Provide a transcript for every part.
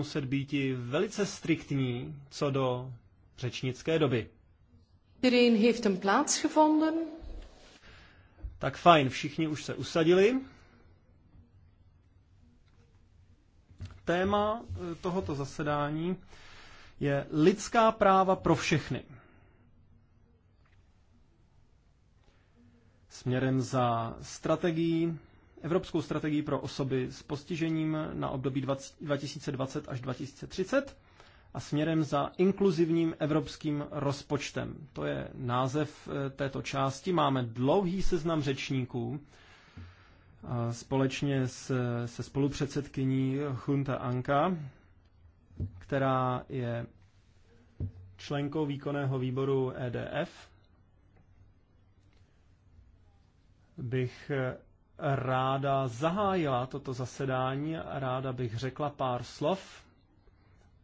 muset být i velice striktní co do řečnické doby. Iedereen heeft een plaats gevonden. Tak fajn, všichni už se usadili. Téma eh, tohoto zasedání je lidská práva pro všechny. Směrem za strategií Evropskou strategii pro osoby s postižením na období 20, 2020 až 2030 a směrem za inkluzivním evropským rozpočtem. To je název eh, této části. Máme dlouhý seznam řečníků. Eh, společně se, se spolupředsedkyní Hunta Anka, která je členkou výkonného výboru EDF, bych eh, ráda zahájila toto zasedání ráda bych řekla pár slov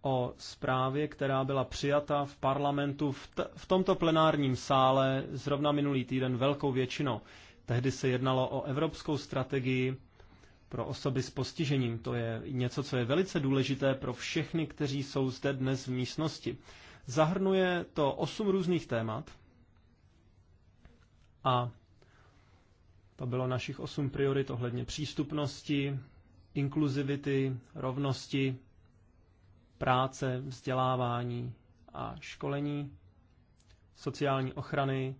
o zprávě, která byla přijata v parlamentu v, v tomto plenárním sále zrovna minulý týden velkou většinou. Tehdy se jednalo o evropskou strategii pro osoby s postižením. To je něco, co je velice důležité pro všechny, kteří jsou zde dnes v místnosti. Zahrnuje to osm různých témat a to bylo našich osm priorit ohledně přístupnosti, inkluzivity, rovnosti, práce, vzdělávání a školení, sociální ochrany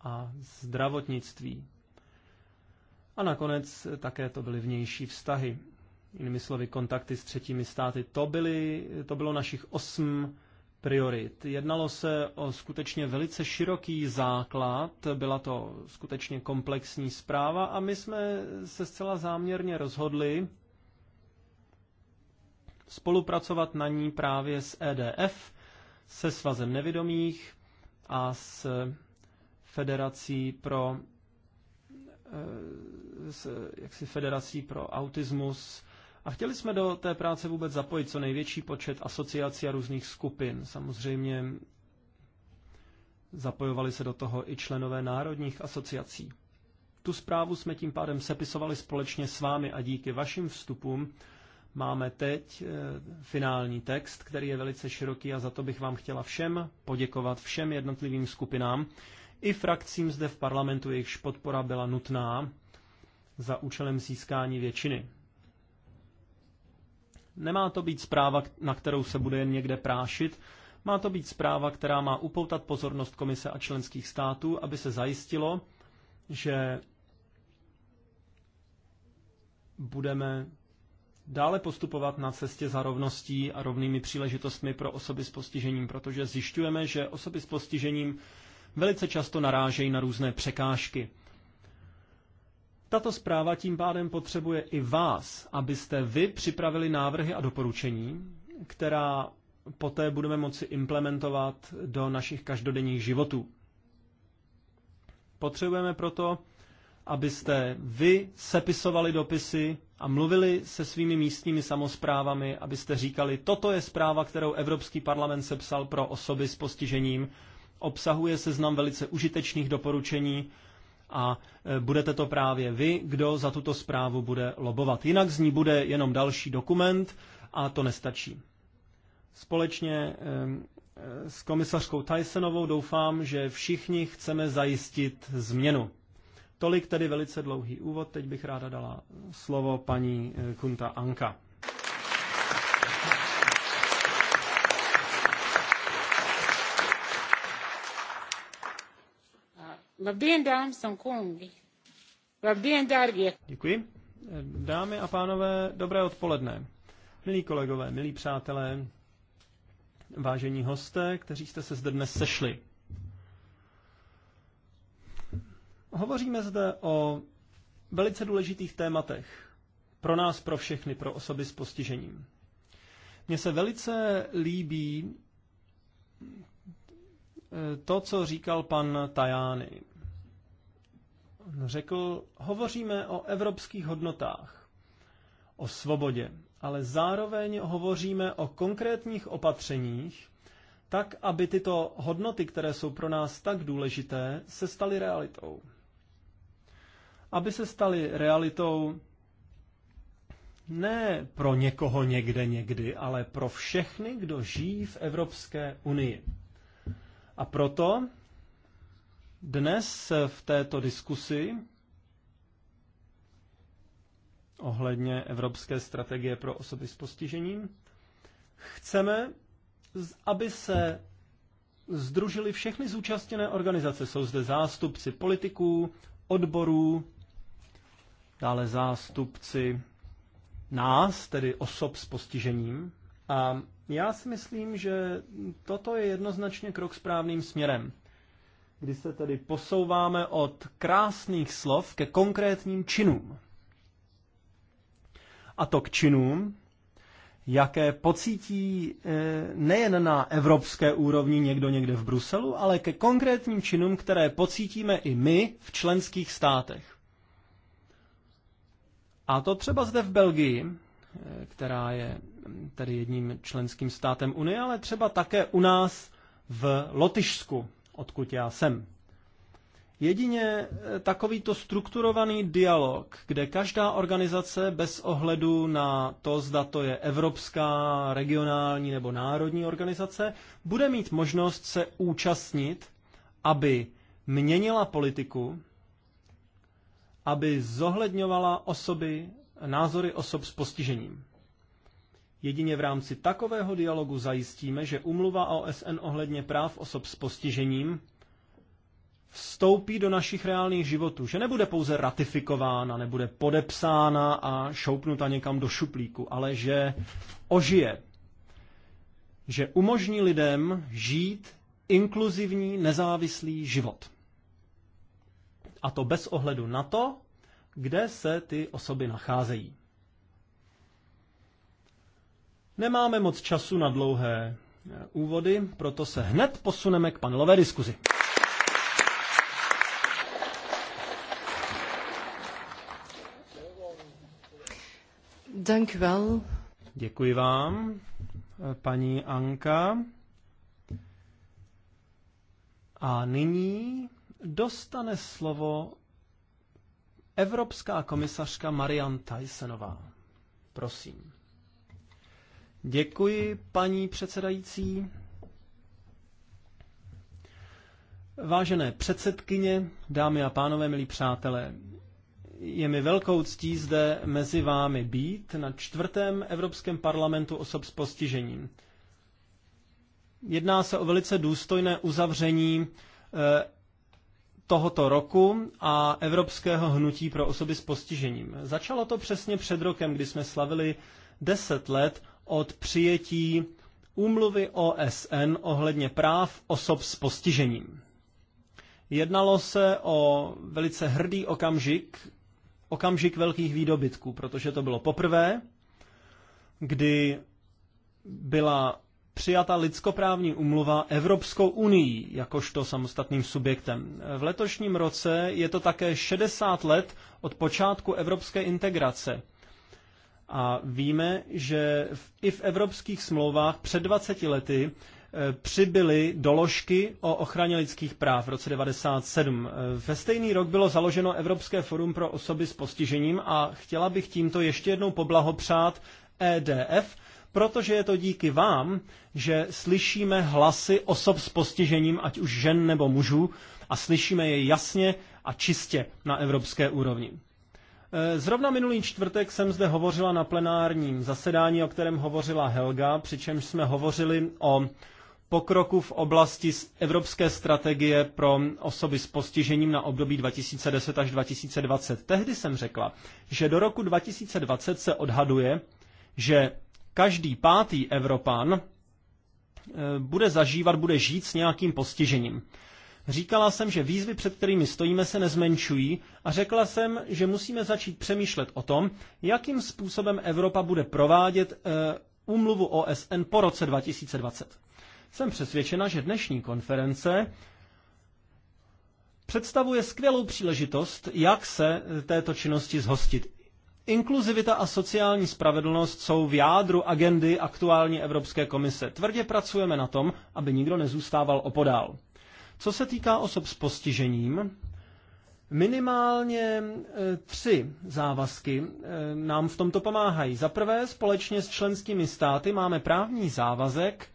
a zdravotnictví. A nakonec také to byly vnější vztahy. Jinými slovy, kontakty s třetími státy. To, byly, to bylo našich osm priorit. Jednalo se o skutečně velice široký základ, byla to skutečně komplexní zpráva a my jsme se zcela záměrně rozhodli spolupracovat na ní právě s EDF, se Svazem nevidomých a s Federací pro e, s, jaksi Federací pro autismus a chtěli jsme do té práce vůbec zapojit co největší počet asociací a různých skupin. Samozřejmě zapojovali se do toho i členové národních asociací. Tu zprávu jsme tím pádem sepisovali společně s vámi a díky vašim vstupům máme teď eh, finální text, který je velice široký a za to bych vám chtěla všem poděkovat, všem jednotlivým skupinám i frakcím zde v parlamentu, jejichž podpora byla nutná za účelem získání většiny. Nemá to být zpráva, na kterou se bude jen někde prášit, má to být zpráva, která má upoutat pozornost komise a členských států, aby se zajistilo, že budeme dále postupovat na cestě za rovností a rovnými příležitostmi pro osoby s postižením, protože zjišťujeme, že osoby s postižením velice často narážejí na různé překážky. Tato zpráva tím pádem potřebuje i vás, abyste vy připravili návrhy a doporučení, která poté budeme moci implementovat do našich každodenních životů. Potřebujeme proto, abyste vy sepisovali dopisy a mluvili se svými místními samozprávami, abyste říkali, toto je zpráva, kterou Evropský parlament sepsal pro osoby s postižením, obsahuje seznam velice užitečných doporučení, a e, budete to právě vy, kdo za tuto zprávu bude lobovat. Jinak z ní bude jenom další dokument a to nestačí. Společně e, e, s komisařkou Tysonovou doufám, že všichni chceme zajistit změnu. Tolik tedy velice dlouhý úvod, teď bych ráda dala slovo paní Kunta Anka. Děkuji. Dámy a pánové, dobré odpoledne. Milí kolegové, milí přátelé, vážení hosté, kteří jste se zde dnes sešli. Hovoříme zde o velice důležitých tématech. Pro nás, pro všechny, pro osoby s postižením. Mně se velice líbí eh, to, co říkal pan Tajány. No, řekl, hovoříme o evropských hodnotách, o svobodě, ale zároveň hovoříme o konkrétních opatřeních, tak, aby tyto hodnoty, které jsou pro nás tak důležité, se staly realitou. Aby se staly realitou ne pro někoho někde někdy, ale pro všechny, kdo žijí v Evropské unii. A proto dnes v této diskusi ohledně Evropské strategie pro osoby s postižením chceme, aby se združili všechny zúčastněné organizace. Jsou zde zástupci politiků, odborů, dále zástupci nás, tedy osob s postižením. A já si myslím, že toto je jednoznačně krok správným směrem kdy se tedy posouváme od krásných slov ke konkrétním činům. A to k činům, jaké pocítí eh, nejen na evropské úrovni někdo někde v Bruselu, ale ke konkrétním činům, které pocítíme i my v členských státech. A to třeba zde v Belgii, eh, která je tedy jedním členským státem Unie, ale třeba také u nás v Lotyšsku, odkud já jsem. Jedině eh, takovýto strukturovaný dialog, kde každá organizace bez ohledu na to, zda to je evropská, regionální nebo národní organizace, bude mít možnost se účastnit, aby měnila politiku, aby zohledňovala osoby, názory osob s postižením. Jedině v rámci takového dialogu zajistíme, že umluva OSN ohledně práv osob s postižením vstoupí do našich reálných životů, že nebude pouze ratifikována, nebude podepsána a šoupnuta někam do šuplíku, ale že ožije, že umožní lidem žít inkluzivní, nezávislý život. A to bez ohledu na to, kde se ty osoby nacházejí. Nemáme moc času na dlouhé eh, úvody, proto se hned posuneme k panelové diskuzi. Děkuji vám, eh, paní Anka. A nyní dostane slovo Evropská komisařka Marian Tajsenová. Prosím. Děkuji, paní předsedající. Vážené předsedkyně, dámy a pánové, milí přátelé, je mi velkou ctí zde mezi vámi být na čtvrtém Evropském parlamentu osob s postižením. Jedná se o velice důstojné uzavření eh, tohoto roku a Evropského hnutí pro osoby s postižením. Začalo to přesně před rokem, kdy jsme slavili deset let od přijetí úmluvy OSN ohledně práv osob s postižením. Jednalo se o velice hrdý okamžik, okamžik velkých výdobytků, protože to bylo poprvé, kdy byla přijata lidskoprávní umluva Evropskou unii jakožto samostatným subjektem. V letošním roce je to také 60 let od počátku evropské integrace a víme, že v, i v evropských smlouvách před 20 lety eh, přibyly doložky o ochraně lidských práv v roce 1997. Eh, ve stejný rok bylo založeno Evropské forum pro osoby s postižením a chtěla bych tímto ještě jednou poblahopřát EDF, protože je to díky vám, že slyšíme hlasy osob s postižením, ať už žen nebo mužů, a slyšíme je jasně a čistě na evropské úrovni. Eh, zrovna minulý čtvrtek jsem zde hovořila na plenárním zasedání, o kterém hovořila Helga, přičemž jsme hovořili o pokroku v oblasti evropské strategie pro osoby s postižením na období 2010 až 2020. Tehdy jsem řekla, že do roku 2020 se odhaduje, že každý pátý Evropan eh, bude zažívat, bude žít s nějakým postižením. Říkala jsem, že výzvy, před kterými stojíme, se nezmenšují a řekla jsem, že musíme začít přemýšlet o tom, jakým způsobem Evropa bude provádět e, úmluvu OSN po roce 2020. Jsem přesvědčena, že dnešní konference představuje skvělou příležitost, jak se eh, této činnosti zhostit. Inkluzivita a sociální spravedlnost jsou v jádru agendy aktuální Evropské komise. Tvrdě pracujeme na tom, aby nikdo nezůstával opodál. Co se týká osob s postižením, minimálně e, tři závazky e, nám v tomto pomáhají. Za prvé, společně s členskými státy máme právní závazek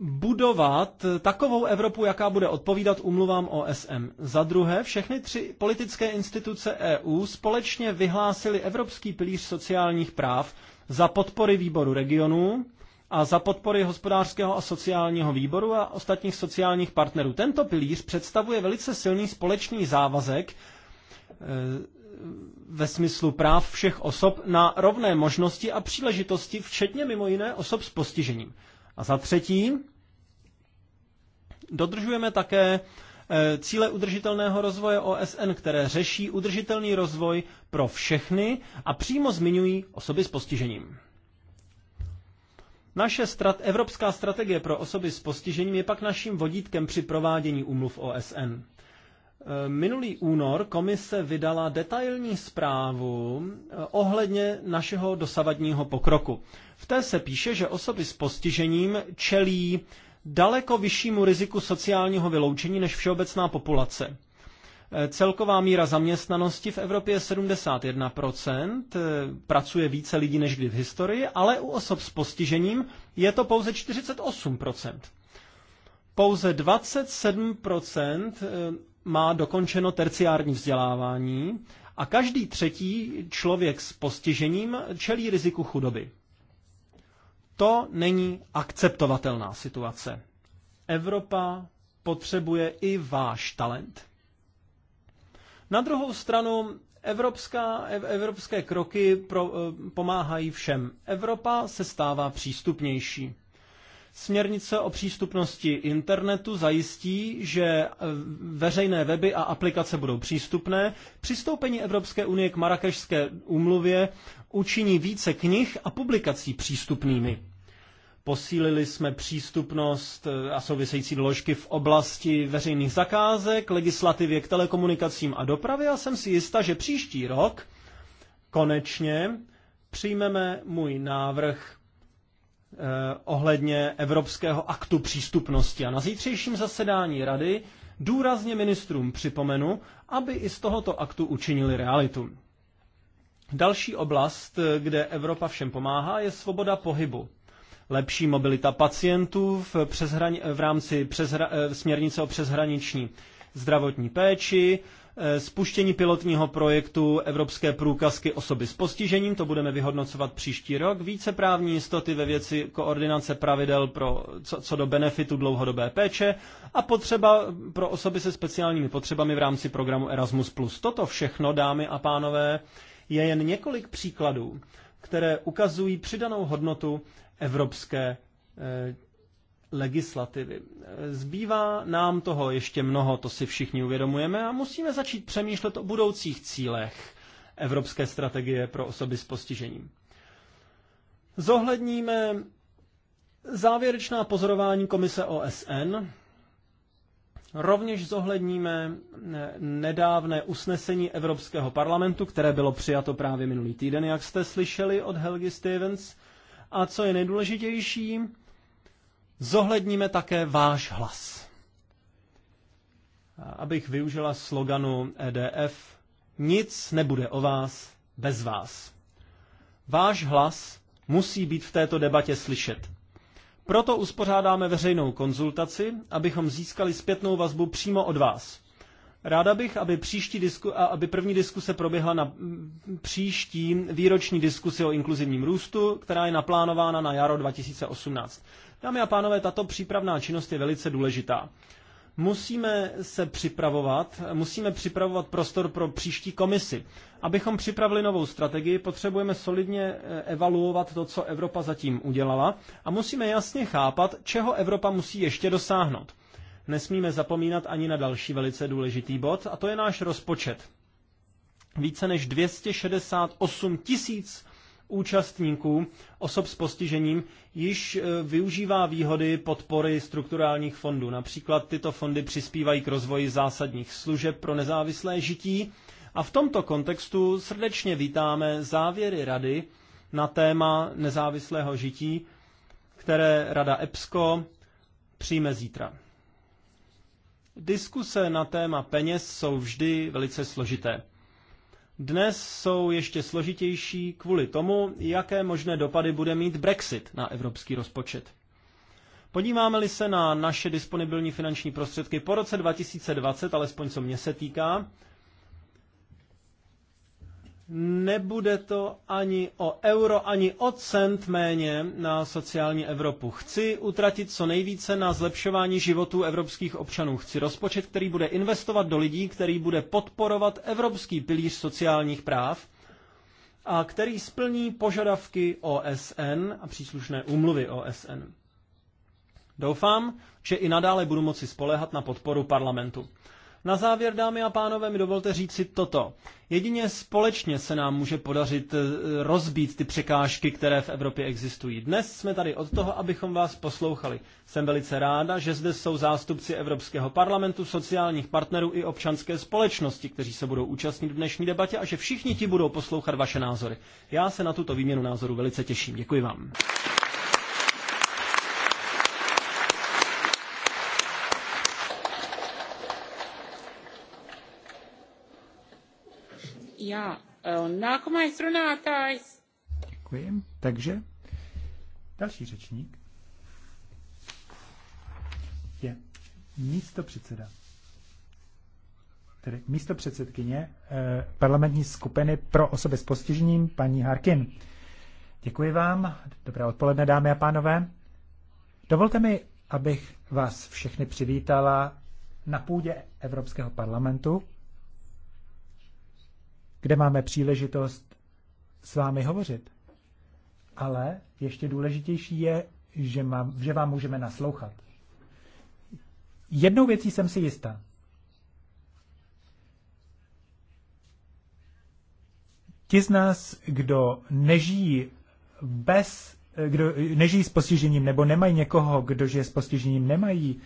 budovat takovou Evropu, jaká bude odpovídat umluvám OSM. Za druhé, všechny tři politické instituce EU společně vyhlásily Evropský pilíř sociálních práv za podpory výboru regionů, a za podpory hospodářského a sociálního výboru a ostatních sociálních partnerů. Tento pilíř představuje velice silný společný závazek e, ve smyslu práv všech osob na rovné možnosti a příležitosti, včetně mimo jiné osob s postižením. A za třetí, dodržujeme také e, cíle udržitelného rozvoje OSN, které řeší udržitelný rozvoj pro všechny a přímo zmiňují osoby s postižením. Naše strat, evropská strategie pro osoby s postižením je pak naším vodítkem při provádění umluv OSN. E, minulý únor komise vydala detailní zprávu e, ohledně našeho dosavadního pokroku. V té se píše, že osoby s postižením čelí daleko vyššímu riziku sociálního vyloučení než všeobecná populace. Eh, celková míra zaměstnanosti v Evropě je 71%, eh, pracuje více lidí než kdy v historii, ale u osob s postižením je to pouze 48%. Pouze 27% eh, má dokončeno terciární vzdělávání a každý třetí člověk s postižením čelí riziku chudoby. To není akceptovatelná situace. Evropa potřebuje i váš talent. Na druhou stranu Evropská, evropské kroky pro, eh, pomáhají všem. Evropa se stává přístupnější. Směrnice o přístupnosti internetu zajistí, že eh, veřejné weby a aplikace budou přístupné. Přistoupení Evropské unie k Marrakešské úmluvě učiní více knih a publikací přístupnými. Posílili jsme přístupnost eh, a související doložky v oblasti veřejných zakázek, legislativě k telekomunikacím a dopravě a jsem si jista, že příští rok konečně přijmeme můj návrh eh, ohledně Evropského aktu přístupnosti. A na zítřejším zasedání rady důrazně ministrům připomenu, aby i z tohoto aktu učinili realitu. Další oblast, eh, kde Evropa všem pomáhá, je svoboda pohybu lepší mobilita pacientů v, přeshrani- v rámci přeshra, eh, směrnice o přeshraniční zdravotní péči, eh, spuštění pilotního projektu Evropské průkazky osoby s postižením, to budeme vyhodnocovat příští rok, více právní jistoty ve věci koordinace pravidel pro, co, co do benefitu dlouhodobé péče a potřeba pro osoby se speciálními potřebami v rámci programu Erasmus+. Toto všechno, dámy a pánové, je jen několik příkladů, které ukazují přidanou hodnotu evropské eh, legislativy. Zbývá nám toho ještě mnoho, to si všichni uvědomujeme a musíme začít přemýšlet o budoucích cílech evropské strategie pro osoby s postižením. Zohledníme závěrečná pozorování komise OSN, rovněž zohledníme eh, nedávné usnesení Evropského parlamentu, které bylo přijato právě minulý týden, jak jste slyšeli od Helgi Stevens, a co je nejdůležitější, zohledníme také váš hlas. Abych využila sloganu EDF, nic nebude o vás bez vás. Váš hlas musí být v této debatě slyšet. Proto uspořádáme veřejnou konzultaci, abychom získali zpětnou vazbu přímo od vás. Ráda bych, aby, příští disku, aby první diskuse proběhla na mm, příští výroční diskusi o inkluzivním růstu, která je naplánována na jaro 2018. Dámy a pánové, tato přípravná činnost je velice důležitá. Musíme se připravovat, musíme připravovat prostor pro příští komisi. Abychom připravili novou strategii, potřebujeme solidně eh, evaluovat to, co Evropa zatím udělala a musíme jasně chápat, čeho Evropa musí ještě dosáhnout nesmíme zapomínat ani na další velice důležitý bod, a to je náš rozpočet. Více než 268 tisíc účastníků osob s postižením již e, využívá výhody podpory strukturálních fondů. Například tyto fondy přispívají k rozvoji zásadních služeb pro nezávislé žití a v tomto kontextu srdečně vítáme závěry rady na téma nezávislého žití, které rada EPSCO přijme zítra. Diskuse na téma peněz jsou vždy velice složité. Dnes jsou ještě složitější kvůli tomu, jaké možné dopady bude mít Brexit na evropský rozpočet. Podíváme-li se na naše disponibilní finanční prostředky po roce 2020, alespoň co mě se týká, Nebude to ani o euro, ani o cent méně na sociální Evropu. Chci utratit co nejvíce na zlepšování životů evropských občanů. Chci rozpočet, který bude investovat do lidí, který bude podporovat evropský pilíř sociálních práv a který splní požadavky OSN a příslušné úmluvy OSN. Doufám, že i nadále budu moci spolehat na podporu parlamentu. Na závěr, dámy a pánové, mi dovolte říct si toto. Jedině společně se nám může podařit eh, rozbít ty překážky, které v Evropě existují. Dnes jsme tady od toho, abychom vás poslouchali. Jsem velice ráda, že zde jsou zástupci Evropského parlamentu, sociálních partnerů i občanské společnosti, kteří se budou účastnit v dnešní debatě a že všichni ti budou poslouchat vaše názory. Já se na tuto výměnu názoru velice těším. Děkuji vám. Jā, eh, Děkuji. Takže další řečník je místo předseda. Tedy místo předsedkyně eh, parlamentní skupiny pro osoby s postižením, paní Harkin. Děkuji vám. Dobré odpoledne, dámy a pánové. Dovolte mi, abych vás všechny přivítala na půdě Evropského parlamentu kde máme příležitost s vámi hovořit. Ale ještě důležitější je, že, mám, že vám můžeme naslouchat. Jednou věcí jsem si jistá. Ti z nás, kdo nežijí bez, kdo nežijí s postižením nebo nemají někoho, kdo žije s postižením, nemají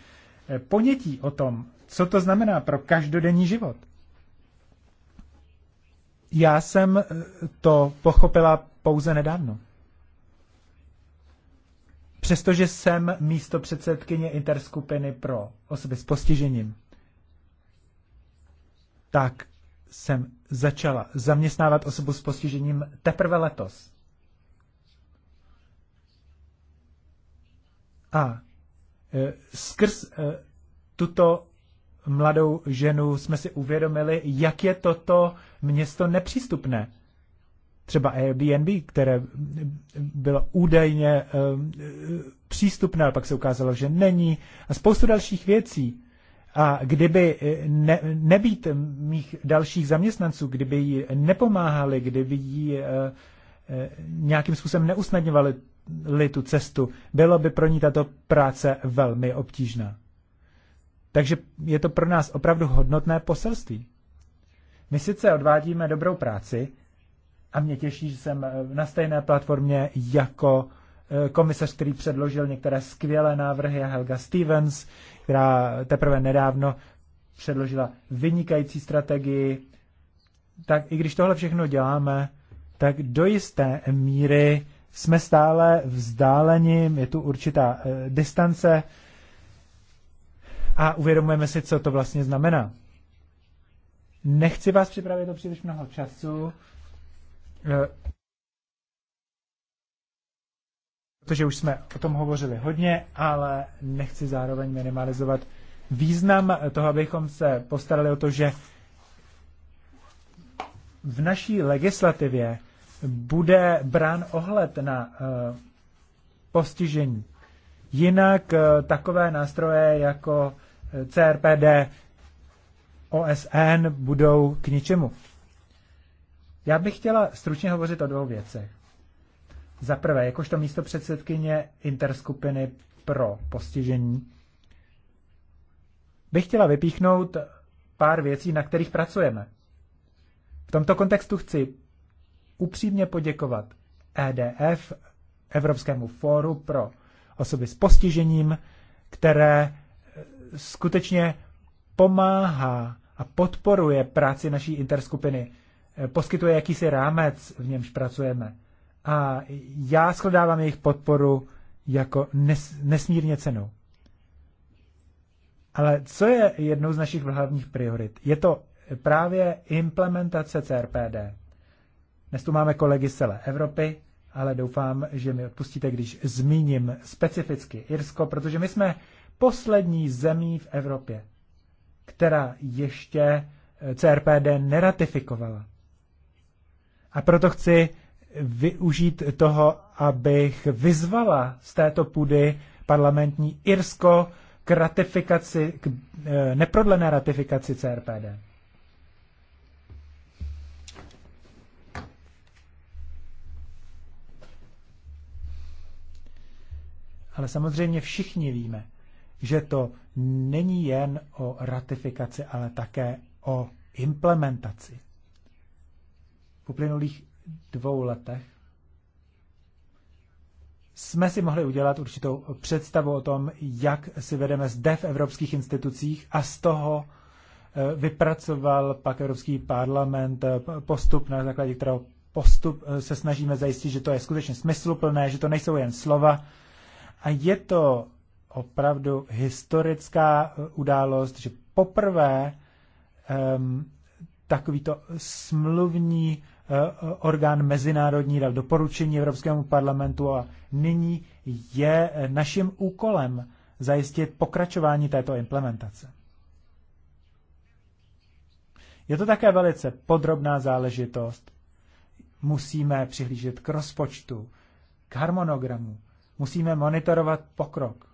eh, ponětí o tom, co to znamená pro každodenní život – já jsem eh, to pochopila pouze nedávno. Přestože jsem místo předsedkyně interskupiny pro osoby s postižením, tak jsem začala zaměstnávat osobu s postižením teprve letos. A eh, skrz eh, tuto mladou ženu jsme si uvědomili, jak je toto město nepřístupné. Třeba Airbnb, které bylo údajně eh, přístupné, ale pak se ukázalo, že není. A spoustu dalších věcí. A kdyby eh, ne, nebýt mých dalších zaměstnanců, kdyby jí nepomáhali, kdyby jí eh, nějakým způsobem neusnadňovali tu cestu, bylo by pro ní tato práce velmi obtížná. Takže je to pro nás opravdu hodnotné poselství. My sice odvádíme dobrou práci a mě těší, že jsem eh, na stejné platformě jako eh, komisař, který předložil některé skvělé návrhy a Helga Stevens, která teprve nedávno předložila vynikající strategii. Tak i když tohle všechno děláme, tak do jisté míry jsme stále vzdálením, je tu určitá eh, distance a uvědomujeme si, co to vlastně znamená. Nechci vás připravit o příliš mnoho času, eh, protože už jsme o tom hovořili hodně, ale nechci zároveň minimalizovat význam toho, abychom se postarali o to, že v naší legislativě bude brán ohled na eh, postižení. Jinak eh, takové nástroje jako CRPD, OSN budou k ničemu. Já bych chtěla stručně hovořit o dvou věcech. Za prvé, jakožto místo předsedkyně interskupiny pro postižení, bych chtěla vypíchnout pár věcí, na kterých pracujeme. V tomto kontextu chci upřímně poděkovat EDF, Evropskému fóru pro osoby s postižením, které skutečně pomáhá a podporuje práci naší interskupiny, eh, poskytuje jakýsi rámec, v němž pracujeme. A já shledávám jejich podporu jako nes, nesmírně cenou. Ale co je jednou z našich hlavních priorit? Je to právě implementace CRPD. Dnes tu máme kolegy z celé Evropy, ale doufám, že mi odpustíte, když zmíním specificky Irsko, protože my jsme poslední zemí v Evropě, která ještě eh, CRPD neratifikovala. A proto chci využít toho, abych vyzvala z této půdy parlamentní Irsko k ratifikaci, k eh, neprodlené ratifikaci CRPD. Ale samozřejmě všichni víme, že to není jen o ratifikaci, ale také o implementaci. V uplynulých dvou letech jsme si mohli udělat určitou představu o tom, jak si vedeme zde v evropských institucích a z toho eh, vypracoval pak Evropský parlament eh, postup, na základě kterého postup eh, se snažíme zajistit, že to je skutečně smysluplné, že to nejsou jen slova. A je to opravdu historická eh, událost, že poprvé um, takovýto smluvní uh, orgán mezinárodní dal doporučení Evropskému parlamentu a nyní je eh, naším úkolem zajistit pokračování této implementace. Je to také velice podrobná záležitost. Musíme přihlížet k rozpočtu, k harmonogramu, musíme monitorovat pokrok.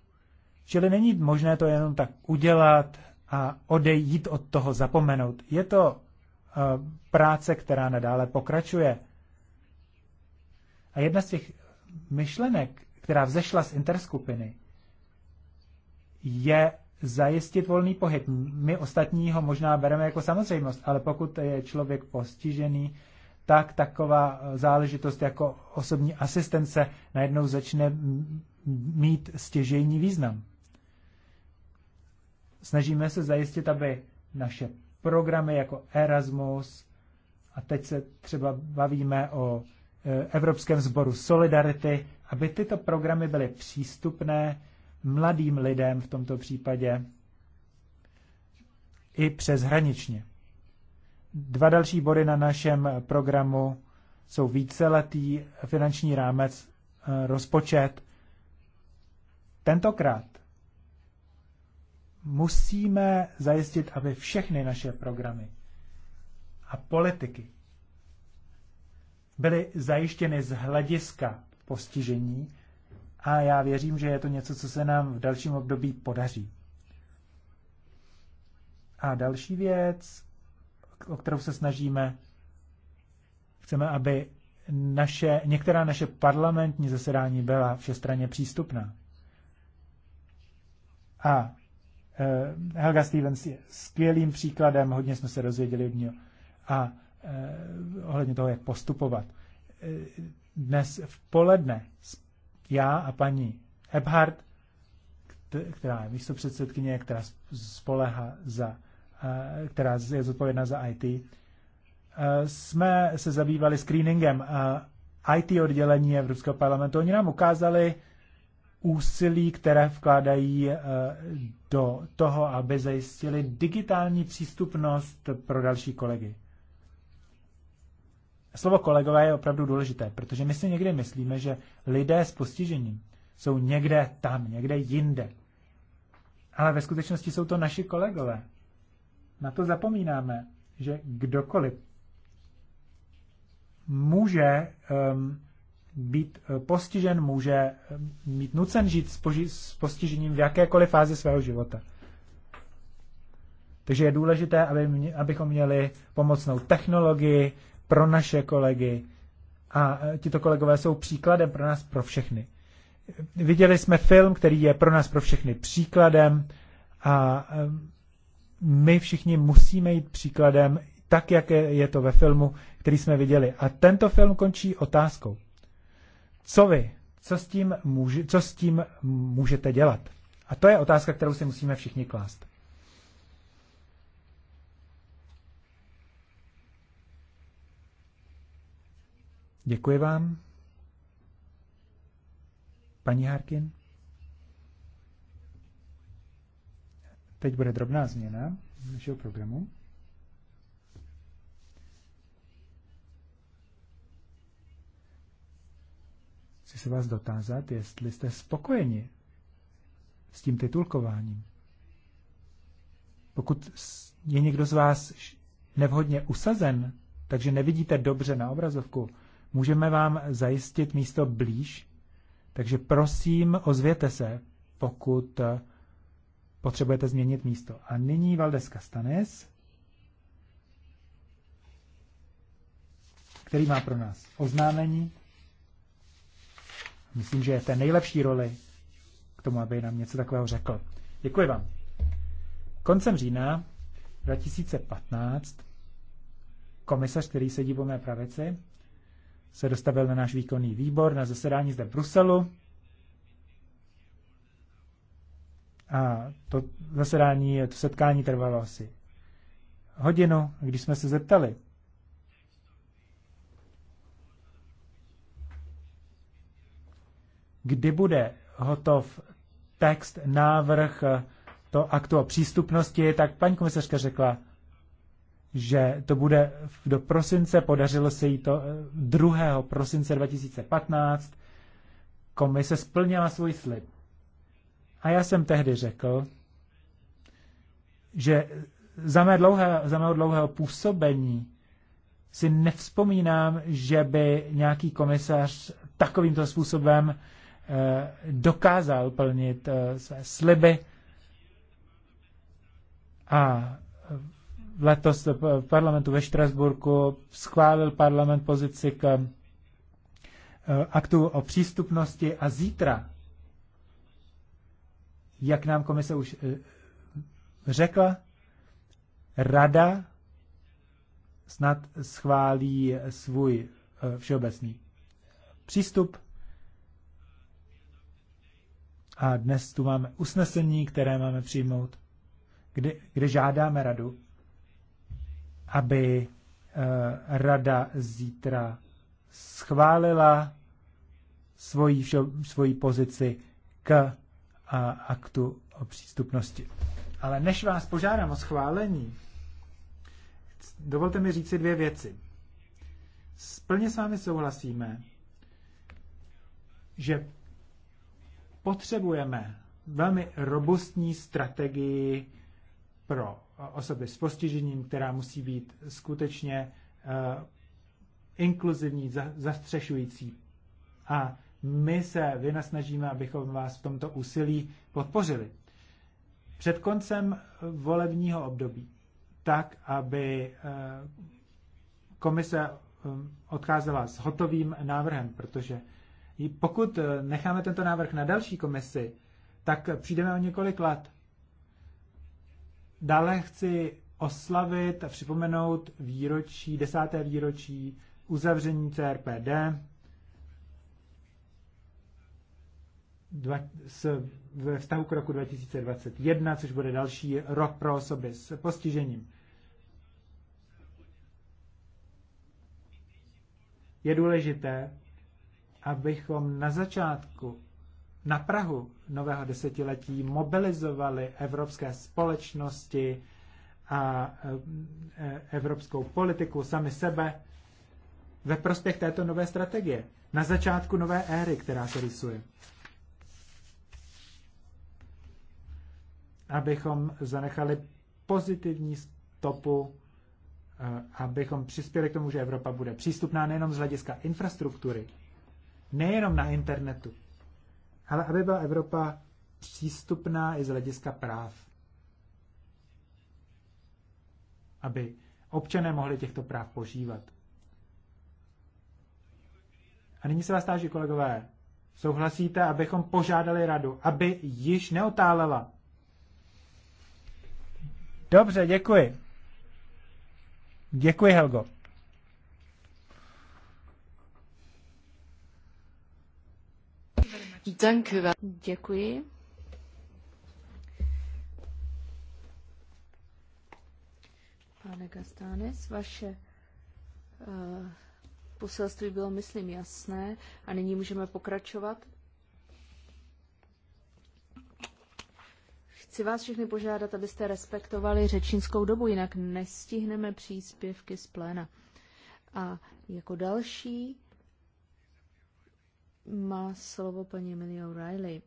Čili není možné to jenom tak udělat a odejít od toho, zapomenout. Je to eh, práce, která nadále pokračuje. A jedna z těch myšlenek, která vzešla z interskupiny, je zajistit volný pohyb. My ostatní ho možná bereme jako samozřejmost, ale pokud je člověk postižený, tak taková eh, záležitost jako osobní asistence najednou začne mít stěžejní význam. Snažíme se zajistit, aby naše programy jako Erasmus, a teď se třeba bavíme o e, Evropském sboru Solidarity, aby tyto programy byly přístupné mladým lidem v tomto případě i přeshraničně. Dva další body na našem programu jsou víceletý finanční rámec, e, rozpočet. Tentokrát musíme zajistit, aby všechny naše programy a politiky byly zajištěny z hlediska postižení a já věřím, že je to něco, co se nám v dalším období podaří. A další věc, o kterou se snažíme, chceme, aby naše, některá naše parlamentní zasedání byla všestranně přístupná. A Eh, Helga Stevens je skvělým příkladem, hodně jsme se dozvěděli od něho a eh, ohledně toho, jak postupovat. Eh, dnes v poledne já a paní Ebhardt, která je místo předsedkyně, která spolehá za, která je zodpovědná za IT, jsme se zabývali screeningem IT oddělení Evropského parlamentu. Oni nám ukázali úsilí, které vkládají eh, do toho, aby zajistili digitální přístupnost pro další kolegy. Slovo kolegové je opravdu důležité, protože my si někdy myslíme, že lidé s postižením jsou někde tam, někde jinde. Ale ve skutečnosti jsou to naši kolegové. Na to zapomínáme, že kdokoliv může um, být eh, postižen, může eh, mít nucen žít s, poži- s postižením v jakékoliv fázi svého života. Takže je důležité, aby mě, abychom měli pomocnou technologii pro naše kolegy. A eh, tito kolegové jsou příkladem pro nás, pro všechny. Viděli jsme film, který je pro nás, pro všechny příkladem a my všichni musíme jít příkladem tak, jak je to ve filmu, který jsme viděli. A tento film končí otázkou co vy, co s tím, může, co s tím můžete dělat? A to je otázka, kterou si musíme všichni klást. Děkuji vám. Paní Harkin? Teď bude drobná změna našeho programu. Chci se vás dotázat, jestli jste spokojeni s tím titulkováním. Pokud je někdo z vás nevhodně usazen, takže nevidíte dobře na obrazovku, můžeme vám zajistit místo blíž, takže prosím ozvěte se, pokud potřebujete změnit místo. A nyní Valdeska Castanes, který má pro nás oznámení myslím, že je v té nejlepší roli k tomu, aby nám něco takového řekl. Děkuji vám. Koncem října 2015 komisař, který sedí po mé pravici, se dostavil na náš výkonný výbor na zasedání zde v Bruselu. A to zasedání, to setkání trvalo asi hodinu, když jsme se zeptali, kdy bude hotov text, návrh to aktu o přístupnosti, tak paní komisařka řekla, že to bude do prosince, podařilo se jí to 2. Eh, prosince 2015, komise splnila svůj slib. A já jsem tehdy řekl, že za, mé dlouhé, za mého dlouhého působení si nevzpomínám, že by nějaký komisař takovýmto způsobem Eh, dokázal plnit eh, své sliby a letos v parlamentu ve Štrasburku schválil parlament pozici k eh, aktu o přístupnosti a zítra, jak nám komise už řekla, rada snad schválí svůj všeobecný přístup a dnes tu máme usnesení, které máme přijmout, kde, kde žádáme radu, aby eh, rada zítra schválila svoji, svoji pozici k aktu o přístupnosti. Ale než vás požádám o schválení, dovolte mi říci dvě věci. Splně s vámi souhlasíme, že potřebujeme velmi robustní strategii pro osoby s postižením, která musí být skutečně eh, inkluzivní, zastřešující. A my se vynasnažíme, abychom vás v tomto úsilí podpořili. Před koncem volebního období, tak, aby eh, komise eh, odcházela s hotovým návrhem, protože pokud eh, necháme tento návrh na další komisi, tak přijdeme o několik let. Dále chci oslavit a připomenout výročí, desáté výročí uzavření CRPD ve vztahu k roku 2021, což bude další rok pro osoby s postižením. Je důležité, abychom na začátku, na Prahu nového desetiletí mobilizovali evropské společnosti a e, e, evropskou politiku, sami sebe, ve prospěch této nové strategie, na začátku nové éry, která se rysuje. Abychom zanechali pozitivní stopu, e, abychom přispěli k tomu, že Evropa bude přístupná nejenom z hlediska infrastruktury, nejenom na internetu, ale aby byla Evropa přístupná i z hlediska práv. Aby občané mohli těchto práv požívat. A nyní se vás táží, kolegové, souhlasíte, abychom požádali radu, aby již neotálela? Dobře, děkuji. Děkuji, Helgo. Děkuji. Pane Gastánes, vaše uh, poselství bylo, myslím, jasné a nyní můžeme pokračovat. Chci vás všechny požádat, abyste respektovali řečnickou dobu, jinak nestihneme příspěvky z pléna. A jako další má slovo paní Emily O'Reilly,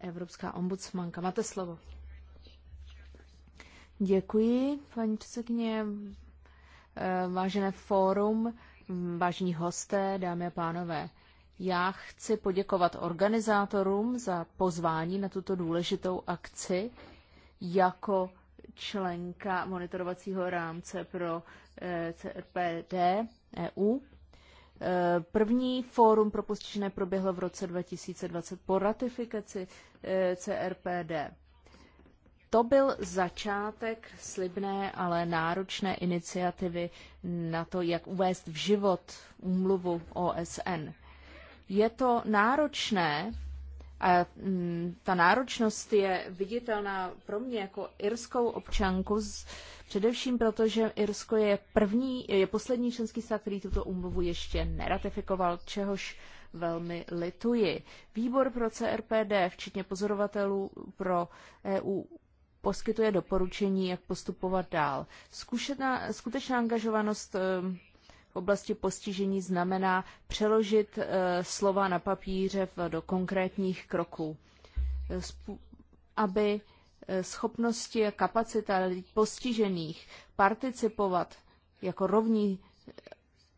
evropská ombudsmanka. Máte slovo. Děkuji, paní předsedkyně. Vážené fórum, vážní hosté, dámy a pánové. Já chci poděkovat organizátorům za pozvání na tuto důležitou akci jako členka monitorovacího rámce pro eh, CRPD EU. Eh, první fórum pro postižené proběhlo v roce 2020 po ratifikaci eh, CRPD. To byl začátek slibné, ale náročné iniciativy na to, jak uvést v život úmluvu OSN. Je to náročné, a mm, ta náročnost je viditelná pro mě jako irskou občanku, z, především proto, že Irsko je první, je poslední členský stát, který tuto úmluvu ještě neratifikoval, čehož velmi lituji. Výbor pro CRPD, včetně pozorovatelů pro EU, poskytuje doporučení, jak postupovat dál. Zkušená, skutečná angažovanost ehm, v oblasti postižení znamená přeložit eh, slova na papíře do konkrétních kroků, eh, aby eh, schopnosti a kapacita postižených participovat jako rovní,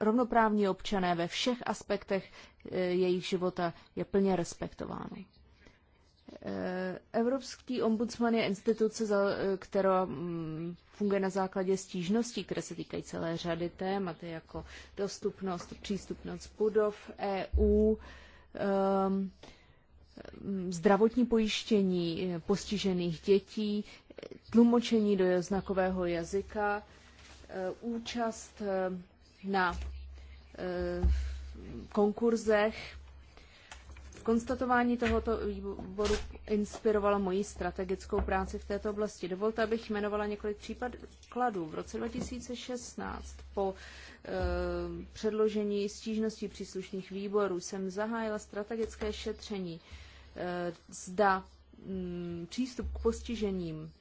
rovnoprávní občané ve všech aspektech jejich života je plně respektováno. Evropský ombudsman je instituce, která mm, funguje na základě stížností, které se týkají celé řady témat, jako dostupnost, přístupnost budov EU, ehm, mm, zdravotní pojištění eh, postižených dětí, tlumočení do znakového jazyka, eh, účast eh, na konkurzech, Konstatování tohoto výboru inspirovalo moji strategickou práci v této oblasti. Dovolte, abych jmenovala několik příkladů. V roce 2016 po e, předložení stížností příslušných výborů jsem zahájila strategické šetření, e, zda m, mm, přístup k postižením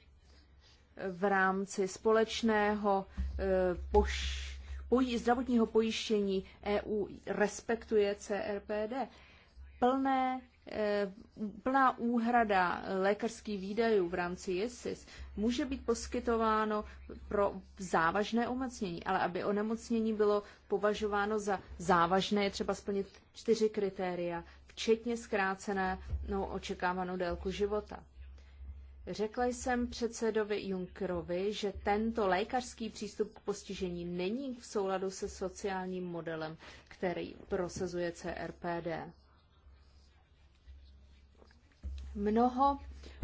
eh, v rámci společného e, poš, zdravotního pojištění EU respektuje CRPD plné eh, plná úhrada lékařských výdajů v rámci JESIS může být poskytováno pro závažné omocnění, ale aby onemocnění bylo považováno za závažné, je třeba splnit čtyři kritéria, včetně zkrácené no, očekávanou délku života. Řekla jsem předsedovi Junkerovi, že tento lékařský přístup k postižení není v souladu se sociálním modelem, který prosazuje CRPD. Mnoho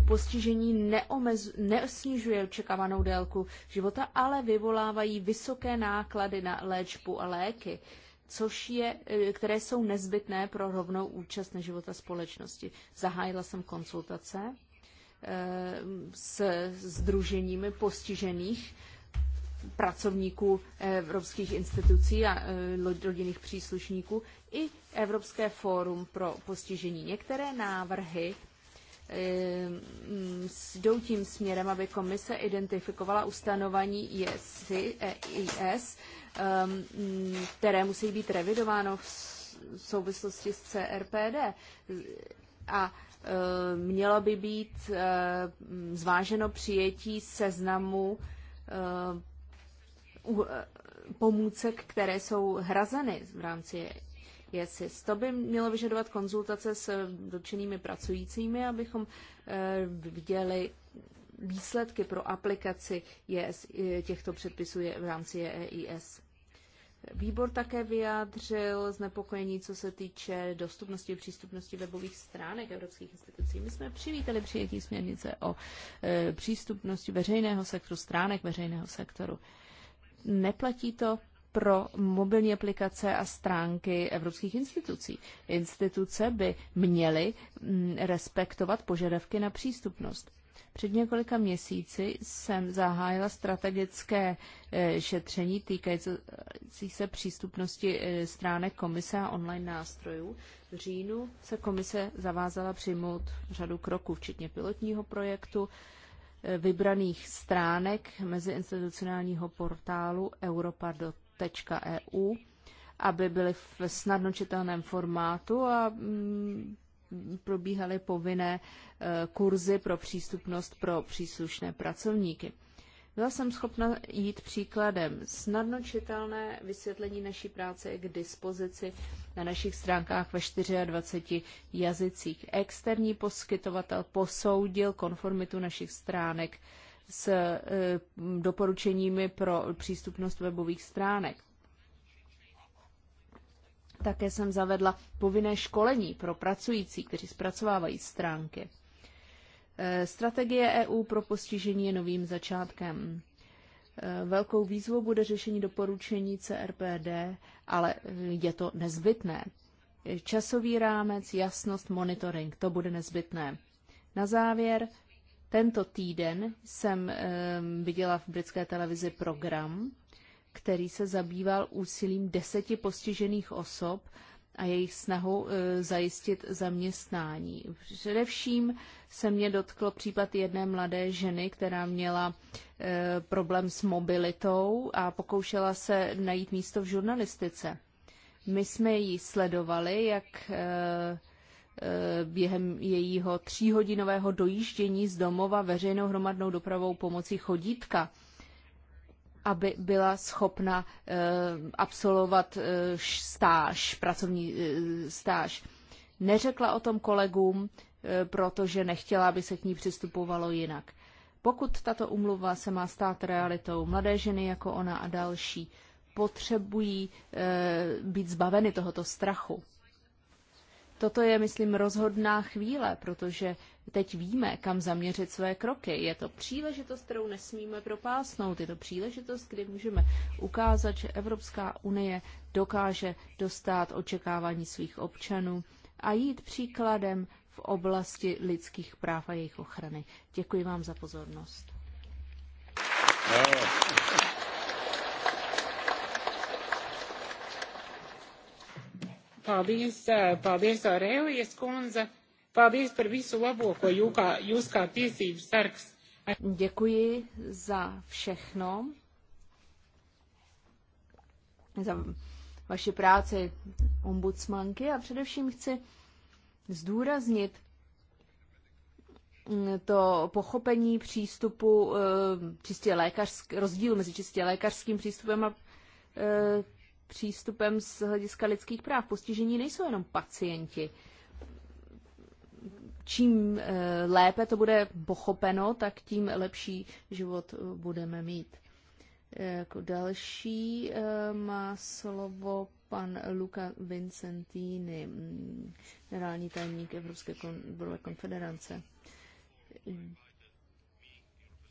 postižení neomez, nesnižuje očekávanou délku života, ale vyvolávají vysoké náklady na léčbu a léky, což je, e, které jsou nezbytné pro rovnou účast na života společnosti. Zahájila jsem konsultace e, s združeními postižených pracovníků evropských institucí a e, rodinných příslušníků i Evropské fórum pro postižení. Některé návrhy Ehm, jdou tím směrem, aby komise identifikovala ustanovení IS, e ehm, které musí být revidováno v souvislosti s CRPD. A ehm, mělo by být zváženo přijetí seznamu pomůcek, které jsou hrazeny v rámci Jestli, To by mělo vyžadovat konzultace s dotčenými pracujícími, abychom eh, viděli výsledky pro aplikaci JS, eh, těchto předpisů v rámci EIS. Výbor také vyjádřil znepokojení, co se týče dostupnosti a přístupnosti webových stránek evropských institucí. My jsme přivítali přijetí směrnice o e, přístupnosti veřejného sektoru, stránek veřejného sektoru. Neplatí to pro mobilní aplikace a stránky evropských institucí. Instituce by měly mm, respektovat požadavky na přístupnost. Před několika měsíci jsem zahájila strategické e, šetření týkající se přístupnosti e, stránek komise a online nástrojů. V říjnu se komise zavázala přijmout řadu kroků, včetně pilotního projektu, e, vybraných stránek mezi institucionálního portálu europa.cz EU, e aby byly v snadno čitelném formátu a mm, probíhaly povinné e, kurzy pro přístupnost pro příslušné pracovníky. Byla jsem schopna jít příkladem. Snadno čitelné vysvětlení naší práce je k dispozici na našich stránkách ve 24 jazycích. Externí poskytovatel posoudil konformitu našich stránek s e, doporučeními pro přístupnost webových stránek. Také jsem zavedla povinné školení pro pracující, kteří zpracovávají stránky. E, strategie EU pro postižení je novým začátkem. E, velkou výzvou bude řešení doporučení CRPD, ale je to nezbytné. Časový rámec, jasnost, monitoring, to bude nezbytné. Na závěr tento týden jsem viděla v britské televizi program, který se zabýval úsilím deseti postižených osob a jejich snahu e, zajistit zaměstnání. Především se mě dotklo případ jedné mladé ženy, která měla e, problém s mobilitou a pokoušela se najít místo v žurnalistice. My jsme ji sledovali, jak e, Eh, během jejího tříhodinového dojíždění z domova veřejnou hromadnou dopravou pomocí chodítka, aby byla schopna eh, absolvovat eh, stáž, pracovní stáž. Neřekla o tom kolegům, protože nechtěla, aby se k ní přistupovalo jinak. Pokud tato umluva se má stát realitou, mladé ženy jako ona a další potřebují být zbaveny tohoto strachu Toto je, myslím, rozhodná chvíle, protože teď víme, kam zaměřit své kroky. Je to příležitost, kterou nesmíme propásnout. Je to příležitost, kdy můžeme ukázat, že Evropská unie dokáže dostat očekávání svých občanů a jít příkladem v oblasti lidských práv a jejich ochrany. Děkuji vám za pozornost. Oh. Paldies, eh, paldies Aurelijas kundze. Paldies par visu labo, ko jū jūs kā tiesību sargs. Děkuji za všechno, za vaši práci ombudsmanky a především chci zdůraznit to pochopení přístupu eh, čistě lékařský, rozdíl mezi čistě lékařským přístupem a eh, přístupem z hlediska lidských práv. Postižení nejsou jenom pacienti. Čím eh, lépe to bude pochopeno, tak tím lepší život eh, budeme mít. Eh, jako další má slovo pan Luca Vincentini, mm, generální tajemník Evropské konfederace.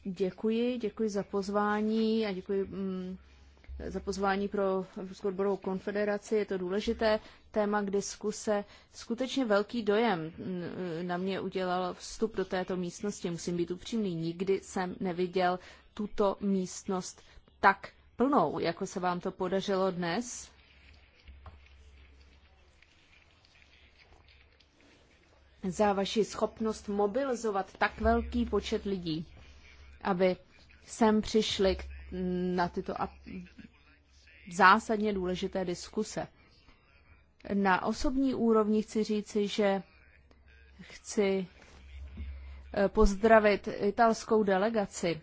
Děkuji, děkuji za pozvání a děkuji mm, za pozvání pro Evropskou odborovou konfederaci. Je to důležité téma k diskuse. Skutečně velký dojem mm, na mě udělal vstup do této místnosti. Musím být upřímný, nikdy jsem neviděl tuto místnost tak plnou, jako se vám to podařilo dnes. Za vaši schopnost mobilizovat tak velký počet lidí, aby sem přišli na tyto zásadně důležité diskuse. Na osobní úrovni chci říci, že chci eh, pozdravit italskou delegaci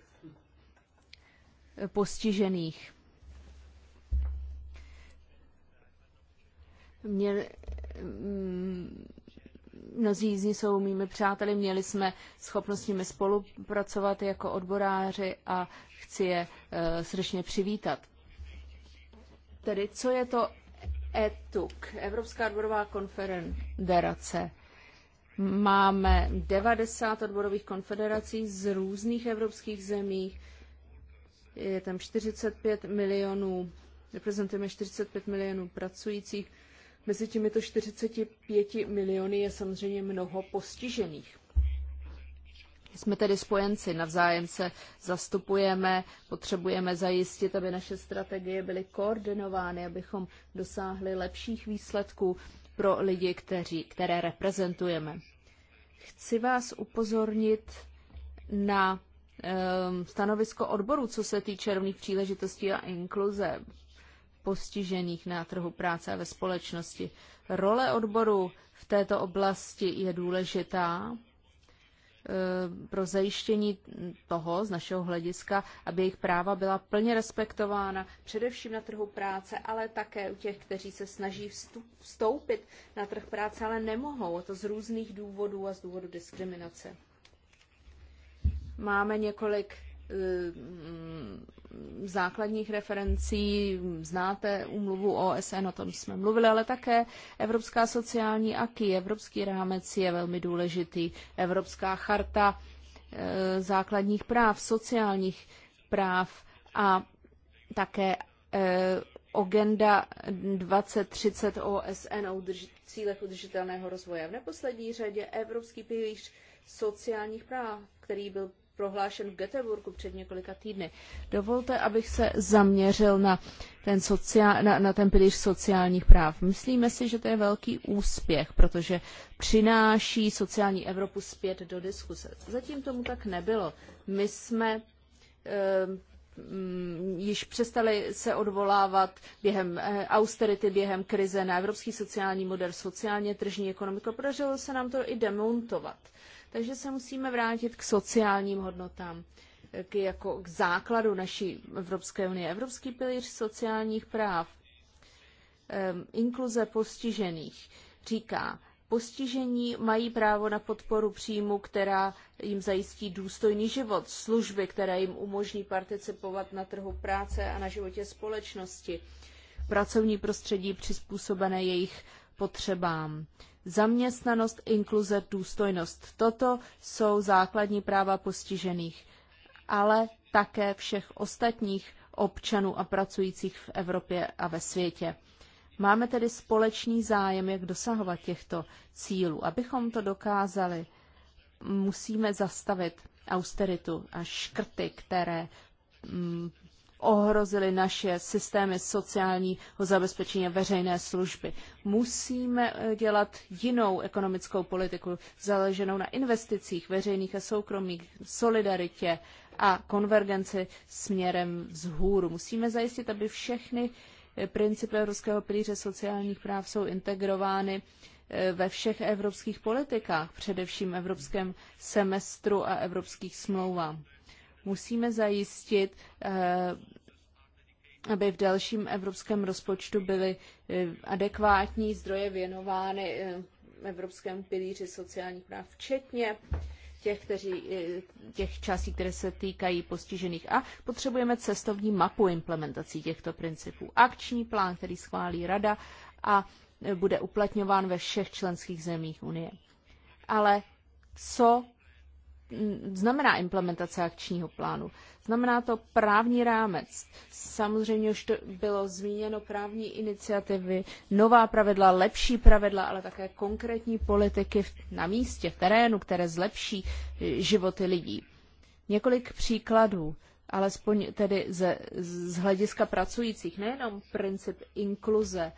eh, postižených. Mě, mm, mnozí z nich jsou mými přáteli, měli jsme schopnost s nimi spolupracovat jako odboráři a chci je eh, srdečně přivítat tedy co je to ETUK, Evropská odborová konfederace. Máme 90 odborových konfederací z různých evropských zemí. Je tam 45 milionů, reprezentujeme 45 milionů pracujících. Mezi těmito 45 miliony je samozřejmě mnoho postižených. Jsme tedy spojenci, navzájem se zastupujeme, potřebujeme zajistit, aby naše strategie byly koordinovány, abychom dosáhli lepších výsledků pro lidi, kteří, které reprezentujeme. Chci vás upozornit na um, stanovisko odboru, co se týče rovných příležitostí a inkluze postižených na trhu práce a ve společnosti. Role odboru v této oblasti je důležitá Eh, pro zajištění toho z našeho hlediska, aby jejich práva byla plně respektována, především na trhu práce, ale také u těch, kteří se snaží vstoupit na trh práce, ale nemohou, a to z různých důvodů a z důvodu diskriminace. Máme několik Eh, základních referencí, znáte umluvu OSN, o tom jsme mluvili, ale také Evropská sociální aky, Evropský rámec je velmi důležitý, Evropská charta eh, základních práv, sociálních práv a také eh, Agenda 2030 OSN o cílech udržitelného rozvoje. V neposlední řadě Evropský pilíř sociálních práv, který byl prohlášen v Göteborgu před několika týdny. Dovolte, abych se zaměřil na ten, sociál, na, na ten pilíř sociálních práv. Myslíme si, že to je velký úspěch, protože přináší sociální Evropu zpět do diskuse. Zatím tomu tak nebylo. My jsme e, již přestali se odvolávat během eh, austerity, během krize na evropský sociální model, sociálně tržní ekonomiku. Podařilo se nám to i demontovat. E, takže se musíme vrátit k sociálním hodnotám, k, jako k základu naší Evropské unie. Evropský pilíř sociálních práv, um, inkluze postižených, říká, postižení mají právo na podporu příjmu, která jim zajistí důstojný život, služby, které jim umožní participovat na trhu práce a na životě společnosti, pracovní prostředí přizpůsobené jejich potřebám. Zaměstnanost, inkluze, důstojnost. Toto jsou základní práva postižených, ale také všech ostatních občanů a pracujících v Evropě a ve světě. Máme tedy společný zájem, jak dosahovat těchto cílů. Abychom to dokázali, musíme zastavit austeritu a škrty, které mm, ohrozily naše systémy sociálního zabezpečení a veřejné služby. Musíme eh, dělat jinou ekonomickou politiku, založenou na investicích veřejných a soukromých, solidaritě a konvergenci směrem vzhůru. Musíme zajistit, aby všechny eh, principy Evropského pilíře sociálních práv jsou integrovány eh, ve všech evropských politikách, především evropském semestru a evropských smlouvách. Musíme zajistit, eh, aby v dalším evropském rozpočtu byly eh, adekvátní zdroje věnovány eh, evropském pilíři sociálních práv, včetně těch, kteří, těch částí, které se týkají postižených. A potřebujeme cestovní mapu implementací těchto principů. Akční plán, který schválí Rada a bude uplatňován ve všech členských zemích Unie. Ale co znamená implementace akčního plánu? Znamená to právní rámec. Samozřejmě už to bylo zmíněno právní iniciativy, nová pravidla, lepší pravidla, ale také konkrétní politiky na místě, v terénu, které zlepší e, životy lidí. Několik příkladů, alespoň tedy ze, z hlediska pracujících, nejenom princip inkluze e,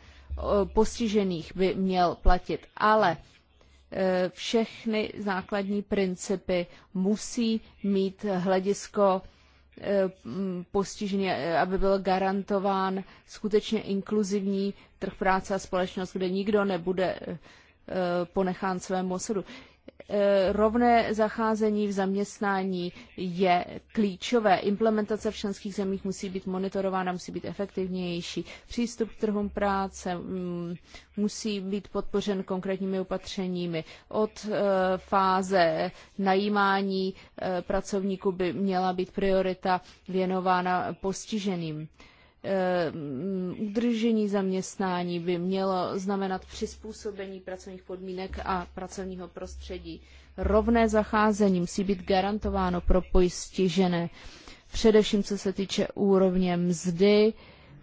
postižených by měl platit, ale všechny základní principy musí mít hledisko eh, postižení, eh, aby byl garantován skutečně inkluzivní trh práce a společnost, kde nikdo nebude eh, ponechán svému osudu. Eh, rovné zacházení v zaměstnání je klíčové. Implementace v členských zemích musí být monitorována, musí být efektivnější. Přístup k trhům práce mm, musí být podpořen konkrétními opatřeními. Od eh, fáze najímání eh, pracovníků by měla být priorita věnována postiženým Ehm, udržení zaměstnání by mělo znamenat přizpůsobení pracovních podmínek a pracovního prostředí. Rovné zacházení musí být garantováno pro postižené, především co se týče úrovně mzdy,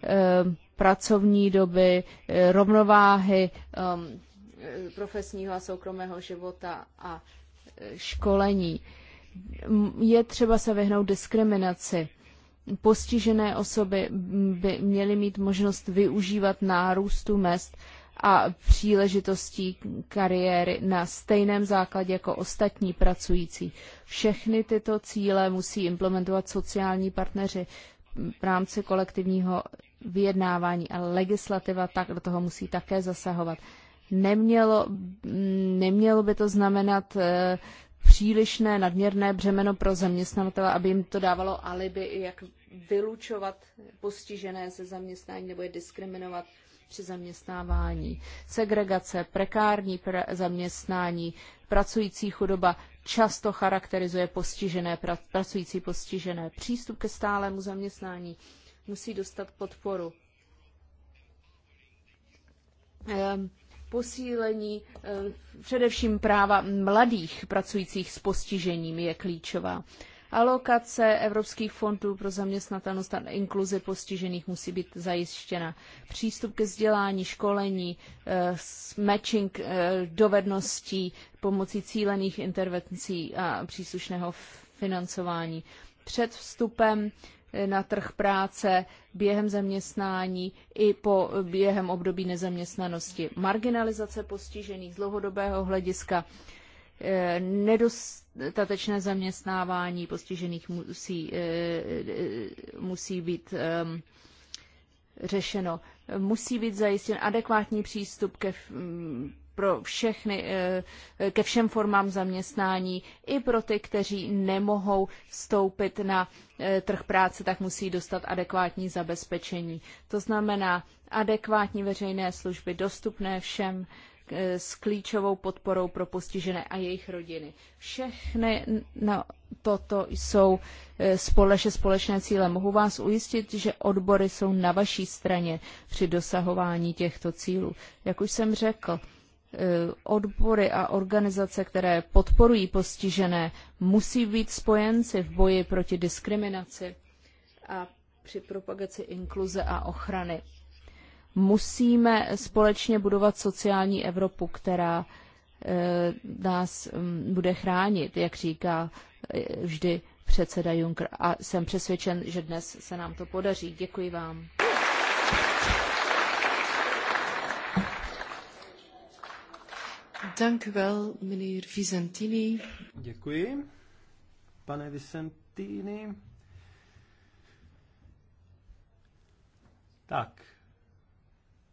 ehm, pracovní doby, eh, rovnováhy ehm, profesního a soukromého života a eh, školení. Je třeba se vyhnout diskriminaci postižené osoby by měly mít možnost využívat nárůstu mest a příležitostí kariéry na stejném základě jako ostatní pracující. Všechny tyto cíle musí implementovat sociální partneři v rámci kolektivního vyjednávání a legislativa tak do toho musí také zasahovat. Nemělo, nemělo by to znamenat eh, přílišné nadměrné břemeno pro zaměstnavatele, aby jim to dávalo alibi, jak vylučovat postižené ze zaměstnání nebo je diskriminovat při zaměstnávání. Segregace, prekární zaměstnání, pracující chudoba často charakterizuje postižené, pracující postižené. Přístup ke stálému zaměstnání musí dostat podporu. Ehm, posílení eh, především práva mladých pracujících s postižením je klíčová. Alokace evropských fondů pro zaměstnatelnost a inkluzi postižených musí být zajištěna. Přístup ke vzdělání, školení, eh, matching eh, dovedností pomocí cílených intervencí a příslušného financování. Před vstupem na trh práce během zaměstnání i po během období nezaměstnanosti. Marginalizace postižených z dlouhodobého hlediska eh, nedostatečné zaměstnávání postižených musí, eh, eh, musí být ehm, řešeno. Musí být zajištěn adekvátní přístup ke mm, pro všechny, eh, ke všem formám zaměstnání, i pro ty, kteří nemohou vstoupit na eh, trh práce, tak musí dostat adekvátní zabezpečení. To znamená adekvátní veřejné služby dostupné všem eh, s klíčovou podporou pro postižené a jejich rodiny. Všechny na toto jsou společně společné cíle. Mohu vás ujistit, že odbory jsou na vaší straně při dosahování těchto cílů. Jak už jsem řekl, Eh, odbory a organizace, které podporují postižené, musí být spojenci v boji proti diskriminaci a při propagaci inkluze a ochrany. Musíme společně budovat sociální Evropu, která eh, nás mm, bude chránit, jak říká eh, vždy předseda Juncker. A jsem přesvědčen, že dnes se nám to podaří. Děkuji vám. Dank u wel, meneer Vicentini. Děkuji, pane Vicentini. Tak,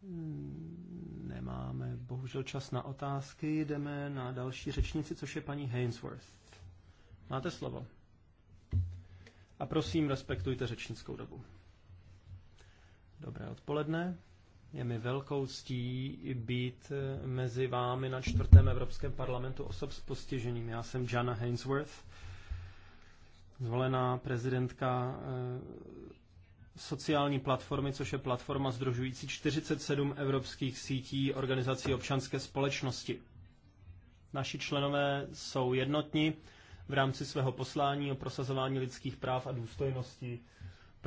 mm, nemáme bohužel čas na otázky, jdeme na další řečnici, což je paní Hainsworth. Máte slovo. A prosím, respektujte řečnickou dobu. Dobré odpoledne. Je mi velkou ctí být eh, mezi vámi na čtvrtém Evropském parlamentu osob s postižením. Já jsem Jana Hainsworth, zvolená prezidentka eh, sociální platformy, což je platforma združující 47 evropských sítí organizací občanské společnosti. Naši členové jsou jednotní v rámci svého poslání o prosazování lidských práv a důstojnosti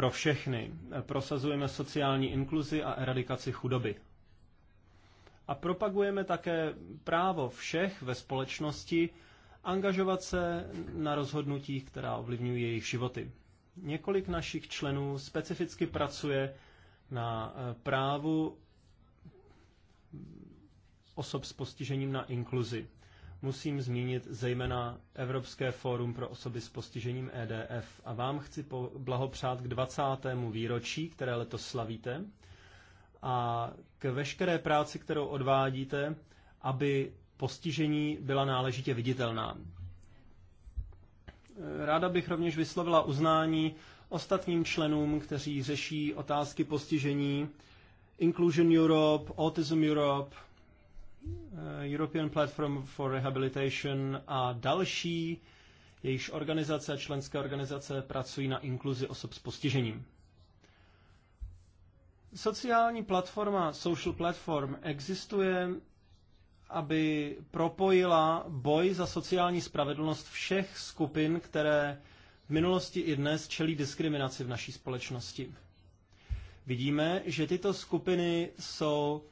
pro všechny. Prosazujeme sociální inkluzi a eradikaci chudoby. A propagujeme také právo všech ve společnosti angažovat se na rozhodnutích, která ovlivňují jejich životy. Několik našich členů specificky pracuje na eh, právu osob s postižením na inkluzi musím zmínit zejména Evropské fórum pro osoby s postižením EDF. A vám chci blahopřát k 20. výročí, které letos slavíte, a k veškeré práci, kterou odvádíte, aby postižení byla náležitě viditelná. Ráda bych rovněž vyslovila uznání ostatním členům, kteří řeší otázky postižení Inclusion Europe, Autism Europe, Eh, European Platform for Rehabilitation a další, jejichž organizace a členské organizace pracují na inkluzi osob s postižením. Sociální platforma Social Platform existuje, aby propojila boj za sociální spravedlnost všech skupin, které v minulosti i dnes čelí diskriminaci v naší společnosti. Vidíme, že tyto skupiny jsou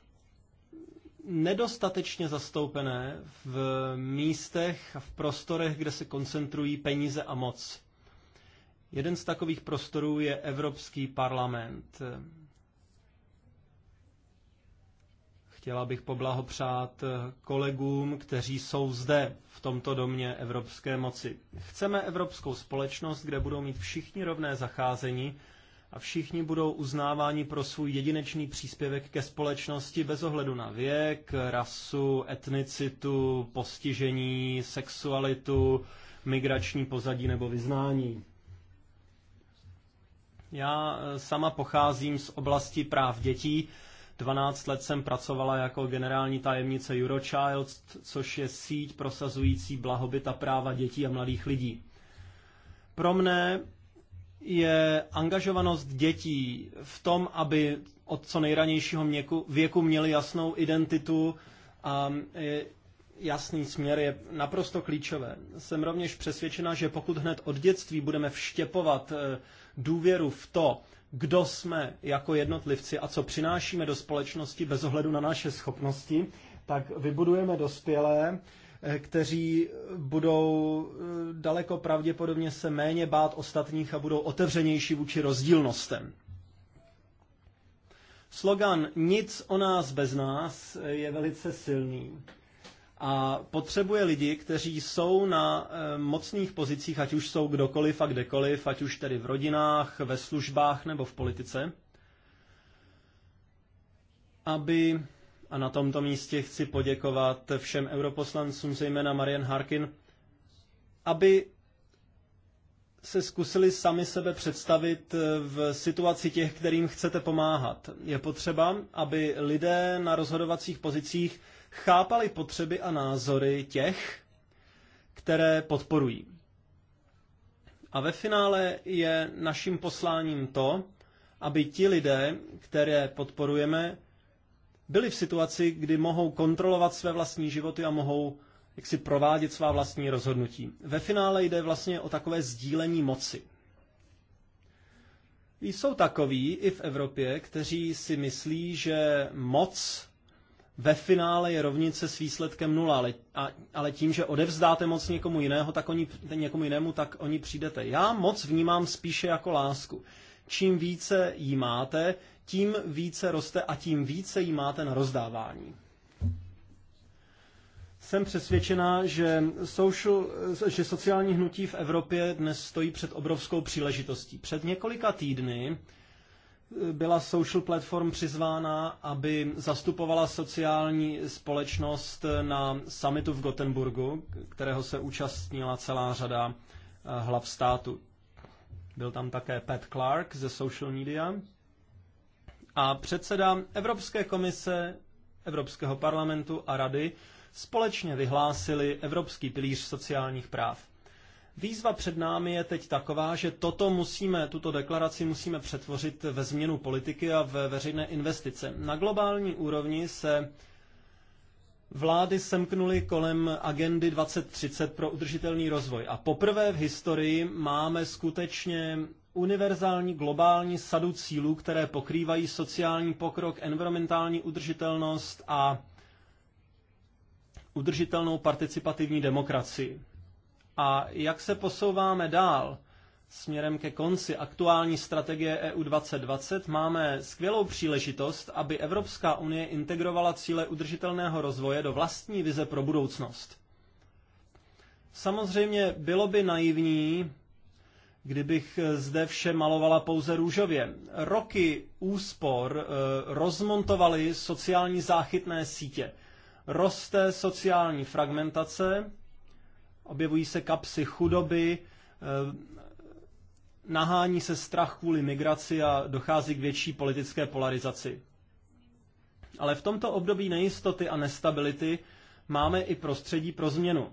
nedostatečně zastoupené v místech a v prostorech, kde se koncentrují peníze a moc. Jeden z takových prostorů je Evropský parlament. Chtěla bych poblahopřát kolegům, kteří jsou zde v tomto domě evropské moci. Chceme evropskou společnost, kde budou mít všichni rovné zacházení a všichni budou uznáváni pro svůj jedinečný příspěvek ke společnosti bez ohledu na věk, rasu, etnicitu, postižení, sexualitu, migrační pozadí nebo vyznání. Já eh, sama pocházím z oblasti práv dětí. 12 let jsem pracovala jako generální tajemnice Eurochild, což je síť prosazující blahobyt a práva dětí a mladých lidí. Pro mne je angažovanost dětí v tom, aby od co nejranějšího měku, věku měli jasnou identitu a e, jasný směr je naprosto klíčové. Jsem rovněž přesvědčena, že pokud hned od dětství budeme vštěpovat e, důvěru v to, kdo jsme jako jednotlivci a co přinášíme do společnosti bez ohledu na naše schopnosti, tak vybudujeme dospělé, Eh, kteří budou eh, daleko pravděpodobně se méně bát ostatních a budou otevřenější vůči rozdílnostem. Slogan Nic o nás bez nás je velice silný a potřebuje lidi, kteří jsou na eh, mocných pozicích, ať už jsou kdokoliv a kdekoliv, ať už tedy v rodinách, ve službách nebo v politice, aby a na tomto místě chci poděkovat všem europoslancům, zejména Marian Harkin, aby se zkusili sami sebe představit v situaci těch, kterým chcete pomáhat. Je potřeba, aby lidé na rozhodovacích pozicích chápali potřeby a názory těch, které podporují. A ve finále je naším posláním to, aby ti lidé, které podporujeme, byli v situaci, kdy mohou kontrolovat své vlastní životy a mohou jak si provádět svá vlastní rozhodnutí. Ve finále jde vlastně o takové sdílení moci. Jsou takoví i v Evropě, kteří si myslí, že moc ve finále je rovnice s výsledkem nula, ale, a, ale tím, že odevzdáte moc někomu, jiného, tak oni, někomu jinému, tak oni přijdete. Já moc vnímám spíše jako lásku. Čím více jí máte, tím více roste a tím více jí máte na rozdávání. Jsem přesvědčená, že, social, že sociální hnutí v Evropě dnes stojí před obrovskou příležitostí. Před několika týdny byla Social Platform přizvána, aby zastupovala sociální společnost na summitu v Gotenburgu, kterého se účastnila celá řada eh, hlav státu. Byl tam také Pat Clark ze Social Media, a předseda Evropské komise, Evropského parlamentu a Rady společně vyhlásili Evropský pilíř sociálních práv. Výzva před námi je teď taková, že toto musíme, tuto deklaraci musíme přetvořit ve změnu politiky a ve veřejné investice. Na globální úrovni se vlády semknuly kolem agendy 2030 pro udržitelný rozvoj. A poprvé v historii máme skutečně univerzální globální sadu cílů, které pokrývají sociální pokrok, environmentální udržitelnost a udržitelnou participativní demokracii. A jak se posouváme dál směrem ke konci aktuální strategie EU 2020, máme skvělou příležitost, aby Evropská unie integrovala cíle udržitelného rozvoje do vlastní vize pro budoucnost. Samozřejmě bylo by naivní kdybych eh, zde vše malovala pouze růžově. Roky úspor eh, rozmontovaly sociální záchytné sítě. Roste sociální fragmentace, objevují se kapsy chudoby, eh, nahání se strach kvůli migraci a dochází k větší politické polarizaci. Ale v tomto období nejistoty a nestability máme i prostředí pro změnu.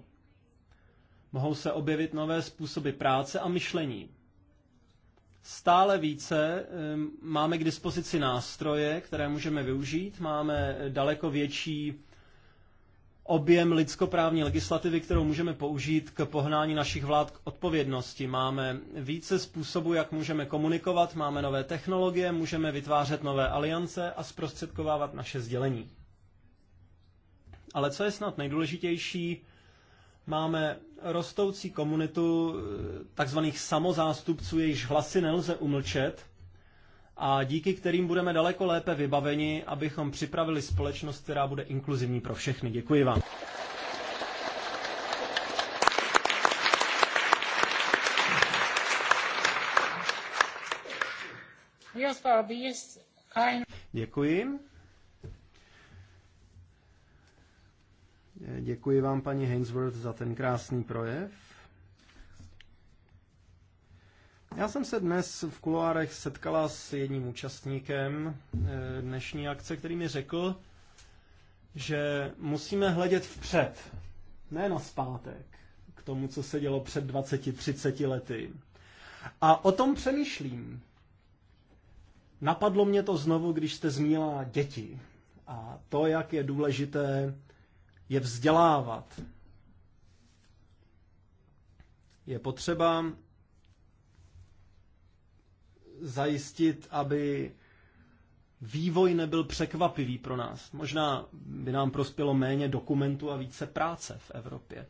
Mohou se objevit nové způsoby práce a myšlení. Stále více máme k dispozici nástroje, které můžeme využít. Máme daleko větší objem lidskoprávní legislativy, kterou můžeme použít k pohnání našich vlád k odpovědnosti. Máme více způsobů, jak můžeme komunikovat, máme nové technologie, můžeme vytvářet nové aliance a zprostředkovávat naše sdělení. Ale co je snad nejdůležitější, máme rostoucí komunitu eh, takzvaných samozástupců, jejichž hlasy nelze umlčet a díky kterým budeme daleko lépe vybaveni, abychom připravili společnost, která bude inkluzivní pro všechny. Děkuji vám. Děkuji. Děkuji vám, paní Hainsworth, za ten krásný projev. Já jsem se dnes v kuloárech setkala s jedním účastníkem eh, dnešní akce, který mi řekl, že musíme hledět vpřed, ne na zpátek, k tomu, co se dělo před 20-30 lety. A o tom přemýšlím. Napadlo mě to znovu, když jste zmínila děti. A to, jak je důležité je vzdělávat. Je potřeba zajistit, aby vývoj nebyl překvapivý pro nás. Možná by nám prospělo méně dokumentů a více práce v Evropě.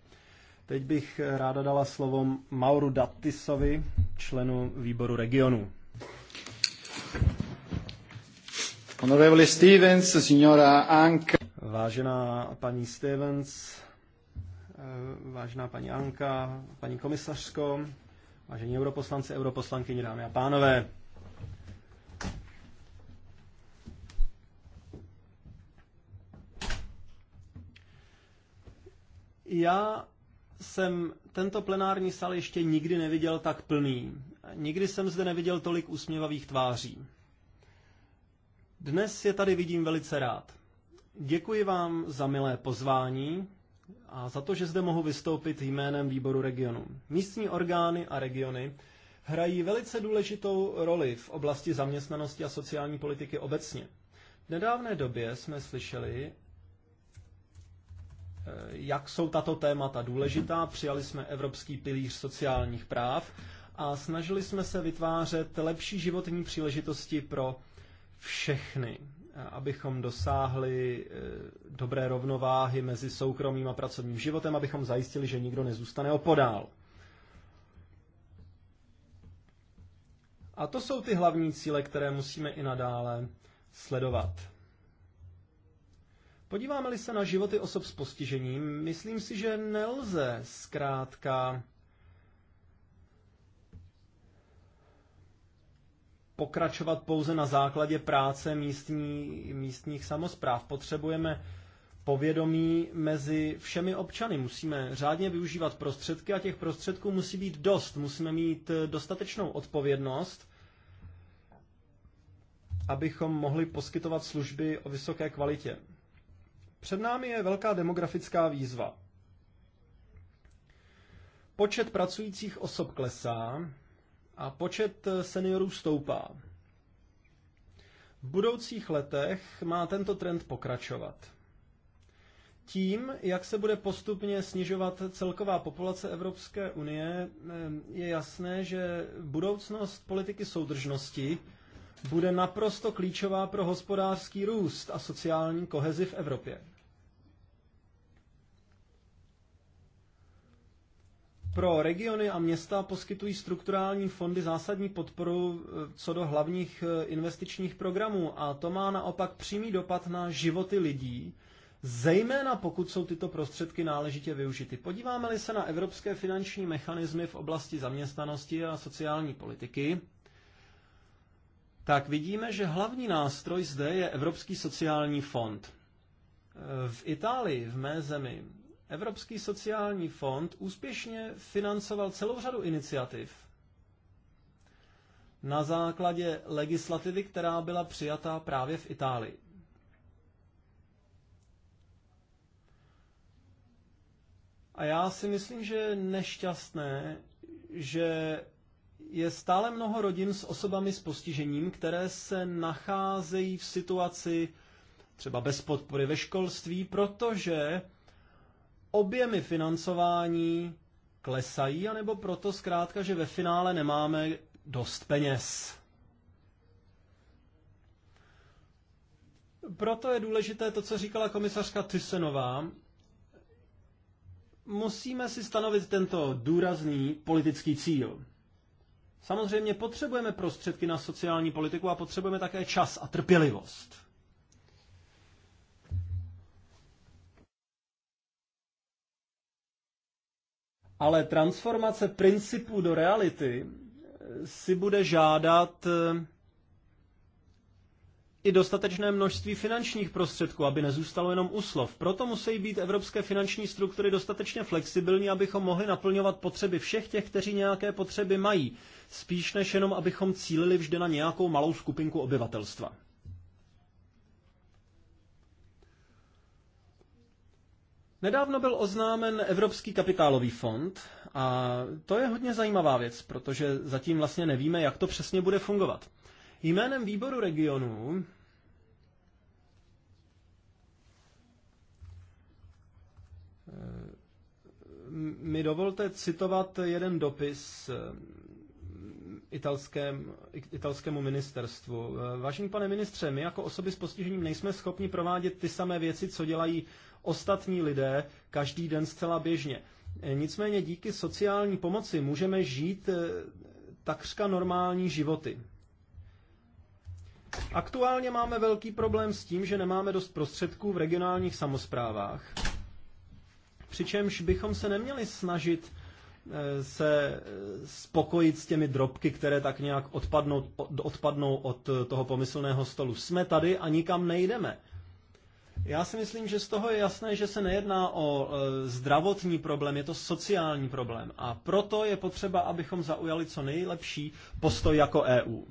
Teď bych ráda dala slovo Mauru Dattisovi, členu výboru regionu. Honorable Stevens, signora Anka. Vážená paní Stevens, eh, vážená paní Anka, paní komisařko, vážení europoslanci, europoslankyně, dámy a pánové. Já jsem tento plenární sal ještě nikdy neviděl tak plný. Nikdy jsem zde neviděl tolik usměvavých tváří. Dnes je tady vidím velice rád. Děkuji vám za milé pozvání a za to, že zde mohu vystoupit jménem výboru regionu. Místní orgány a regiony hrají velice důležitou roli v oblasti zaměstnanosti a sociální politiky obecně. V nedávné době jsme slyšeli, eh, jak jsou tato témata důležitá. Přijali jsme Evropský pilíř sociálních práv a snažili jsme se vytvářet lepší životní příležitosti pro všechny abychom dosáhli eh, dobré rovnováhy mezi soukromým a pracovním životem, abychom zajistili, že nikdo nezůstane opodál. A to jsou ty hlavní cíle, které musíme i nadále sledovat. Podíváme-li se na životy osob s postižením, myslím si, že nelze zkrátka pokračovat pouze na základě práce místní, místních samozpráv. Potřebujeme povědomí mezi všemi občany. Musíme řádně využívat prostředky a těch prostředků musí být dost. Musíme mít eh, dostatečnou odpovědnost, abychom mohli poskytovat služby o vysoké kvalitě. Před námi je velká demografická výzva. Počet pracujících osob klesá, a počet eh, seniorů stoupá. V budoucích letech má tento trend pokračovat. Tím, jak se bude postupně snižovat celková populace Evropské unie, eh, je jasné, že budoucnost politiky soudržnosti bude naprosto klíčová pro hospodářský růst a sociální kohezi v Evropě. Pro regiony a města poskytují strukturální fondy zásadní podporu eh, co do hlavních eh, investičních programů a to má naopak přímý dopad na životy lidí, zejména pokud jsou tyto prostředky náležitě využity. Podíváme-li se na evropské finanční mechanismy v oblasti zaměstnanosti a sociální politiky, tak vidíme, že hlavní nástroj zde je Evropský sociální fond. Eh, v Itálii, v mé zemi, Evropský sociální fond úspěšně financoval celou řadu iniciativ na základě legislativy, která byla přijatá právě v Itálii. A já si myslím, že je nešťastné, že je stále mnoho rodin s osobami s postižením, které se nacházejí v situaci třeba bez podpory ve školství, protože objemy financování klesají, anebo proto zkrátka, že ve finále nemáme dost peněz. Proto je důležité to, co říkala komisařka Tysenová. Musíme si stanovit tento důrazný politický cíl. Samozřejmě potřebujeme prostředky na sociální politiku a potřebujeme také čas a trpělivost. Ale transformace principů do reality eh, si bude žádat eh, i dostatečné množství finančních prostředků, aby nezůstalo jenom u slov. Proto musí být evropské finanční struktury dostatečně flexibilní, abychom mohli naplňovat potřeby všech těch, kteří nějaké potřeby mají, spíš než jenom abychom cílili vždy na nějakou malou skupinku obyvatelstva. Nedávno byl oznámen Evropský kapitálový fond a to je hodně zajímavá věc, protože zatím vlastně nevíme, jak to přesně bude fungovat. Jménem výboru regionů eh, mi dovolte citovat jeden dopis eh, italském, italskému ministerstvu. Eh, vážený pane ministře, my jako osoby s postižením nejsme schopni provádět ty samé věci, co dělají ostatní lidé každý den zcela běžně. E, nicméně díky sociální pomoci můžeme žít e, takřka normální životy. Aktuálně máme velký problém s tím, že nemáme dost prostředků v regionálních samozprávách. Přičemž bychom se neměli snažit e, se spokojit s těmi drobky, které tak nějak odpadnou, odpadnou od toho pomyslného stolu. Jsme tady a nikam nejdeme. Já si myslím, že z toho je jasné, že se nejedná o e, zdravotní problém, je to sociální problém. A proto je potřeba, abychom zaujali co nejlepší postoj jako EU.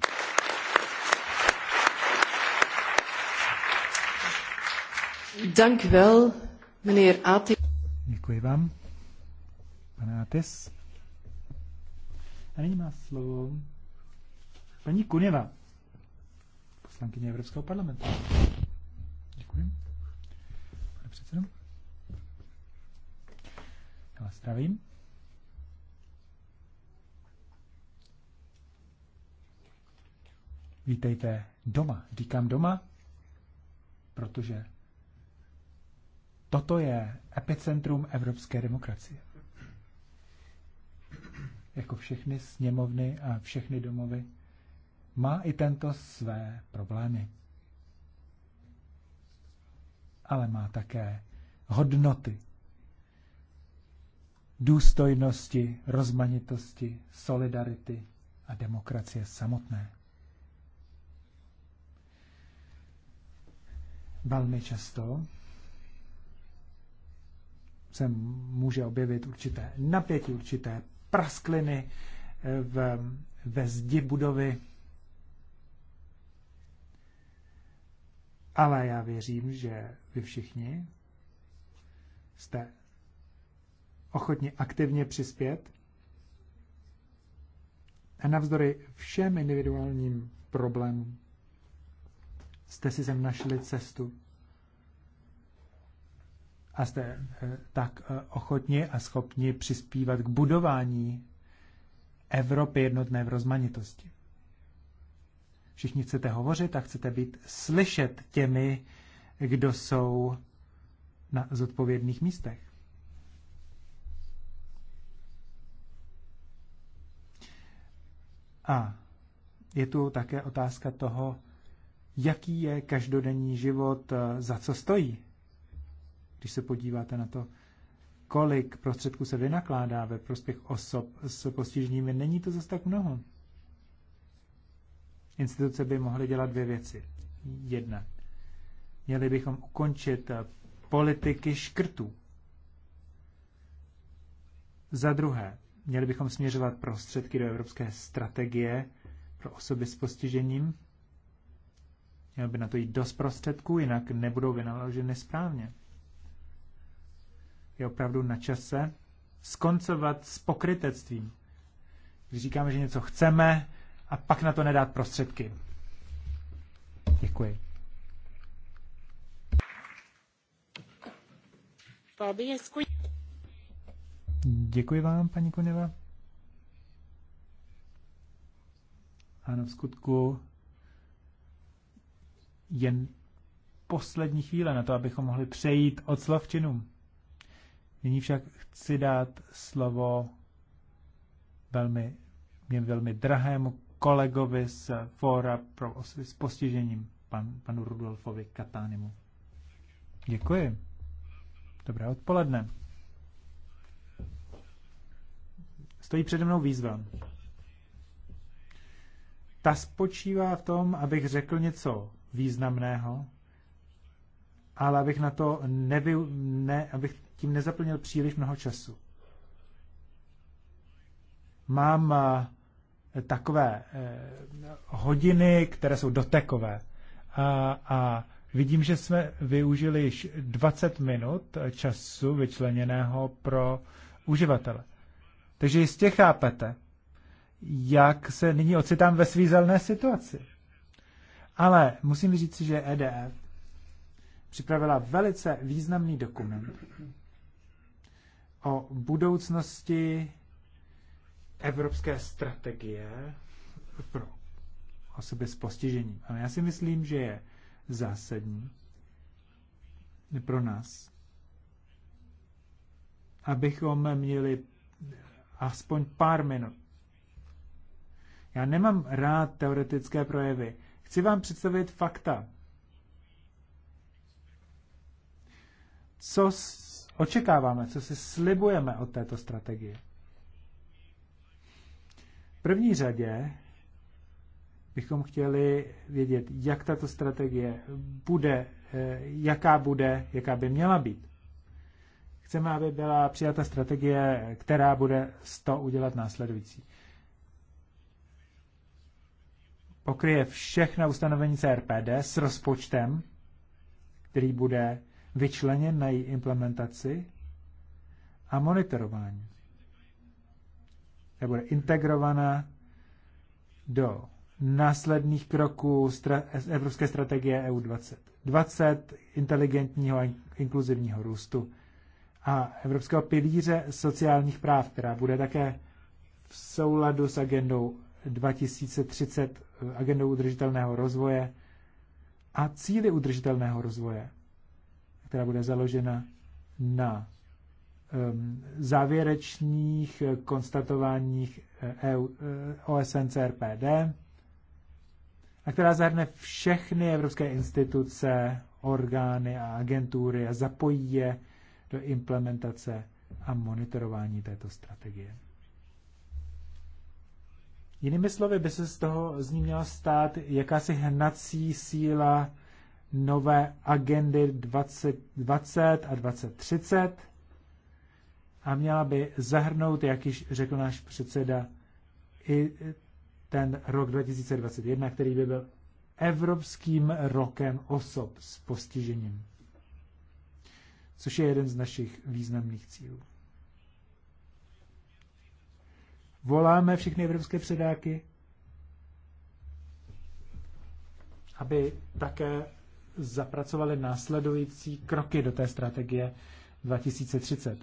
Děkuji vám, pane Atis. A nyní má slovo paní Kuněva, poslankyně Evropského parlamentu předsedo. Já vás zdravím. Vítejte doma. Říkám doma, protože toto je epicentrum evropské demokracie. Jako všechny sněmovny a všechny domovy má i tento své problémy ale má také hodnoty. Důstojnosti, rozmanitosti, solidarity a demokracie samotné. Velmi často se může objevit určité napětí, určité praskliny eh, v, ve zdi budovy Ale já věřím, že vy všichni jste ochotni aktivně přispět a navzdory všem individuálním problémům jste si sem našli cestu a jste eh, tak eh, ochotni a schopni přispívat k budování Evropy jednotné v rozmanitosti. Všichni chcete hovořit a chcete být slyšet těmi, kdo jsou na zodpovědných místech. A je tu také otázka toho, jaký je každodenní život, eh, za co stojí. Když se podíváte na to, kolik prostředků se vynakládá ve prospěch osob s postižními, není to zase tak mnoho instituce by mohly dělat dvě věci. Jedna. Měli bychom ukončit eh, politiky škrtů. Za druhé, měli bychom směřovat prostředky do evropské strategie pro osoby s postižením. Měl by na to jít dost prostředků, jinak nebudou vynaloženy správně. Je opravdu na čase skoncovat s pokrytectvím. Když říkáme, že něco chceme, a pak na to nedát prostředky. Děkuji. Děkuji vám, paní Koněva. Ano, v skutku jen poslední chvíle na to, abychom mohli přejít od slov činům. Nyní však chci dát slovo velmi, mě velmi drahému kolegovi z Fóra pro s postižením, pan, panu Rudolfovi Katánimu. Děkuji. Dobré odpoledne. Stojí přede mnou výzva. Ta spočívá v tom, abych řekl něco významného, ale abych na to nevy, ne, abych tím nezaplnil příliš mnoho času. Mám eh, takové eh, hodiny, které jsou dotekové. A, a vidím, že jsme využili již 20 minut času vyčleněného pro uživatele. Takže jistě chápete, jak se nyní ocitám ve svízelné situaci. Ale musím říct, že EDF připravila velice významný dokument o budoucnosti evropské strategie pro osoby s postižením. Ale já si myslím, že je zásadní pro nás, abychom měli aspoň pár minut. Já nemám rád teoretické projevy. Chci vám představit fakta. Co očekáváme, co si slibujeme od této strategie? první řadě bychom chtěli vědět, jak tato strategie bude, eh, jaká bude, jaká by měla být. Chceme, aby byla přijata strategie, která bude z toho udělat následující. Pokryje všechna ustanovení CRPD s rozpočtem, který bude vyčleněn na její implementaci a monitorování ta bude integrovaná do následných kroků stra- Evropské strategie EU 2020, inteligentního a inkluzivního růstu a Evropského pilíře sociálních práv, která bude také v souladu s agendou 2030, eh, agendou udržitelného rozvoje a cíly udržitelného rozvoje, která bude založena na Ehm, závěrečných eh, konstatováních eh, eh, OSN CRPD, a která zahrne všechny evropské instituce, orgány a agentury a zapojí je do implementace a monitorování této strategie. Jinými slovy, by se z toho z ní měla stát jakási hnací síla nové agendy 2020 a 2030, a měla by zahrnout, jak již řekl náš předseda, i ten rok 2021, který by byl Evropským rokem osob s postižením, což je jeden z našich významných cílů. Voláme všechny evropské předáky, aby také zapracovali následující kroky do té strategie 2030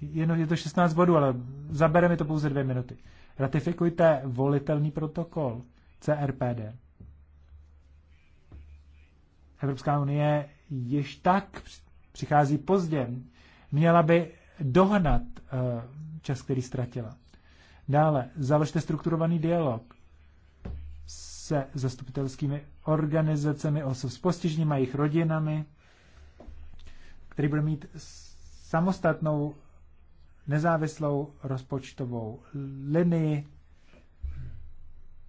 Jenom je to 16 bodů, ale zabere mi to pouze dvě minuty. Ratifikujte volitelný protokol CRPD. Evropská unie již tak přichází pozdě. Měla by dohnat eh, čas, který ztratila. Dále, založte strukturovaný dialog se zastupitelskými organizacemi osob s postižením a jejich rodinami, který bude mít samostatnou nezávislou rozpočtovou linii,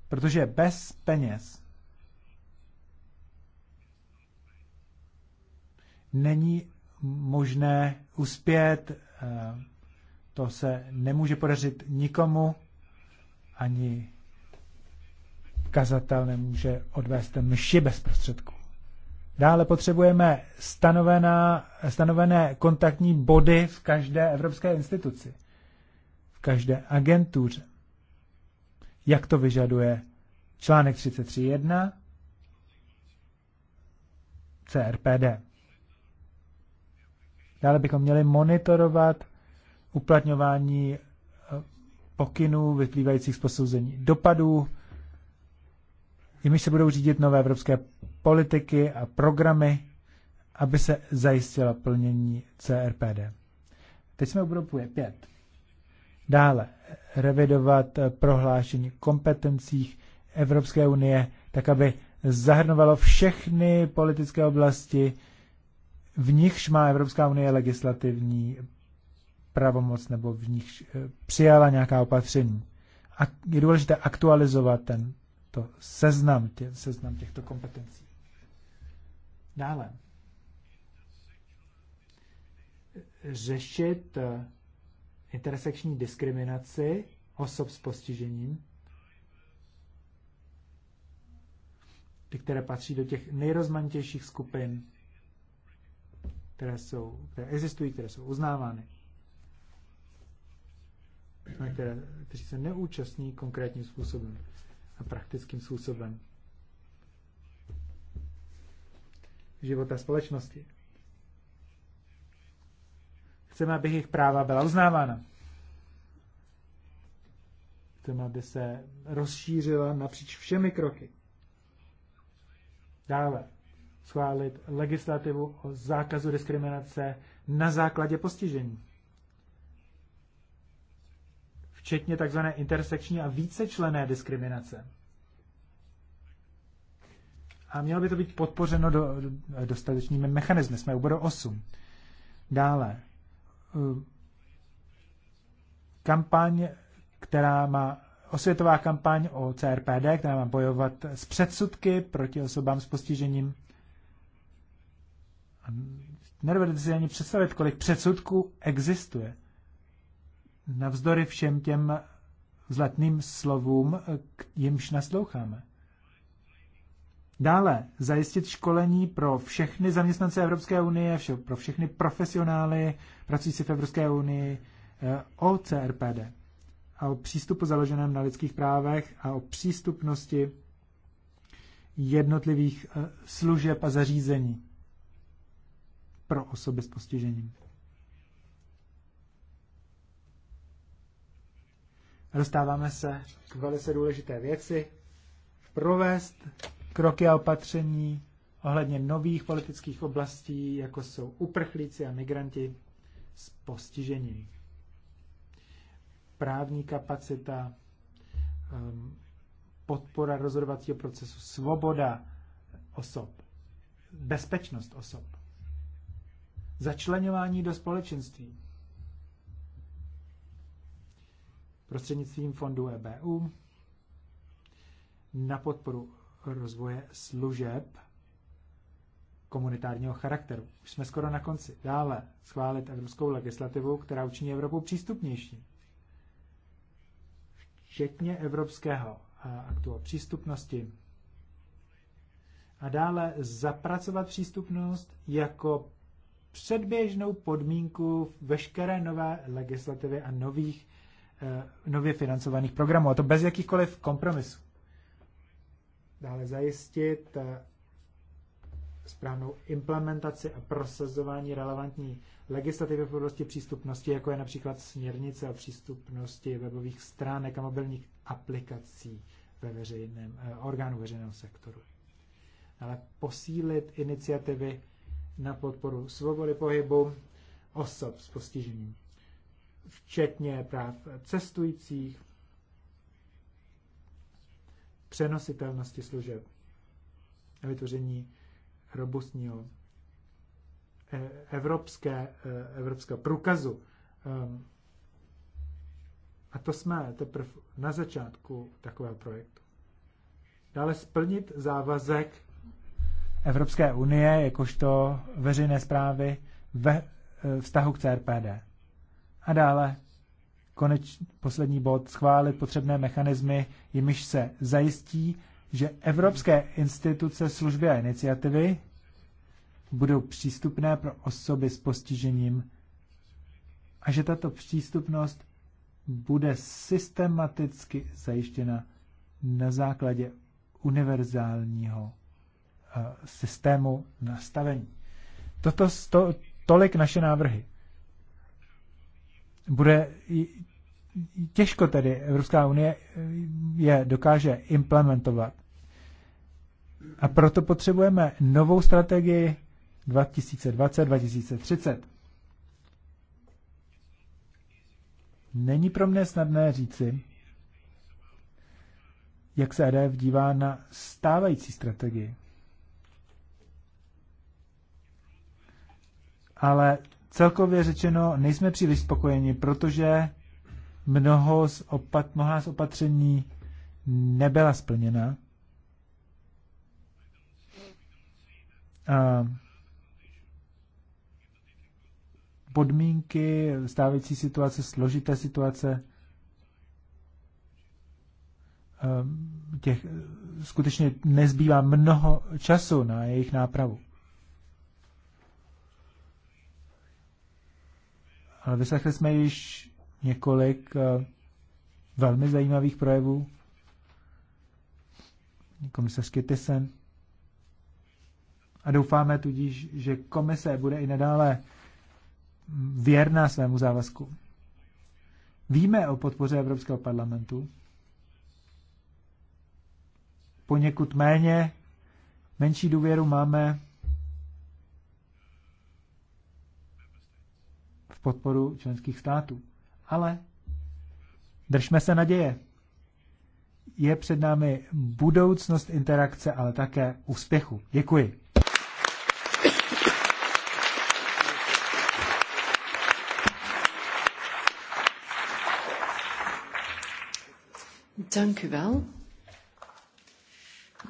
protože bez peněz není možné uspět, to se nemůže podařit nikomu, ani kazatel nemůže odvést mši bez prostředků. Dále potřebujeme stanovená, stanovené kontaktní body v každé evropské instituci, v každé agentuře. Jak to vyžaduje článek 33.1 CRPD. Dále bychom měli monitorovat uplatňování eh, pokynů vyplývajících z posouzení dopadů, jimiž se budou řídit nové evropské politiky a programy, aby se zajistila plnění CRPD. Teď jsme u bodu 5. Dále revidovat eh, prohlášení kompetencích Evropské unie, tak aby zahrnovalo všechny politické oblasti, v nichž má Evropská unie legislativní pravomoc nebo v nich eh, přijala nějaká opatření. A je důležité aktualizovat ten to seznam, tě, seznam těchto kompetencí. Dále. Řešit eh, intersekční diskriminaci osob s postižením, ty, které patří do těch nejrozmanitějších skupin, které, jsou, které existují, které jsou uznávány, které, kteří se neúčastní konkrétním způsobem a praktickým způsobem života společnosti. Chceme, aby jejich práva byla uznávána. Chceme, aby se rozšířila napříč všemi kroky. Dále schválit legislativu o zákazu diskriminace na základě postižení. Včetně takzvané intersekční a vícečlené diskriminace a mělo by to být podpořeno do, do, dostatečnými mechanismy. Jsme u bodu 8. Dále. Eh, kampaň, která má osvětová kampaň o CRPD, která má bojovat s předsudky proti osobám s postižením. Nedovedete si ani představit, kolik předsudků existuje. Navzdory všem těm vzletným slovům, jimž nasloucháme. Dále zajistit školení pro všechny zaměstnance Evropské unie, vše, pro všechny profesionály pracující v Evropské unii eh, o CRPD a o přístupu založeném na lidských právech a o přístupnosti jednotlivých eh, služeb a zařízení pro osoby s postižením. Dostáváme se k velice důležité věci provést kroky a opatření ohledně nových politických oblastí, jako jsou uprchlíci a migranti s postižení. Právní kapacita, ehm, podpora rozhodovacího procesu, svoboda osob, bezpečnost osob, začlenování do společenství prostřednictvím fondu EBU na podporu rozvoje služeb komunitárního charakteru. Už jsme skoro na konci. Dále schválit evropskou legislativu, která učiní Evropu přístupnější. Včetně evropského aktu o přístupnosti. A dále zapracovat přístupnost jako předběžnou podmínku veškeré nové legislativy a nových e, nově financovaných programů, a to bez jakýchkoliv kompromisů dále zajistit eh, správnou implementaci a prosazování relevantní legislativy v oblasti přístupnosti, jako je například směrnice o přístupnosti webových stránek a mobilních aplikací ve veřejném, eh, orgánu veřejného sektoru. Ale posílit iniciativy na podporu svobody pohybu osob s postižením, včetně práv cestujících, přenositelnosti služeb a vytvoření robustního eh, evropské, eh, evropského průkazu. Ehm, a to jsme teprve na začátku takového projektu. Dále splnit závazek Evropské unie, jakožto veřejné zprávy ve eh, vztahu k CRPD. A dále koneč, poslední bod, schválit potřebné mechanismy, jimiž se zajistí, že evropské instituce, služby a iniciativy budou přístupné pro osoby s postižením a že tato přístupnost bude systematicky zajištěna na základě univerzálního eh, systému nastavení. Toto, to, tolik naše návrhy bude těžko tedy Evropská unie eh, je dokáže implementovat. A proto potřebujeme novou strategii 2020-2030. Není pro mě snadné říci, jak se EDF dívá na stávající strategii. Ale Celkově řečeno, nejsme příliš spokojeni, protože mnoho z, opat, mnoha z opatření nebyla splněna. A podmínky stávající situace, složité situace ehm, těch skutečně nezbývá mnoho času na jejich nápravu. ale vyslechli jsme již několik eh, velmi zajímavých projevů. Komisařky Tysen. A doufáme tudíž, že komise bude i nadále věrná svému závazku. Víme o podpoře Evropského parlamentu. Poněkud méně, menší důvěru máme podporu členských států. Ale držme se naděje. Je před námi budoucnost interakce, ale také úspěchu. Děkuji. Děkuji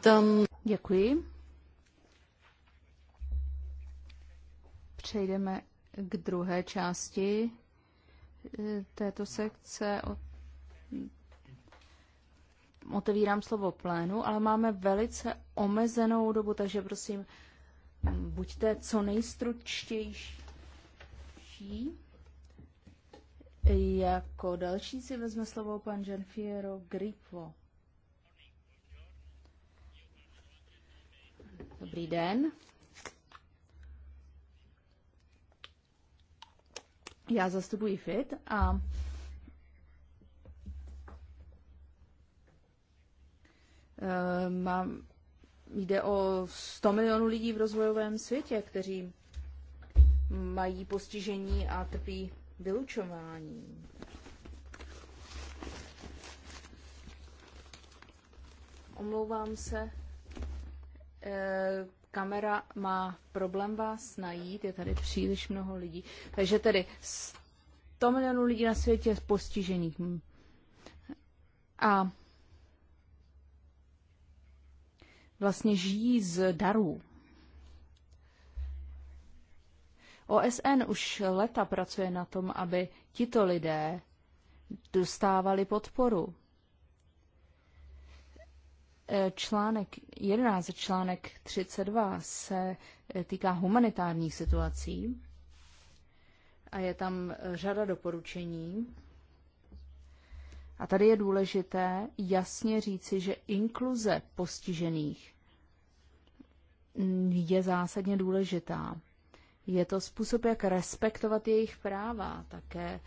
Dan... Děkuji. Přejdeme k druhé části eh, této sekce. Otevírám slovo plénu, ale máme velice omezenou dobu, takže prosím, buďte co nejstručtější. Jako další si vezme slovo pan Gianfiero Grifo. Dobrý den. Já zastupuji FIT a eh, mám, jde o 100 milionů lidí v rozvojovém světě, kteří mají postižení a trpí vylučováním. Omlouvám se. Eh, kamera má problém vás najít, je tady příliš mnoho lidí. Takže tedy 100 milionů lidí na světě je postižených. A vlastně žijí z darů. OSN už leta pracuje na tom, aby tito lidé dostávali podporu Článek 11, článek 32 se eh, týká humanitárních situací a je tam eh, řada doporučení. A tady je důležité jasně říci, že inkluze postižených je zásadně důležitá. Je to způsob, jak respektovat jejich práva. Také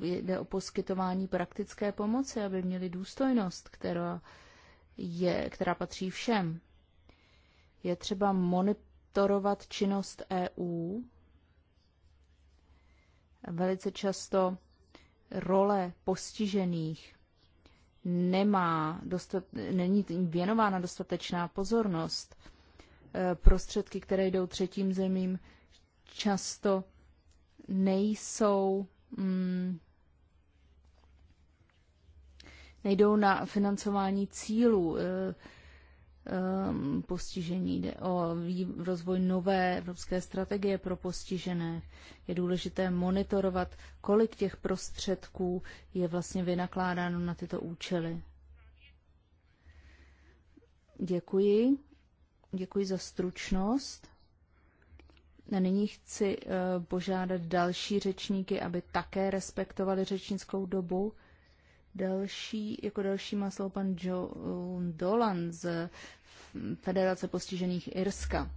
eh, jde o poskytování praktické pomoci, aby měli důstojnost, která je, která patří všem. Je třeba monitorovat činnost EU. Velice často role postižených nemá dostat, není věnována dostatečná pozornost. E, prostředky, které jdou třetím zemím, často nejsou mm, nejdou na financování cílů eh, eh, postižení. Jde o rozvoj nové evropské strategie pro postižené. Je důležité monitorovat, kolik těch prostředků je vlastně vynakládáno na tyto účely. Děkuji. Děkuji za stručnost. A nyní chci eh, požádat další řečníky, aby také respektovali řečnickou dobu. Další, jako další má slovo pan Joe Dolan z Federace postižených Irska.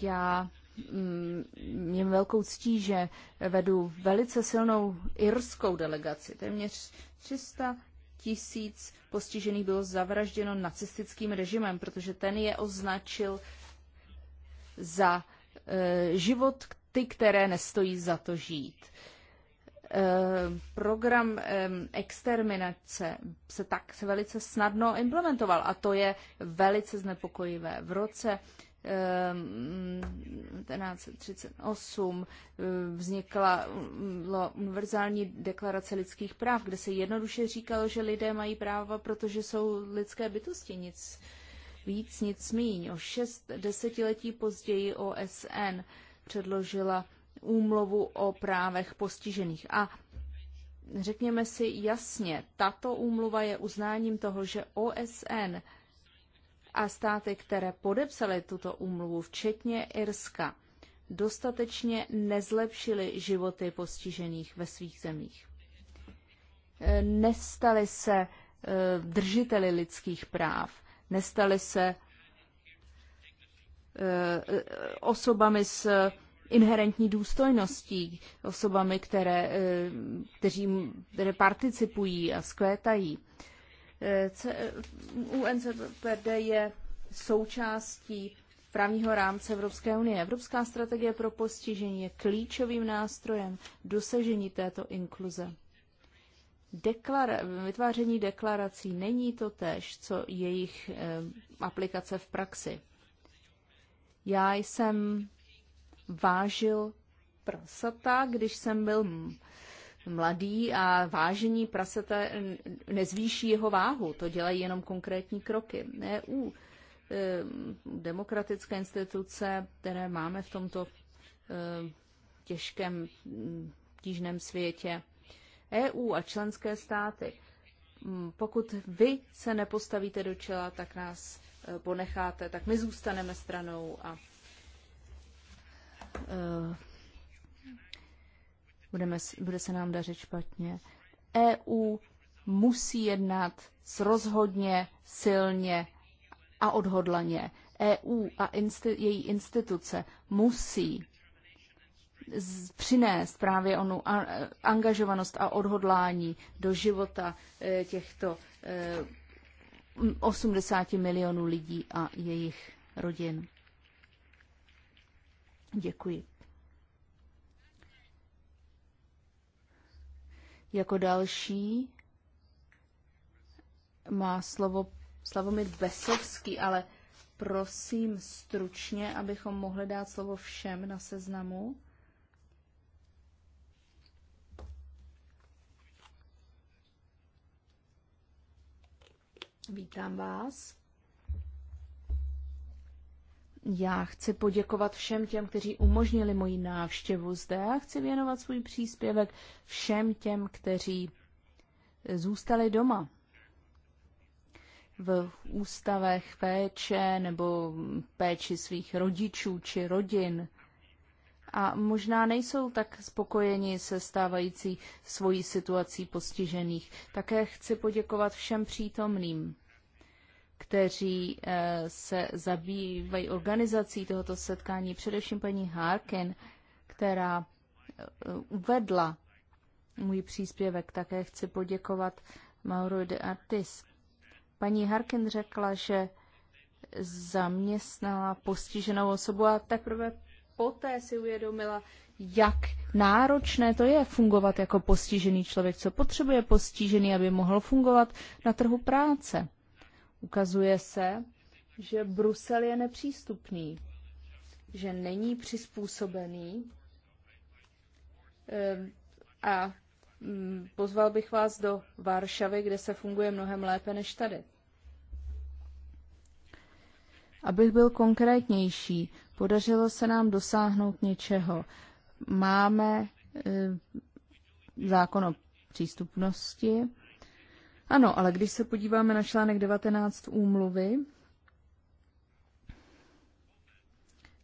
Já mm, mě velkou ctí, že vedu velice silnou irskou delegaci. Téměř 300 tisíc postižených bylo zavražděno nacistickým režimem, protože ten je označil za e, život ty, které nestojí za to žít program exterminace se tak se velice snadno implementoval a to je velice znepokojivé. V roce 1938 vznikla univerzální deklarace lidských práv, kde se jednoduše říkalo, že lidé mají práva, protože jsou lidské bytosti, nic víc, nic míň. O šest desetiletí později OSN předložila úmluvu o právech postižených. A řekněme si jasně, tato úmluva je uznáním toho, že OSN a státy, které podepsaly tuto úmluvu, včetně Irska, dostatečně nezlepšily životy postižených ve svých zemích. E, nestali se e, držiteli lidských práv, nestali se e, osobami s inherentní důstojností osobami, které, eh, kteří, které participují a skvétají. Eh, eh, UNCPD je součástí právního rámce Evropské unie. Evropská strategie pro postižení je klíčovým nástrojem dosažení této inkluze. Deklara- vytváření deklarací není to tež, co jejich eh, aplikace v praxi. Já jsem vážil prasata, když jsem byl mladý a vážení prasata nezvýší jeho váhu. To dělají jenom konkrétní kroky. EU, e, demokratické instituce, které máme v tomto e, těžkém, tížném světě, EU a členské státy, pokud vy se nepostavíte do čela, tak nás e, ponecháte, tak my zůstaneme stranou a Eh, budeme, bude se nám dařit špatně. EU musí jednat s rozhodně, silně a odhodlaně. EU a insti- její instituce musí přinést právě onu angažovanost a odhodlání do života eh, těchto 80 eh, milionů lidí a jejich rodin. Děkuji. Jako další má slovo Slavomir Besovský, ale prosím stručně, abychom mohli dát slovo všem na seznamu. Vítám vás. Já chci poděkovat všem těm, kteří umožnili moji návštěvu zde a chci věnovat svůj příspěvek všem těm, kteří zůstali doma v ústavech péče nebo péči svých rodičů či rodin a možná nejsou tak spokojeni se stávající svojí situací postižených. Také chci poděkovat všem přítomným kteří eh, se zabývají organizací tohoto setkání, především paní Harkin, která eh, uvedla můj příspěvek. Také chci poděkovat Mauro de Artis. Paní Harkin řekla, že zaměstnala postiženou osobu a teprve poté si uvědomila, jak náročné to je fungovat jako postižený člověk, co potřebuje postižený, aby mohl fungovat na trhu práce. Ukazuje se, že Brusel je nepřístupný, že není přizpůsobený. Ehm, a mm, pozval bych vás do Varšavy, kde se funguje mnohem lépe než tady. Abych byl konkrétnější, podařilo se nám dosáhnout něčeho. Máme ehm, zákon o přístupnosti, ano, ale když se podíváme na článek 19 úmluvy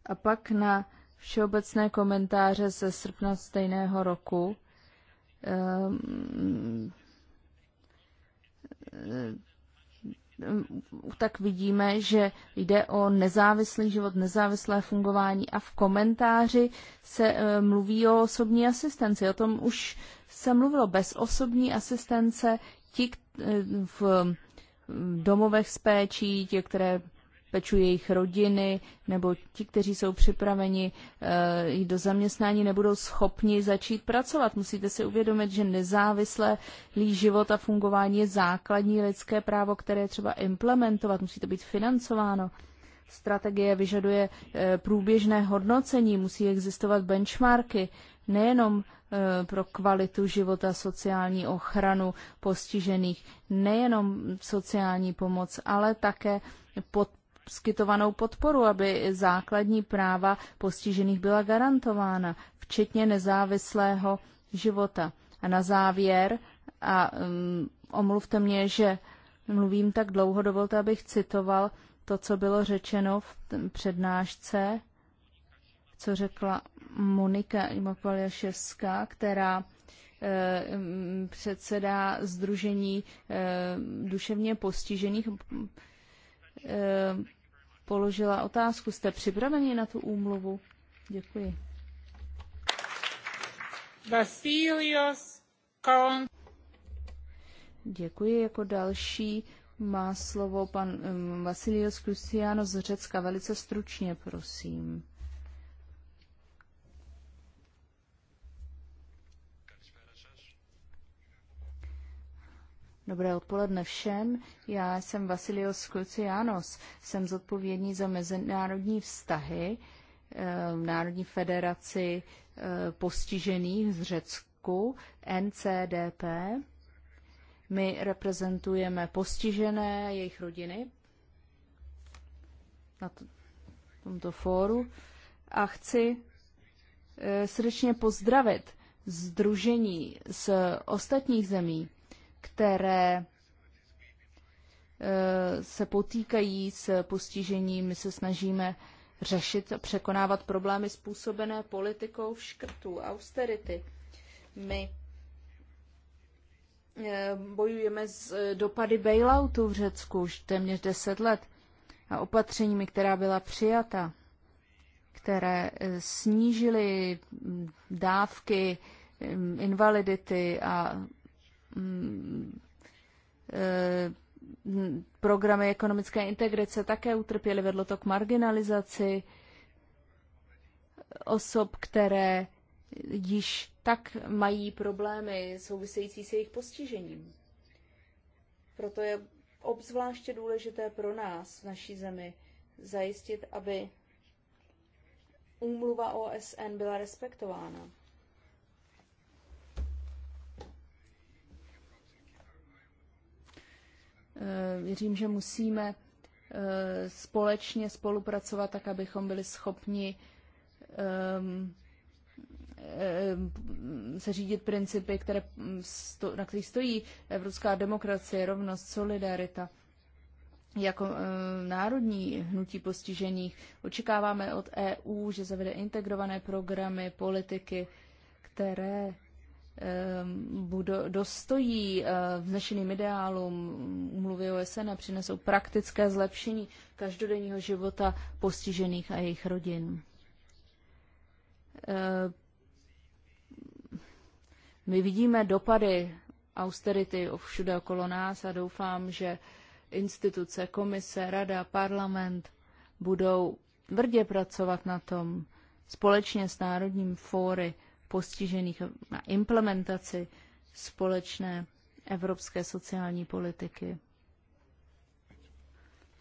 a pak na všeobecné komentáře ze srpna stejného roku, ehm, ehm, tak vidíme, že jde o nezávislý život, nezávislé fungování a v komentáři se ehm, mluví o osobní asistenci. O tom už se mluvilo. Bez osobní asistence ti v domovech s péčí, ti, které pečují jejich rodiny, nebo ti, kteří jsou připraveni eh, jít do zaměstnání, nebudou schopni začít pracovat. Musíte si uvědomit, že nezávislý život a fungování je základní lidské právo, které je třeba implementovat, musí to být financováno. Strategie vyžaduje eh, průběžné hodnocení, musí existovat benchmarky, nejenom Eh, pro kvalitu života, sociální ochranu postižených, nejenom sociální pomoc, ale také pod poskytovanou podporu, aby základní práva postižených byla garantována, včetně nezávislého života. A na závěr, a um, omluvte mě, že mluvím tak dlouho, dovolte, abych citoval to, co bylo řečeno v přednášce co řekla Monika Imakvaljaševská, která eh, předsedá Združení eh, duševně postižených, eh, položila otázku. Jste připraveni na tu úmluvu? Děkuji. Vasilios Kon... Děkuji. Jako další má slovo pan Vasilios mm, Kusiano z Řecka. Velice stručně, prosím. Dobré odpoledne všem. Já jsem Vasilios Skulcianos. Jsem zodpovědný za mezinárodní vztahy eh, v Národní federaci eh, postižených z Řecku, NCDP. My reprezentujeme postižené, jejich rodiny na tomto fóru a chci eh, srdečně pozdravit Združení z ostatních zemí, které eh, se potýkají s postižením. My se snažíme řešit a překonávat problémy způsobené politikou škrtů, austerity. My eh, bojujeme s eh, dopady bailoutu v Řecku už téměř 10 let a opatřeními, která byla přijata, které snížily mm, dávky mm, invalidity a Mm, eh, programy ekonomické integrace také utrpěly, vedlo to k marginalizaci osob, které již tak mají problémy související s jejich postižením. Proto je obzvláště důležité pro nás v naší zemi zajistit, aby úmluva OSN byla respektována. Eh, věřím, že musíme eh, společně spolupracovat tak, abychom byli schopni ehm, ehm, se řídit principy, které, mm, na kterých stojí evropská demokracie, rovnost, solidarita. Jako eh, národní hnutí postižených očekáváme od EU, že zavede integrované programy, politiky, které Ehm, budou dostojí eh, vznešeným ideálům umluvy OSN a přinesou praktické zlepšení každodenního života postižených a jejich rodin. Ehm, my vidíme dopady austerity všude okolo nás a doufám, že instituce, komise, rada, parlament budou tvrdě pracovat na tom společně s Národním fóry postižených na implementaci společné evropské sociální politiky,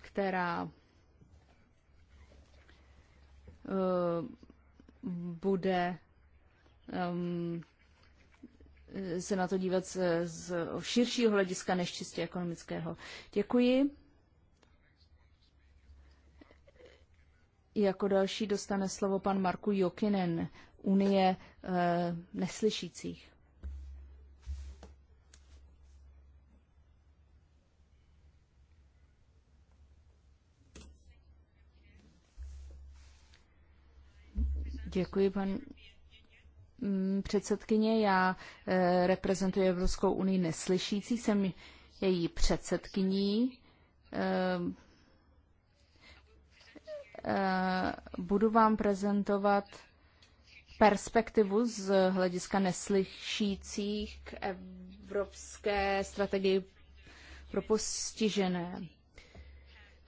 která eh, bude um, se na to dívat z, z širšího hlediska než čistě ekonomického. Děkuji. Jako další dostane slovo pan Marku Jokinen unie eh, neslyšících. Děkuji, pan mm, předsedkyně. Já eh, reprezentuji Evropskou unii neslyšící, jsem její předsedkyní. Eh, budu vám prezentovat perspektivu z hlediska neslyšících k evropské strategii pro postižené.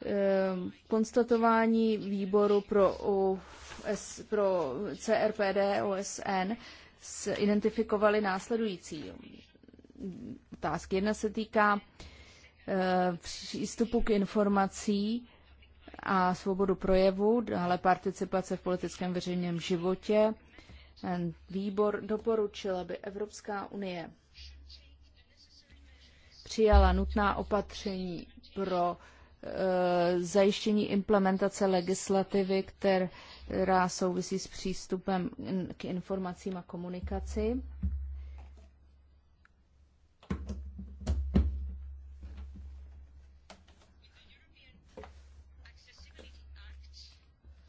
Ehm, konstatování výboru pro, OS, pro CRPD OSN identifikovali následující otázky. Jedna se týká ehm, přístupu k informací a svobodu projevu, dále participace v politickém veřejném životě, Výbor doporučil, aby Evropská unie přijala nutná opatření pro e, zajištění implementace legislativy, která souvisí s přístupem k informacím a komunikaci.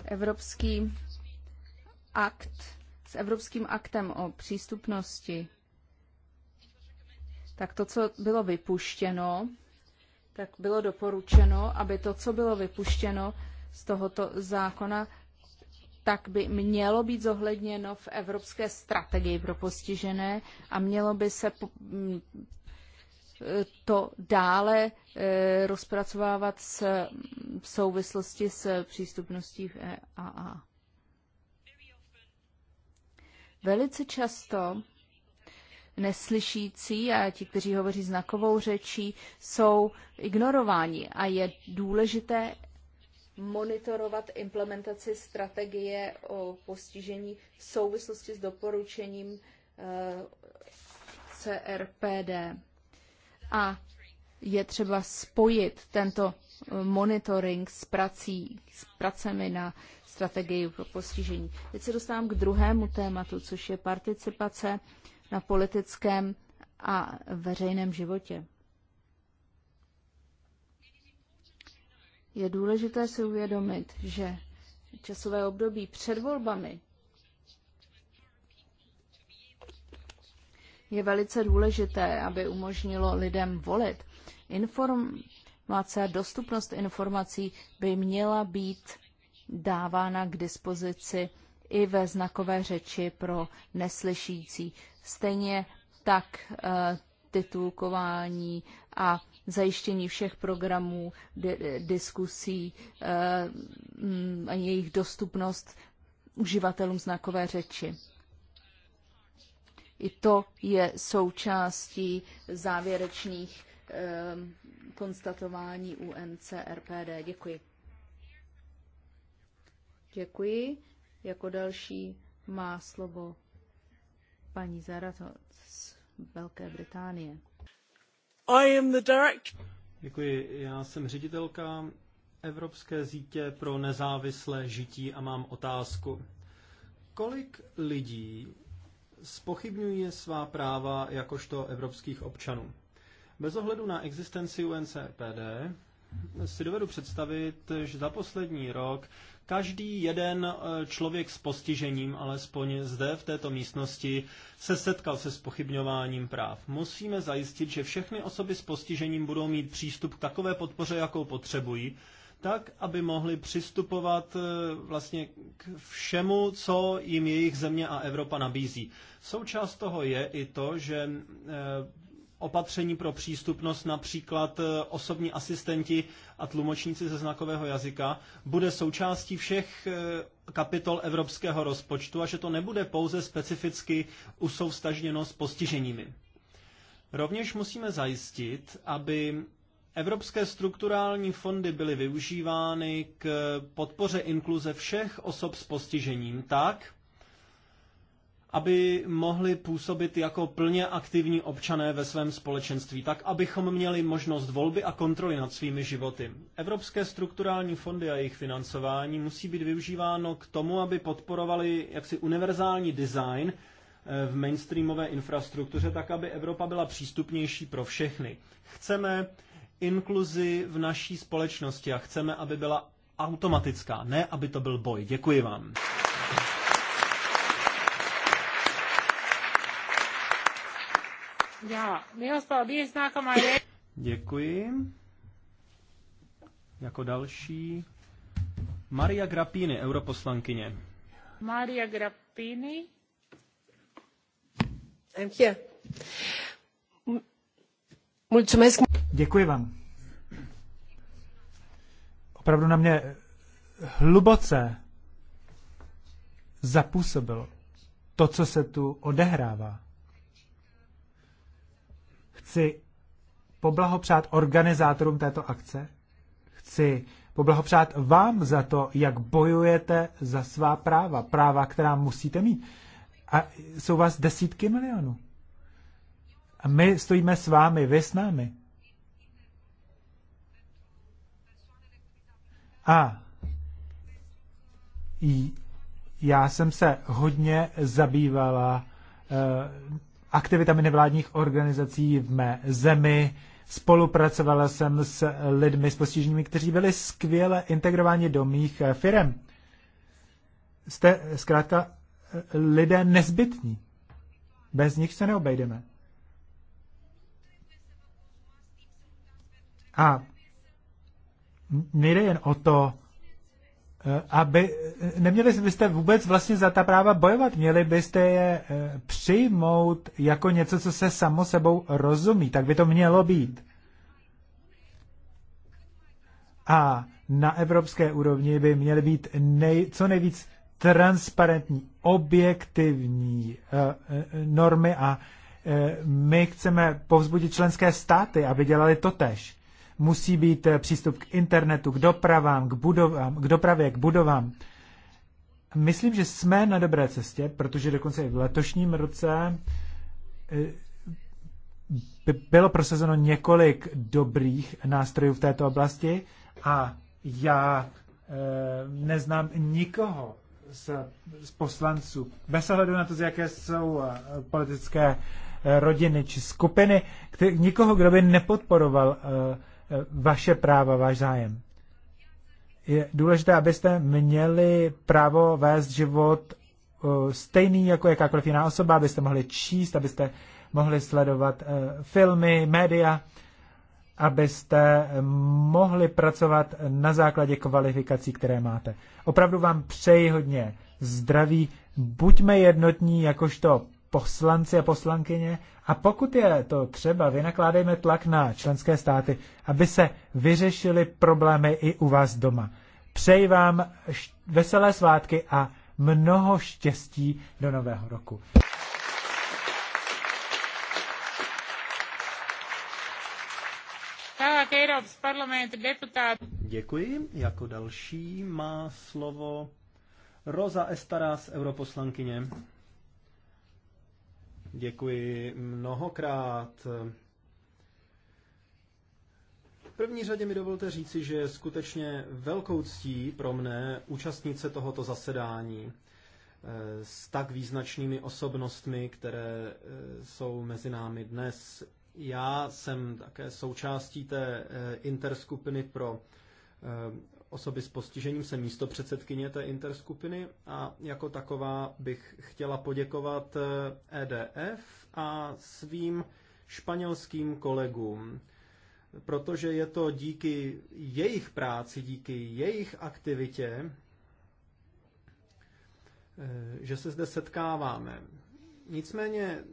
Evropský akt Evropským aktem o přístupnosti, tak to, co bylo vypuštěno, tak bylo doporučeno, aby to, co bylo vypuštěno z tohoto zákona, tak by mělo být zohledněno v evropské strategii pro postižené a mělo by se to dále e, rozpracovávat s, v souvislosti s přístupností v EAA. Velice často neslyšící a ti, kteří hovoří znakovou řečí, jsou ignorováni a je důležité monitorovat implementaci strategie o postižení v souvislosti s doporučením eh, CRPD. A je třeba spojit tento eh, monitoring s prací, s pracemi na strategii pro postižení. Teď se dostávám k druhému tématu, což je participace na politickém a veřejném životě. Je důležité si uvědomit, že časové období před volbami je velice důležité, aby umožnilo lidem volit. informace a dostupnost informací by měla být dávána k dispozici i ve znakové řeči pro neslyšící. Stejně tak e, titulkování a zajištění všech programů, di- diskusí e, eh, m, mm, a jejich dostupnost uživatelům znakové řeči. I to je součástí závěrečných e, konstatování UNCRPD. Děkuji. Děkuji. Jako další má slovo paní Zaratot z Velké Británie. I am the direct... Děkuji. Já jsem ředitelka Evropské zítě pro nezávislé žití a mám otázku. Kolik lidí spochybňuje svá práva jakožto evropských občanů? Bez ohledu na existenci UNCRPD si dovedu představit, že za poslední rok Každý jeden eh, člověk s postižením, alespoň zde v této místnosti, se setkal se spochybňováním práv. Musíme zajistit, že všechny osoby s postižením budou mít přístup k takové podpoře, jakou potřebují, tak, aby mohli přistupovat eh, vlastně k všemu, co jim jejich země a Evropa nabízí. Součást toho je i to, že eh, opatření pro přístupnost, například e, osobní asistenti a tlumočníci ze znakového jazyka, bude součástí všech e, kapitol evropského rozpočtu a že to nebude pouze specificky usoustažněno s postiženími. Rovněž musíme zajistit, aby Evropské strukturální fondy byly využívány k podpoře inkluze všech osob s postižením tak, aby mohli působit jako plně aktivní občané ve svém společenství, tak abychom měli možnost volby a kontroly nad svými životy. Evropské strukturální fondy a jejich financování musí být využíváno k tomu, aby podporovali jaksi univerzální design eh, v mainstreamové infrastruktuře, tak aby Evropa byla přístupnější pro všechny. Chceme inkluzi v naší společnosti a chceme, aby byla automatická, ne aby to byl boj. Děkuji vám. Děkuji. Jako další Maria Grappini, europoslankyně. Maria Grappini. I'm here. Mulțumesc. Děkuji vám. Opravdu na mě hluboce zapůsobilo to, co se tu odehrává. Chci poblahopřát organizátorům této akce. Chci poblahopřát vám za to, jak bojujete za svá práva, práva, která musíte mít. A jsou vás desítky milionů. A my stojíme s vámi, vy s námi. A já jsem se hodně zabývala eh, aktivitami nevládních organizací v mé zemi. Spolupracovala jsem s lidmi s postiženími, kteří byli skvěle integrováni do mých eh, firm. Jste eh, zkrátka eh, lidé nezbytní. Bez nich se neobejdeme. A nejde jen o to, Eh, aby eh, neměli byste vůbec vlastně za ta práva bojovat, měli byste je eh, přijmout jako něco, co se samo sebou rozumí. Tak by to mělo být. A na evropské úrovni by měly být nej, co nejvíc transparentní, objektivní eh, normy a my chceme povzbudit členské státy, aby dělali to tež musí být eh, přístup k internetu, k dopravám, k, budovám, k dopravě, k budovám. Myslím, že jsme na dobré cestě, protože dokonce i v letošním roce eh, bylo prosazeno několik dobrých nástrojů v této oblasti a já eh, neznám nikoho z, z poslanců, bez ohledu na to, z jaké jsou politické rodiny či skupiny, který, nikoho, kdo by nepodporoval uh, vaše práva, váš zájem. Je důležité, abyste měli právo vést život eh, stejný jako jakákoliv jiná osoba, abyste mohli číst, abyste mohli sledovat eh, filmy, média, abyste mohli pracovat na základě kvalifikací, které máte. Opravdu vám přeji hodně zdraví, buďme jednotní jakožto poslanci a poslankyně a pokud je to třeba, vynakládejme tlak na členské státy, aby se vyřešily problémy i u vás doma. Přeji vám veselé svátky a mnoho štěstí do nového roku. Děkuji. Jako další má slovo Roza Estarás, europoslankyně. Děkuji mnohokrát. V první řadě mi dovolte říci, že je skutečně velkou ctí pro mne účastnit se tohoto zasedání eh, s tak význačnými osobnostmi, které eh, jsou mezi námi dnes. Já jsem také součástí té eh, interskupiny pro osoby s postižením, jsem místo předsedkyně té interskupiny a jako taková bych chtěla poděkovat EDF eh, e a svým španělským kolegům, protože je to díky jejich práci, díky jejich aktivitě, eh, že se zde setkáváme. Nicméně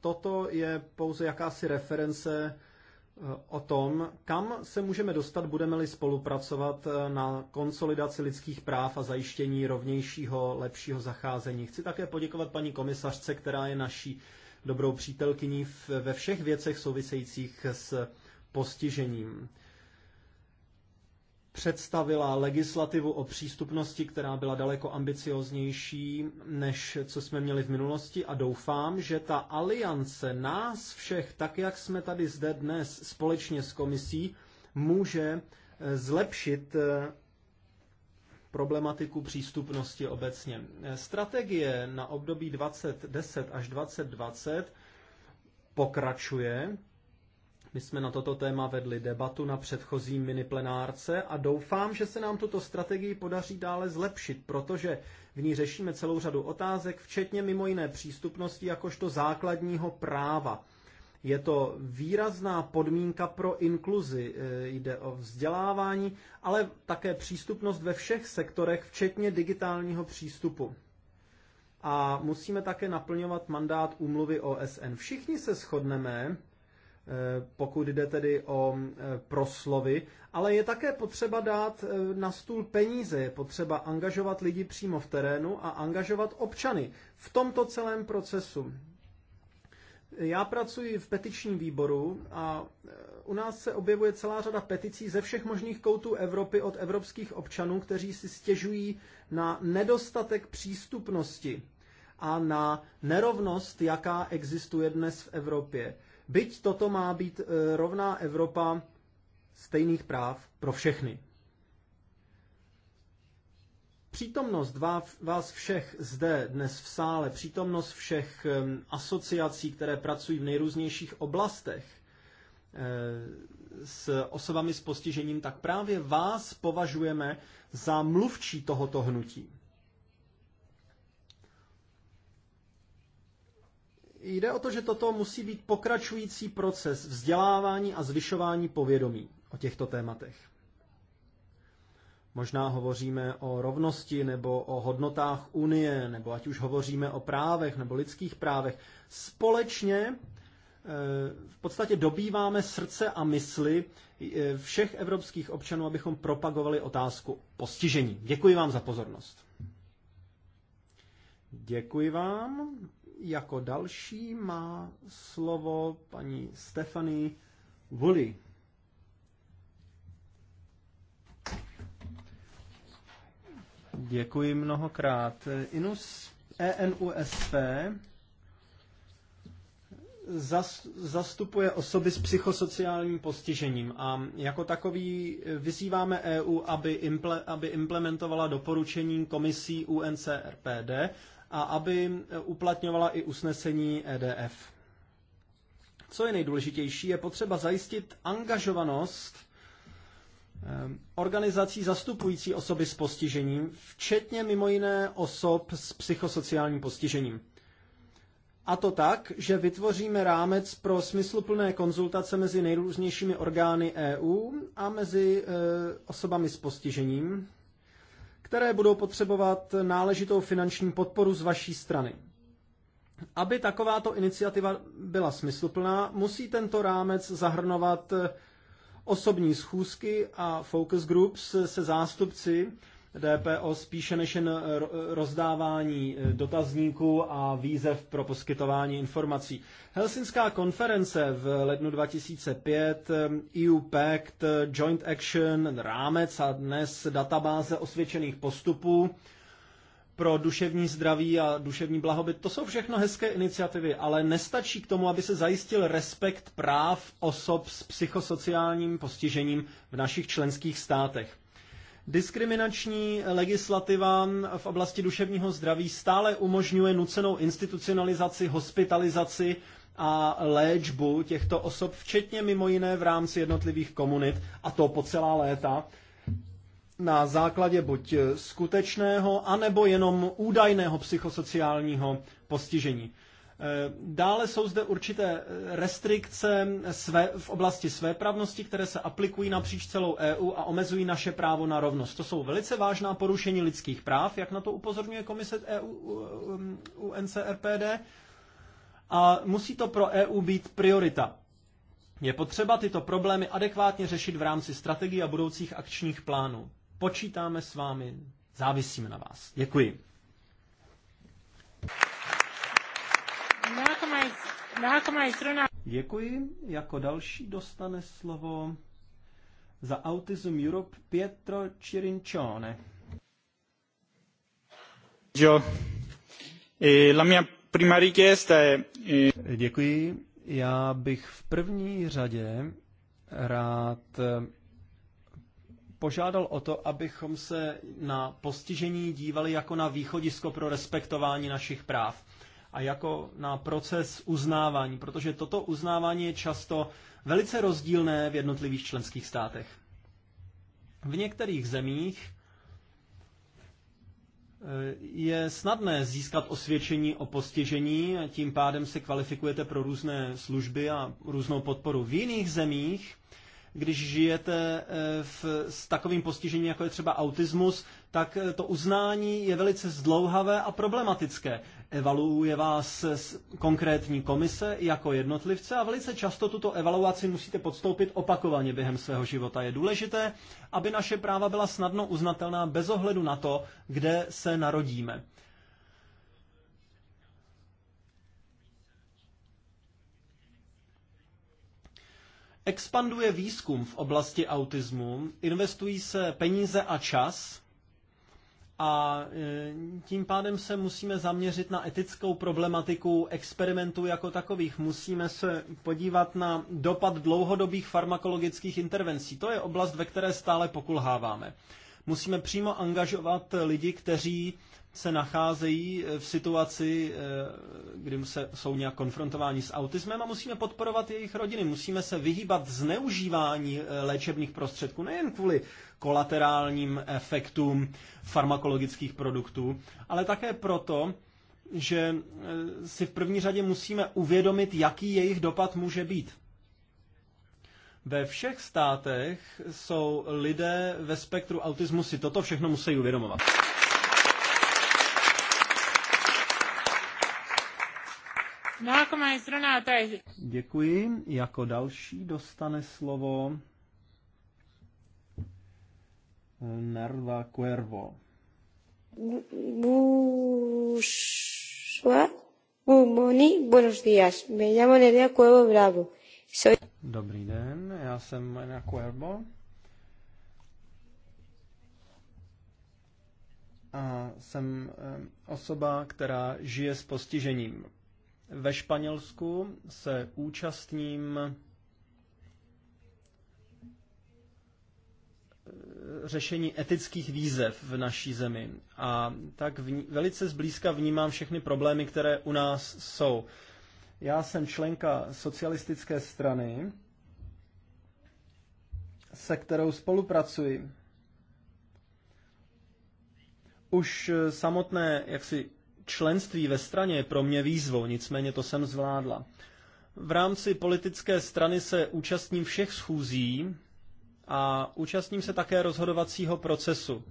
toto je pouze jakási reference Eh, o tom, kam se můžeme dostat, budeme-li spolupracovat eh, na konsolidaci lidských práv a zajištění rovnějšího, lepšího zacházení. Chci také poděkovat paní komisařce, která je naší dobrou přítelkyní ve všech věcech souvisejících s postižením představila legislativu o přístupnosti, která byla daleko ambicioznější, než co jsme měli v minulosti a doufám, že ta aliance nás všech, tak jak jsme tady zde dnes společně s komisí, může eh, zlepšit eh, problematiku přístupnosti obecně. Eh, strategie na období 2010 až 2020 pokračuje my jsme na toto téma vedli debatu na předchozí plenárce a doufám, že se nám tuto strategii podaří dále zlepšit, protože v ní řešíme celou řadu otázek, včetně mimo jiné přístupnosti jakožto základního práva. Je to výrazná podmínka pro inkluzi, e, jde o vzdělávání, ale také přístupnost ve všech sektorech, včetně digitálního přístupu. A musíme také naplňovat mandát úmluvy OSN. Všichni se shodneme, Eh, pokud jde tedy o eh, proslovy, ale je také potřeba dát eh, na stůl peníze, je potřeba angažovat lidi přímo v terénu a angažovat občany v tomto celém procesu. Já pracuji v petičním výboru a u nás se objevuje celá řada peticí ze všech možných koutů Evropy od evropských občanů, kteří si stěžují na nedostatek přístupnosti a na nerovnost, jaká existuje dnes v Evropě. Byť toto má být e, rovná Evropa stejných práv pro všechny. Přítomnost vás všech zde dnes v sále, přítomnost všech e, asociací, které pracují v nejrůznějších oblastech e, s osobami s postižením, tak právě vás považujeme za mluvčí tohoto hnutí. Jde o to, že toto musí být pokračující proces vzdělávání a zvyšování povědomí o těchto tématech. Možná hovoříme o rovnosti nebo o hodnotách Unie, nebo ať už hovoříme o právech nebo lidských právech. Společně eh, v podstatě dobýváme srdce a mysli eh, všech evropských občanů, abychom propagovali otázku postižení. Děkuji vám za pozornost. Děkuji vám jako další má slovo paní Stefany Vuli. Děkuji mnohokrát. Inus ENUSP zastupuje osoby s psychosociálním postižením a jako takový vyzýváme EU, aby, implementovala doporučení komisí UNCRPD a aby e, uplatňovala i usnesení EDF. Co je nejdůležitější, je potřeba zajistit angažovanost e, organizací zastupující osoby s postižením, včetně mimo jiné osob s psychosociálním postižením. A to tak, že vytvoříme rámec pro smysluplné konzultace mezi nejrůznějšími orgány EU a mezi e, osobami s postižením, které budou potřebovat náležitou finanční podporu z vaší strany. Aby takováto iniciativa byla smysluplná, musí tento rámec zahrnovat osobní schůzky a focus groups se zástupci DPO spíše než jen eh, rozdávání eh, dotazníků a výzev pro poskytování informací. Helsinská konference v lednu 2005, EU eh, e Pact, Joint Action, rámec a dnes databáze osvědčených postupů pro duševní zdraví a duševní blahobyt. To jsou všechno hezké iniciativy, ale nestačí k tomu, aby se zajistil respekt práv osob s psychosociálním postižením v našich členských státech. Diskriminační legislativa v oblasti duševního zdraví stále umožňuje nucenou institucionalizaci, hospitalizaci a léčbu těchto osob, včetně mimo jiné v rámci jednotlivých komunit, a to po celá léta, na základě buď skutečného, anebo jenom údajného psychosociálního postižení. Eh, dále jsou zde určité eh, restrikce eh, své, v oblasti svéprávnosti, které se aplikují napříč celou EU a omezují naše právo na rovnost. To jsou velice vážná porušení lidských práv, jak na to upozorňuje komise EU u um, NCRPD. A musí to pro EU být priorita. Je potřeba tyto problémy adekvátně řešit v rámci strategií a budoucích akčních plánů. Počítáme s vámi, závisíme na vás. Děkuji. Děkuji. Jako další dostane slovo za Autism Europe Pietro Cirincione. Eh, eh, Děkuji. Já bych v první řadě rád požádal o to, abychom se na postižení dívali jako na východisko pro respektování našich práv a jako na proces uznávání, protože toto uznávání je často velice rozdílné v jednotlivých členských státech. V některých zemích eh, je snadné získat osvědčení o postižení, tím pádem se kvalifikujete pro různé služby a různou podporu. V jiných zemích, když žijete eh, v, s takovým postižením, jako je třeba autismus, tak eh, to uznání je velice zdlouhavé a problematické. Evaluuje vás konkrétní komise jako jednotlivce a velice často tuto evaluaci musíte podstoupit opakovaně během svého života. Je důležité, aby naše práva byla snadno uznatelná bez ohledu na to, kde se narodíme. Expanduje výzkum v oblasti autismu, investují se peníze a čas a e, tím pádem se musíme zaměřit na etickou problematiku experimentů jako takových. Musíme se podívat na dopad dlouhodobých farmakologických intervencí. To je oblast, ve které stále pokulháváme. Musíme přímo angažovat lidi, kteří se nacházejí eh, v situaci, eh, kdy se, jsou nějak konfrontováni s autismem a musíme podporovat jejich rodiny. Musíme se vyhýbat zneužívání eh, léčebných prostředků nejen kvůli kolaterálním efektům farmakologických produktů, ale také proto, že si v první řadě musíme uvědomit, jaký jejich dopad může být. Ve všech státech jsou lidé ve spektru autismu si toto všechno musí uvědomovat. Děkuji. Jako další dostane slovo eh, Nerva Cuervo. buenos días. Me llamo Nerva Cuervo Bravo. Soy... Dobrý den, já jsem Nerva Cuervo. A jsem eh, osoba, která žije s postižením ve Španělsku se účastním eh, řešení etických výzev v naší zemi. A tak vní, velice zblízka vnímám všechny problémy, které u nás jsou. Já jsem členka socialistické strany, se kterou spolupracuji. Už eh, samotné jaksi členství ve straně je pro mě výzvou, nicméně to jsem zvládla. V rámci politické strany se účastním všech schůzí a účastním se také rozhodovacího procesu.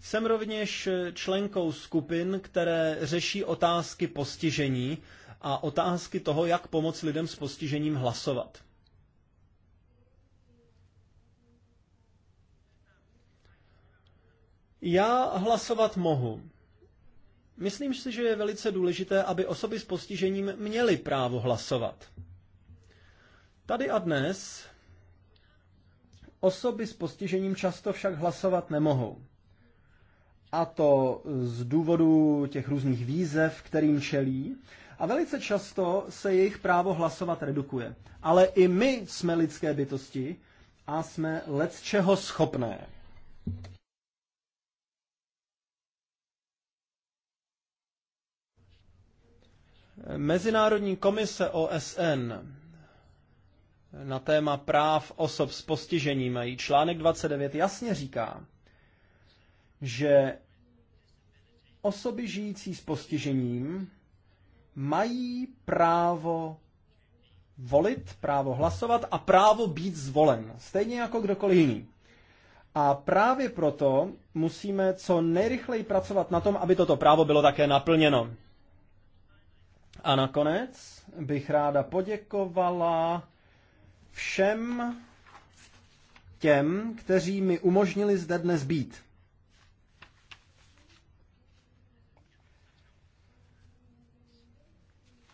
Jsem rovněž členkou skupin, které řeší otázky postižení a otázky toho, jak pomoct lidem s postižením hlasovat. Já hlasovat mohu. Myslím si, že je velice důležité, aby osoby s postižením měly právo hlasovat. Tady a dnes osoby s postižením často však hlasovat nemohou. A to z důvodu těch různých výzev, kterým čelí, a velice často se jejich právo hlasovat redukuje. Ale i my jsme lidské bytosti a jsme let čeho schopné. Mezinárodní komise OSN na téma práv osob s postižením a její článek 29 jasně říká, že osoby žijící s postižením mají právo volit, právo hlasovat a právo být zvolen, stejně jako kdokoliv jiný. A právě proto musíme co nejrychleji pracovat na tom, aby toto právo bylo také naplněno. A nakonec bych ráda poděkovala všem těm, kteří mi umožnili zde dnes být.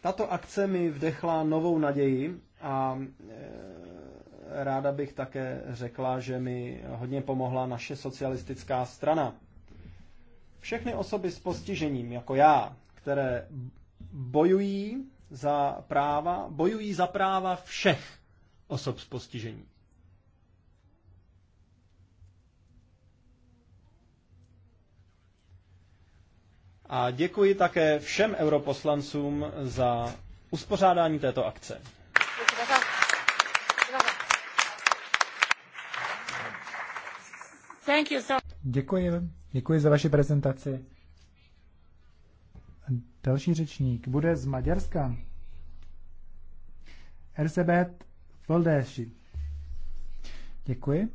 Tato akce mi vdechla novou naději a e, ráda bych také řekla, že mi hodně pomohla naše socialistická strana. Všechny osoby s postižením, jako já, které bojují za práva, bojují za práva všech osob s postižením. A děkuji také všem europoslancům za uspořádání této akce. Děkuji. Děkuji za vaši prezentaci. Další řečník bude z Maďarska. Erzebet Voldéši. Děkuji.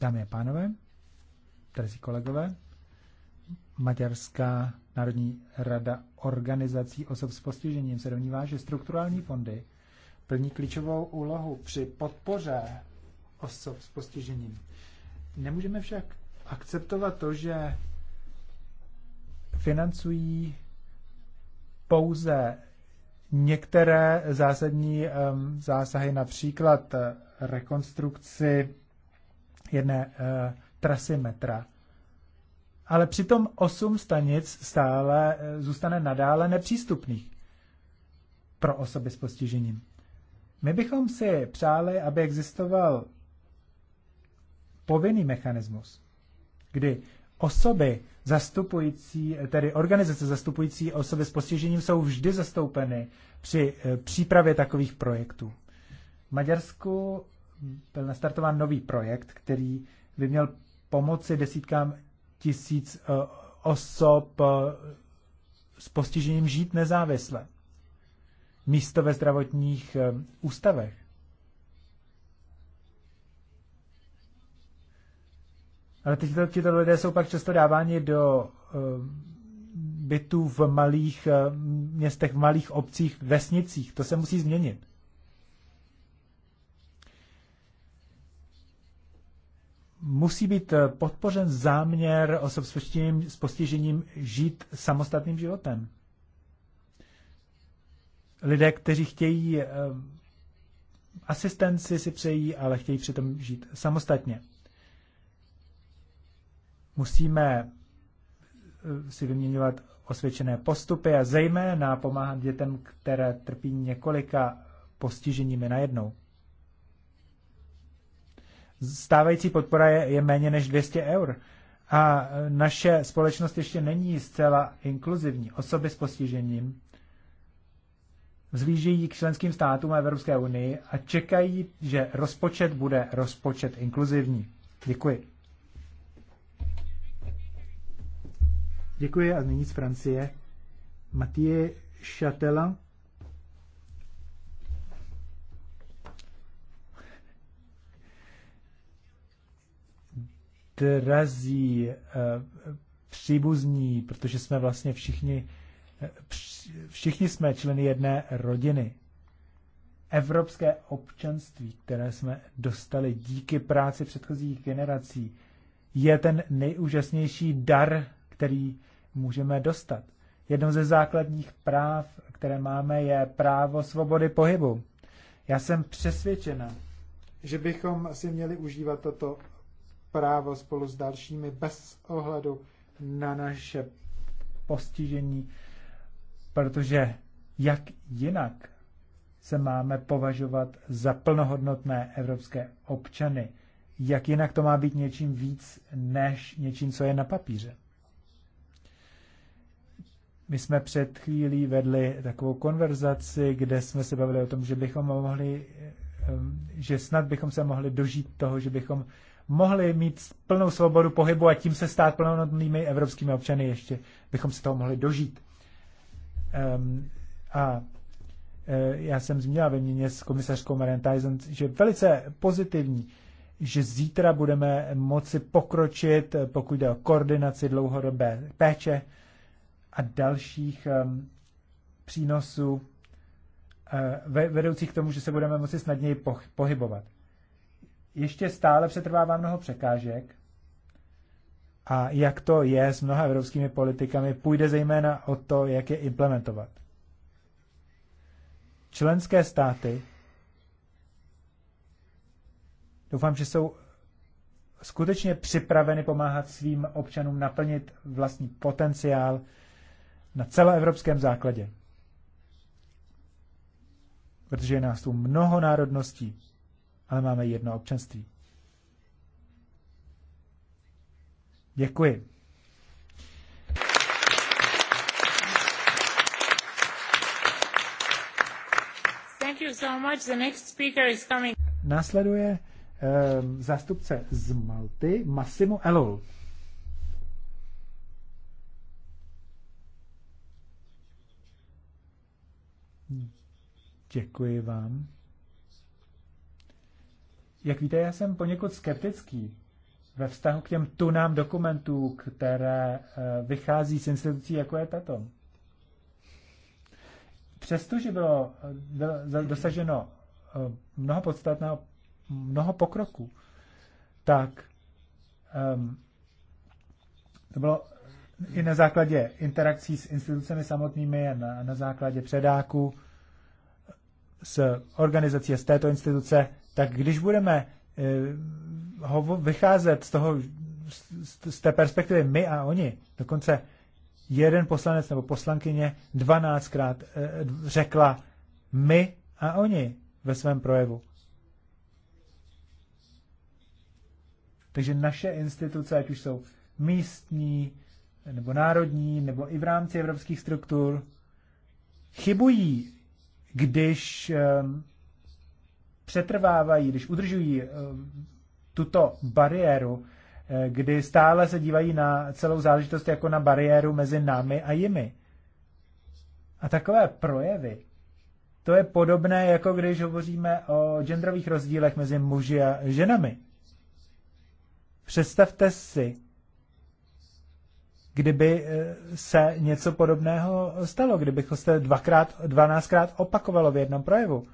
Dámy a pánové, drazí kolegové, Maďarská národní rada organizací osob s postižením se domnívá, že strukturální fondy plní klíčovou úlohu při podpoře osob s postižením. Nemůžeme však akceptovat to, že financují pouze některé zásadní um, zásahy, například eh, rekonstrukci jedné uh, trasy metra. Ale přitom osm stanic stále eh, zůstane nadále nepřístupných pro osoby s postižením. My bychom si přáli, aby existoval povinný mechanismus, kdy osoby zastupující, tedy organizace zastupující osoby s postižením jsou vždy zastoupeny při eh, přípravě takových projektů. V Maďarsku byl nastartován nový projekt, který by měl pomoci desítkám tisíc eh, osob eh, s postižením žít nezávisle. Místo ve zdravotních ústavech. Ale tyto, tyto lidé jsou pak často dáváni do eh, bytů v malých eh, městech, v malých obcích, vesnicích. To se musí změnit. Musí být eh, podpořen záměr osob s postižením, s postižením žít samostatným životem. Lidé, kteří chtějí asistenci, si přejí, ale chtějí přitom žít samostatně. Musíme eh, si vyměňovat osvědčené postupy a zejména pomáhat dětem, které trpí několika postiženími najednou. Stávající podpora je, je méně než 200 eur a naše společnost ještě není zcela inkluzivní. Osoby s postižením vzlížejí k členským státům Evropské unii a čekají, že rozpočet bude rozpočet inkluzivní. Děkuji. Děkuji a nyní z Francie. Mathieu Chatela. Drazí eh, příbuzní, protože jsme vlastně všichni, eh, všichni jsme členy jedné rodiny. Evropské občanství, které jsme dostali díky práci předchozích generací, je ten nejúžasnější dar, který můžeme dostat. Jedno ze základních práv, které máme, je právo svobody pohybu. Já jsem přesvědčena, že bychom si měli užívat toto právo spolu s dalšími bez ohledu na naše postižení, protože jak jinak se máme považovat za plnohodnotné evropské občany? Jak jinak to má být něčím víc než něčím, co je na papíře? My jsme před chvílí vedli takovou konverzaci, kde jsme se bavili o tom, že bychom mohli, že snad bychom se mohli dožít toho, že bychom mohli mít plnou svobodu pohybu a tím se stát plnohodnotnými evropskými občany ještě bychom se toho mohli dožít. Um, a e, já jsem zmínila ve měně s komisařkou Marian Tyson, že velice pozitivní, že zítra budeme moci pokročit, pokud jde o koordinaci dlouhodobé péče, a dalších přínosů eh, vedoucích k tomu, že se budeme moci snadněji pohybovat. Ještě stále přetrvává mnoho překážek a jak to je s mnoha evropskými politikami, půjde zejména o to, jak je implementovat. Členské státy doufám, že jsou skutečně připraveny pomáhat svým občanům naplnit vlastní potenciál, na celoevropském základě. Protože je nás tu mnoho národností, ale máme jedno občanství. Děkuji. Thank you so much. The next speaker is coming. Následuje um, zástupce z Malty, Massimo Elul. Děkuji vám. Jak víte, já jsem poněkud skeptický ve vztahu k těm tunám dokumentů, které eh, vychází z institucí, jako je tato. Přestože bylo eh, dosaženo eh, mnoho podstatného, mnoho pokroku, tak um, to bylo i na základě interakcí s institucemi samotnými a na, na základě předáku, s organizací z této instituce, tak když budeme eh, ho vycházet z toho, z té perspektivy my a oni, dokonce jeden poslanec nebo poslankyně dvanáctkrát eh, řekla my a oni ve svém projevu. Takže naše instituce, ať už jsou místní, nebo národní, nebo i v rámci evropských struktur, chybují když ehm, přetrvávají, když udržují ehm, tuto bariéru, eh, kdy stále se dívají na celou záležitost jako na bariéru mezi námi a jimi. A takové projevy, to je podobné, jako když hovoříme o genderových rozdílech mezi muži a ženami. Představte si, kdyby eh, se něco podobného stalo, kdybych se dvakrát, dvanáctkrát opakovalo v jednom projevu.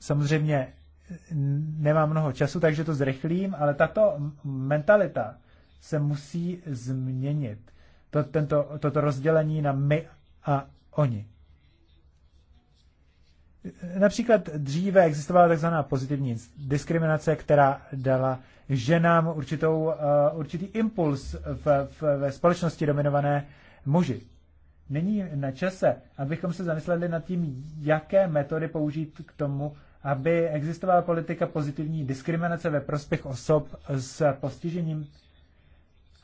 Samozřejmě eh, nemám mnoho času, takže to zrychlím, ale tato mentalita se musí změnit. To, tento, toto rozdělení na my a oni. Například dříve existovala takzvaná pozitivní diskriminace, která dala ženám určitou, eh, určitý impuls v, v, ve společnosti dominované muži. Není na čase, abychom se zamysleli nad tím, jaké metody použít k tomu, aby existovala politika pozitivní diskriminace ve prospěch osob s postižením.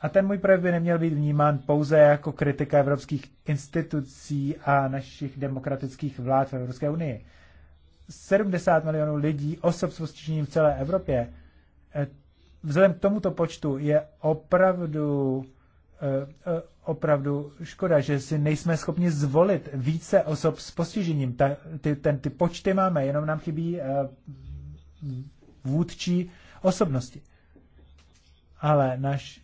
A ten můj projev by neměl být vnímán pouze jako kritika evropských institucí a našich demokratických vlád v Evropské unii. 70 milionů lidí, osob s postižením v celé Evropě, eh, vzhledem k tomuto počtu je opravdu, eh, eh, opravdu škoda, že si nejsme schopni zvolit více osob s postižením. Ta, ty, ten, ty počty máme, jenom nám chybí vůdčí osobnosti. Ale náš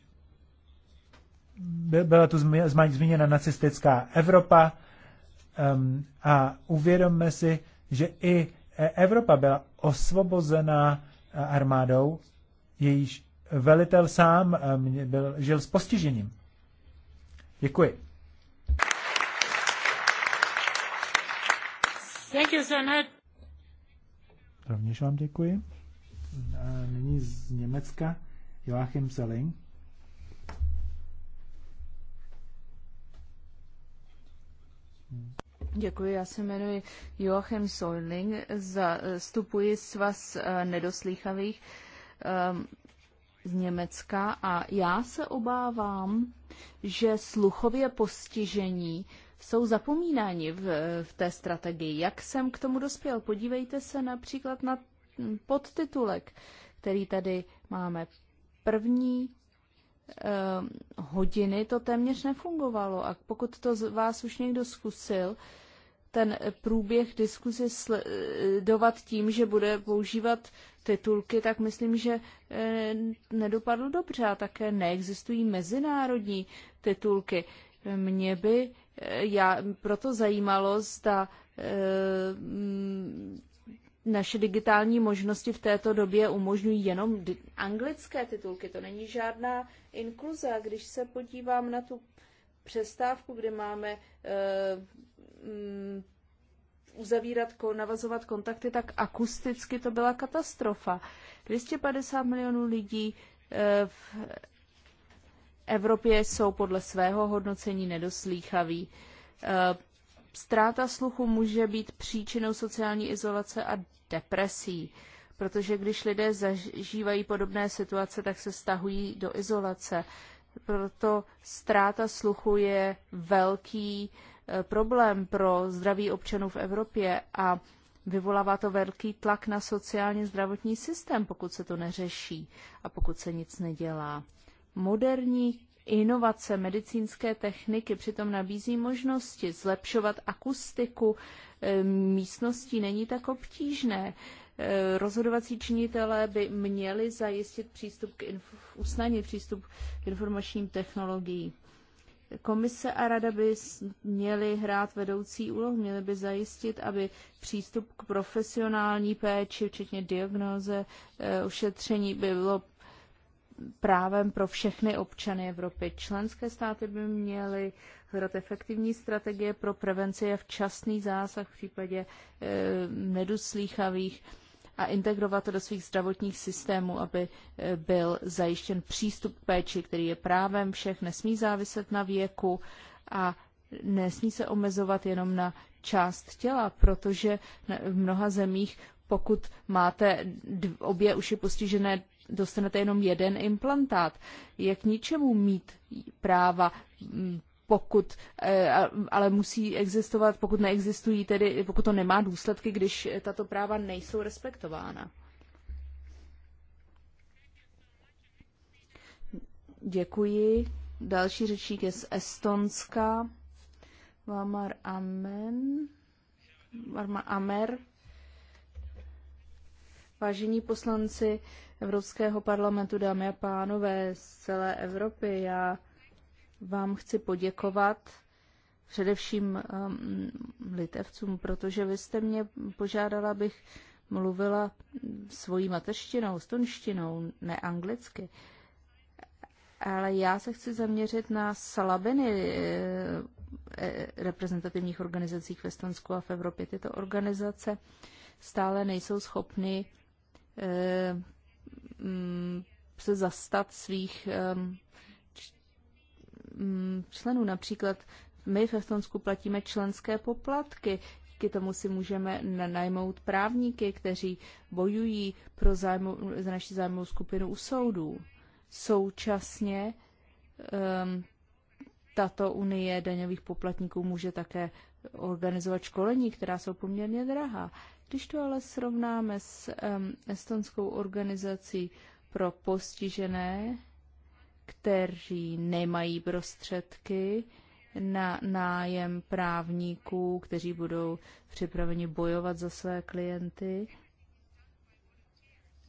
byla tu zmíněna nacistická Evropa um, a uvědomme si, že i e, Evropa byla osvobozená e, armádou, jejíž velitel sám um, byl, žil s postižením. Děkuji. Thank you, Rovněž vám děkuji. A nyní z Německa Joachim Selling. Děkuji, já se jmenuji Joachim Solning, zastupuji vás eh, nedoslýchavých ehm, z Německa a já se obávám, že sluchově postižení jsou zapomínáni v, v té strategii. Jak jsem k tomu dospěl? Podívejte se například na hm, podtitulek, který tady máme. První Eh, hodiny to téměř nefungovalo. A pokud to z vás už někdo zkusil, ten průběh diskuzi sledovat tím, že bude používat titulky, tak myslím, že eh, nedopadlo dobře a také neexistují mezinárodní titulky. Mě by eh, já proto zajímalo, zda naše digitální možnosti v této době umožňují jenom anglické titulky. To není žádná inkluze. když se podívám na tu přestávku, kde máme uh, um, uzavírat, navazovat kontakty, tak akusticky to byla katastrofa. 250 milionů lidí uh, v Evropě jsou podle svého hodnocení nedoslýchaví. Uh, Ztráta sluchu může být příčinou sociální izolace a depresí, protože když lidé zažívají podobné situace, tak se stahují do izolace. Proto ztráta sluchu je velký eh, problém pro zdraví občanů v Evropě a vyvolává to velký tlak na sociálně zdravotní systém, pokud se to neřeší a pokud se nic nedělá. Moderní Inovace medicínské techniky přitom nabízí možnosti zlepšovat akustiku eh, místností není tak obtížné. Eh, rozhodovací činitelé by měli zajistit přístup k inf- usnadnit přístup k informačním technologiím. Komise a rada by měly hrát vedoucí úlohu, měly by zajistit, aby přístup k profesionální péči, včetně diagnoze, eh, ošetření by bylo právem pro všechny občany Evropy. Členské státy by měly hledat efektivní strategie pro prevenci a včasný zásah v případě e, nedoslýchavých a integrovat to do svých zdravotních systémů, aby eh, byl zajištěn přístup k péči, který je právem všech, nesmí záviset na věku a nesmí se omezovat jenom na část těla, protože v mnoha zemích pokud máte obě uši postižené dostanete jenom jeden implantát. Je k ničemu mít práva pokud, e, ale musí existovat, pokud neexistují, tedy pokud to nemá důsledky, když tato práva nejsou respektována. Děkuji. Další řečník je z Estonska. Vamar Amen. Varma Amer. Vážení poslanci Evropského parlamentu, dámy a pánové z celé Evropy, já vám chci poděkovat především um, litevcům, protože vy jste mě požádala, abych mluvila svojí mateřštinou, stonštinou, ne anglicky. Ale já se chci zaměřit na slabiny eh, eh, reprezentativních organizací v Estonsku a v Evropě. Tyto organizace stále nejsou schopny Eh, mm, se zastat svých eh, mm, mm, členů. Například my v Estonsku platíme členské poplatky, díky tomu si můžeme najmout právníky, kteří bojují pro zájmu, za naši zájmovou skupinu u soudů. Současně um, tato unie daňových poplatníků může také organizovat školení, která jsou poměrně drahá. Když to ale srovnáme s um, estonskou organizací pro postižené, kteří nemají prostředky na nájem právníků, kteří budou připraveni bojovat za své klienty,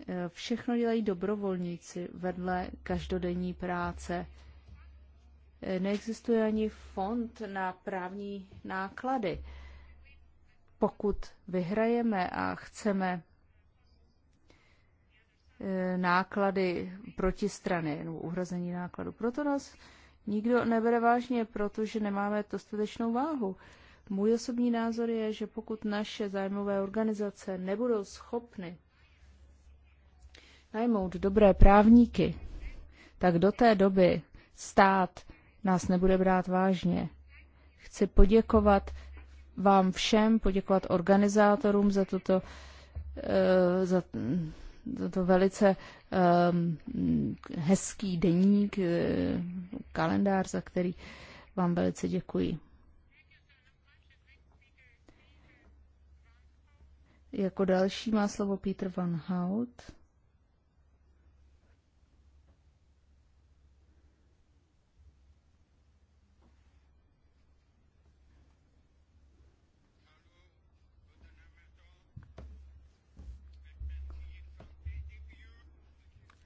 e, Všechno dělají dobrovolníci vedle každodenní práce. E, neexistuje ani fond na právní náklady pokud vyhrajeme a chceme e, náklady protistrany nebo uhrazení nákladu. Proto nás nikdo nebere vážně, protože nemáme dostatečnou váhu. Můj osobní názor je, že pokud naše zájmové organizace nebudou schopny najmout dobré právníky, tak do té doby stát nás nebude brát vážně. Chci poděkovat vám všem, poděkovat organizátorům za toto eh, za to velice eh, hezký deník, eh, kalendář, za který vám velice děkuji. Jako další má slovo Peter Van Hout.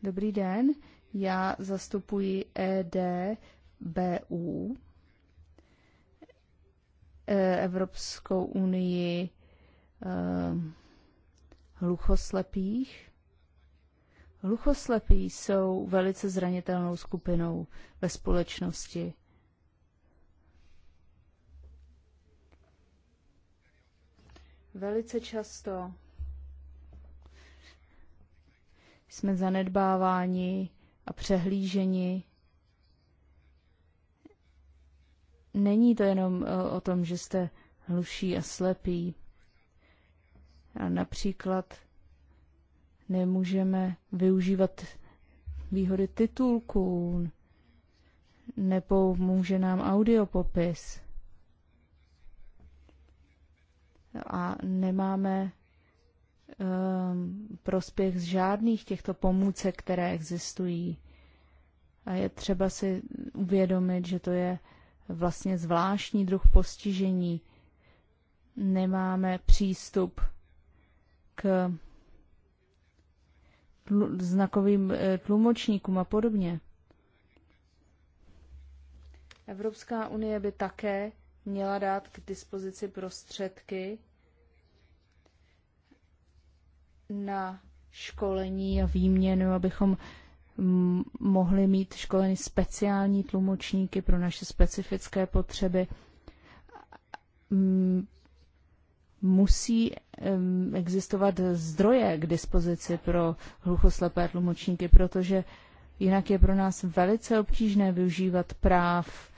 Dobrý den, já zastupuji EDBU, eh, Evropskou unii eh, hluchoslepých. Hluchoslepí jsou velice zranitelnou skupinou ve společnosti. Velice často jsme zanedbáváni a přehlíženi. Není to jenom eh, o tom, že jste hluší a slepí. A například nemůžeme využívat výhody titulků, nepomůže nám audiopopis a nemáme Um, prospěch z žádných těchto pomůcek, které existují. A je třeba si uvědomit, že to je vlastně zvláštní druh postižení. Nemáme přístup k znakovým eh, tlumočníkům a podobně. Evropská unie by také měla dát k dispozici prostředky na školení a výměnu, abychom mohli mít školení speciální tlumočníky pro naše specifické potřeby. Musí existovat zdroje k dispozici pro hluchoslepé tlumočníky, protože jinak je pro nás velice obtížné využívat práv,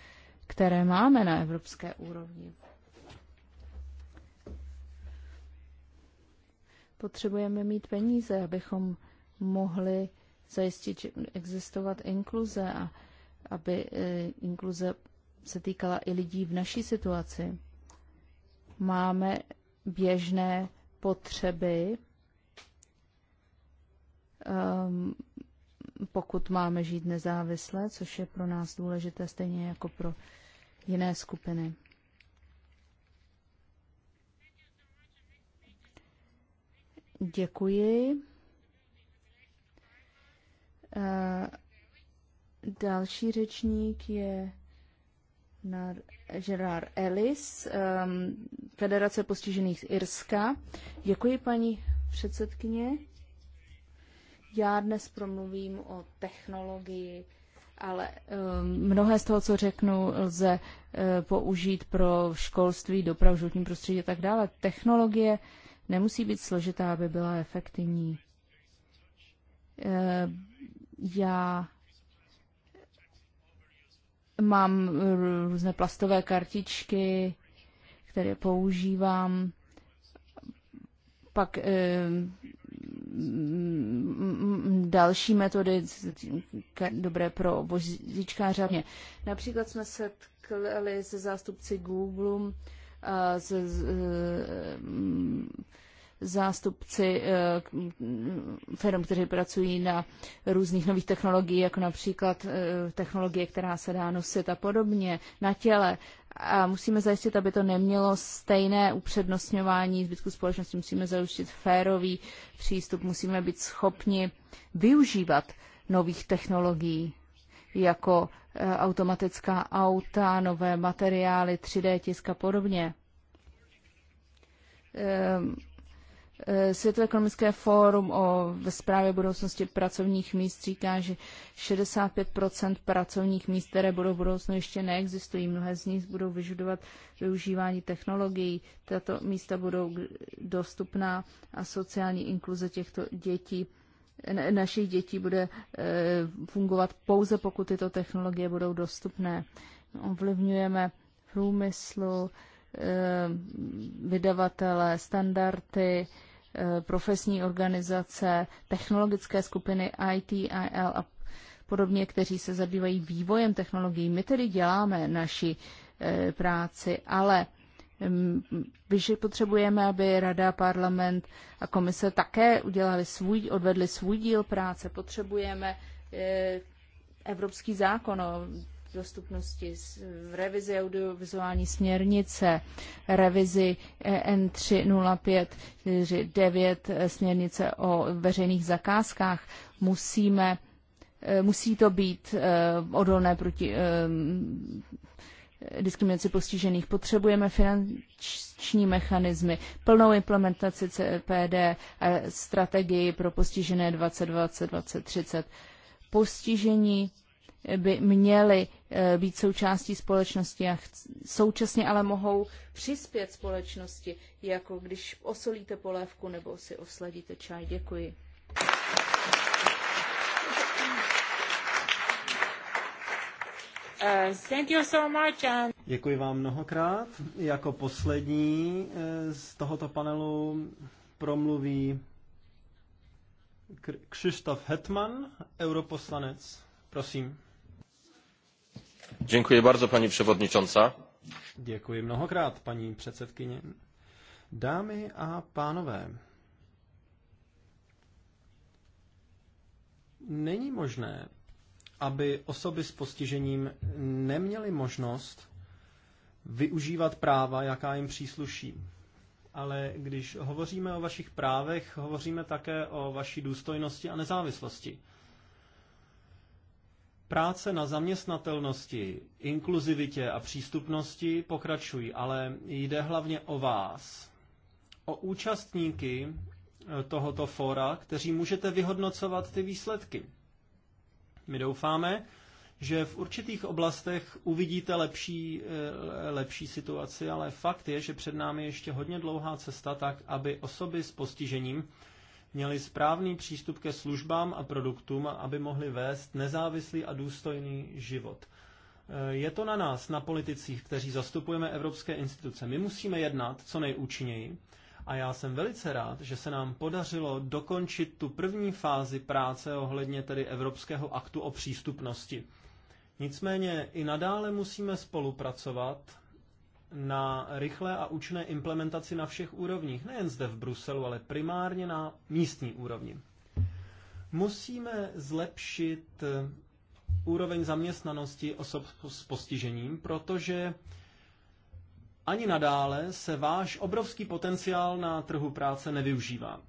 které máme na evropské úrovni. potřebujeme mít peníze, abychom mohli zajistit, že existovat inkluze a aby e, inkluze se týkala i lidí v naší situaci. Máme běžné potřeby, um, pokud máme žít nezávisle, což je pro nás důležité stejně jako pro jiné skupiny. Děkuji. Další řečník je na Gerard Ellis, um, Federace postižených z Irska. Děkuji, paní předsedkyně. Já dnes promluvím o technologii, ale um, mnohé z toho, co řeknu, lze uh, použít pro školství, dopravu, životní prostředí a tak dále. Technologie nemusí být složitá, aby byla efektivní. Eh, já mám různé plastové kartičky, které používám. Pak eh, mm, mm, další metody dobré pro vozíčkáře. Například jsme setkali se zástupci Google, z, mm, zástupci e, firm, kteří pracují na různých nových technologií, jako například e, technologie, která se dá nosit a podobně, na těle. A musíme zajistit, aby to nemělo stejné upřednostňování zbytku společnosti. Musíme zajistit férový přístup, musíme být schopni využívat nových technologií jako Eh, automatická auta, nové materiály, 3D tisk a podobně. Ehm, eh, Světové ekonomické fórum o, ve zprávě budoucnosti pracovních míst říká, že 65 pracovních míst, které budou v budoucnu ještě neexistují, mnohé z nich budou vyžadovat využívání technologií. Tato místa budou dostupná a sociální inkluze těchto dětí našich dětí bude eh, fungovat pouze, pokud tyto technologie budou dostupné. Ovlivňujeme průmyslu, eh, vydavatele, standardy, eh, profesní organizace, technologické skupiny IT, IL a podobně, kteří se zabývají vývojem technologií. My tedy děláme naši práci, ale že potřebujeme, aby Rada, Parlament a Komise také udělali svůj, odvedli svůj díl práce. Potřebujeme eh, evropský zákon o dostupnosti, revizi audiovizuální směrnice, revizi e N3059 eh, směrnice o veřejných zakázkách. Musíme, eh, musí to být odolné proti diskriminaci postižených. Potřebujeme finanční mechanismy, plnou implementaci CPD a strategii pro postižené 2020-2030. Postižení by měly eh, být součástí společnosti a současně ale mohou přispět společnosti, jako když osolíte polévku nebo si osladíte čaj. Děkuji. Uh, thank you so much and... Děkuji vám mnohokrát. Jako poslední eh, z tohoto panelu promluví Krzysztof Hetman, europoslanec. Prosím. Děkuji bardzo, paní převodničonca. Děkuji mnohokrát, paní předsedkyně. Dámy a pánové, není možné aby osoby s postižením neměly možnost využívat práva, jaká jim přísluší. Ale když hovoříme o vašich právech, hovoříme také o vaší důstojnosti a nezávislosti. Práce na zaměstnatelnosti, inkluzivitě a přístupnosti pokračují, ale jde hlavně o vás, o účastníky eh, tohoto fóra, kteří můžete vyhodnocovat ty výsledky. My doufáme, že v určitých oblastech uvidíte lepší, eh, lepší situaci, ale fakt je, že před námi ještě hodně dlouhá cesta tak, aby osoby s postižením měly správný přístup ke službám a produktům, aby mohly vést nezávislý a důstojný život. Eh, je to na nás, na politicích, kteří zastupujeme evropské instituce. My musíme jednat co nejúčinněji a já jsem velice rád, že se nám podařilo dokončit tu první fázi práce ohledně tedy Evropského aktu o přístupnosti. Nicméně i nadále musíme spolupracovat na rychlé a účinné implementaci na všech úrovních, nejen zde v Bruselu, ale primárně na místní úrovni. Musíme zlepšit eh, úroveň zaměstnanosti osob s postižením, protože ani nadále se váš obrovský potenciál na trhu práce nevyužívá.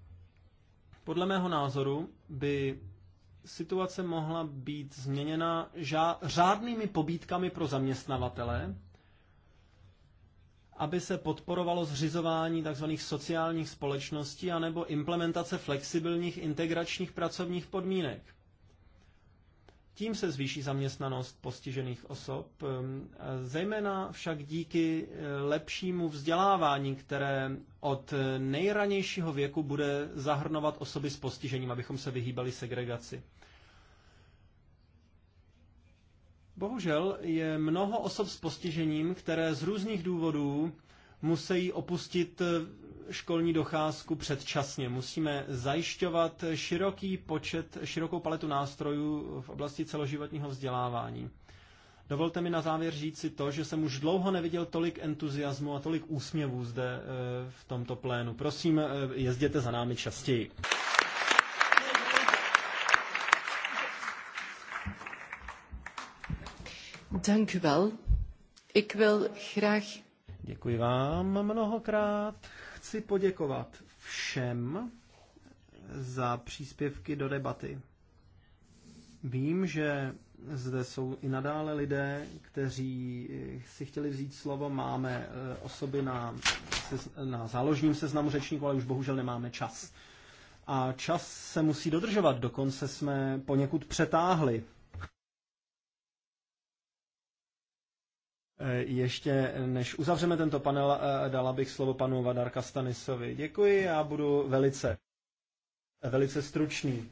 Podle mého názoru by situace mohla být změněna ža- řádnými pobídkami pro zaměstnavatele, aby se podporovalo zřizování tzv. sociálních společností anebo implementace flexibilních integračních pracovních podmínek. Tím se zvýší zaměstnanost postižených osob, ehm, zejména však díky eh, lepšímu vzdělávání, které od eh, nejranějšího věku bude zahrnovat osoby s postižením, abychom se vyhýbali segregaci. Bohužel je mnoho osob s postižením, které z různých důvodů musí opustit eh, školní docházku předčasně. Musíme zajišťovat široký počet, širokou paletu nástrojů v oblasti celoživotního vzdělávání. Dovolte mi na závěr říct si to, že jsem už dlouho neviděl tolik entuziasmu a tolik úsměvů zde eh, v tomto plénu. Prosím, eh, jezděte za námi častěji. Děkuji vám mnohokrát chci poděkovat všem za příspěvky do debaty. Vím, že zde jsou i nadále lidé, kteří si chtěli vzít slovo. Máme eh, osoby na, na záložním seznamu řečníků, ale už bohužel nemáme čas. A čas se musí dodržovat, dokonce jsme poněkud přetáhli. E, ještě než uzavřeme tento panel, e, dala bych slovo panu Vadarka Stanisovi. Děkuji, já budu velice, velice stručný.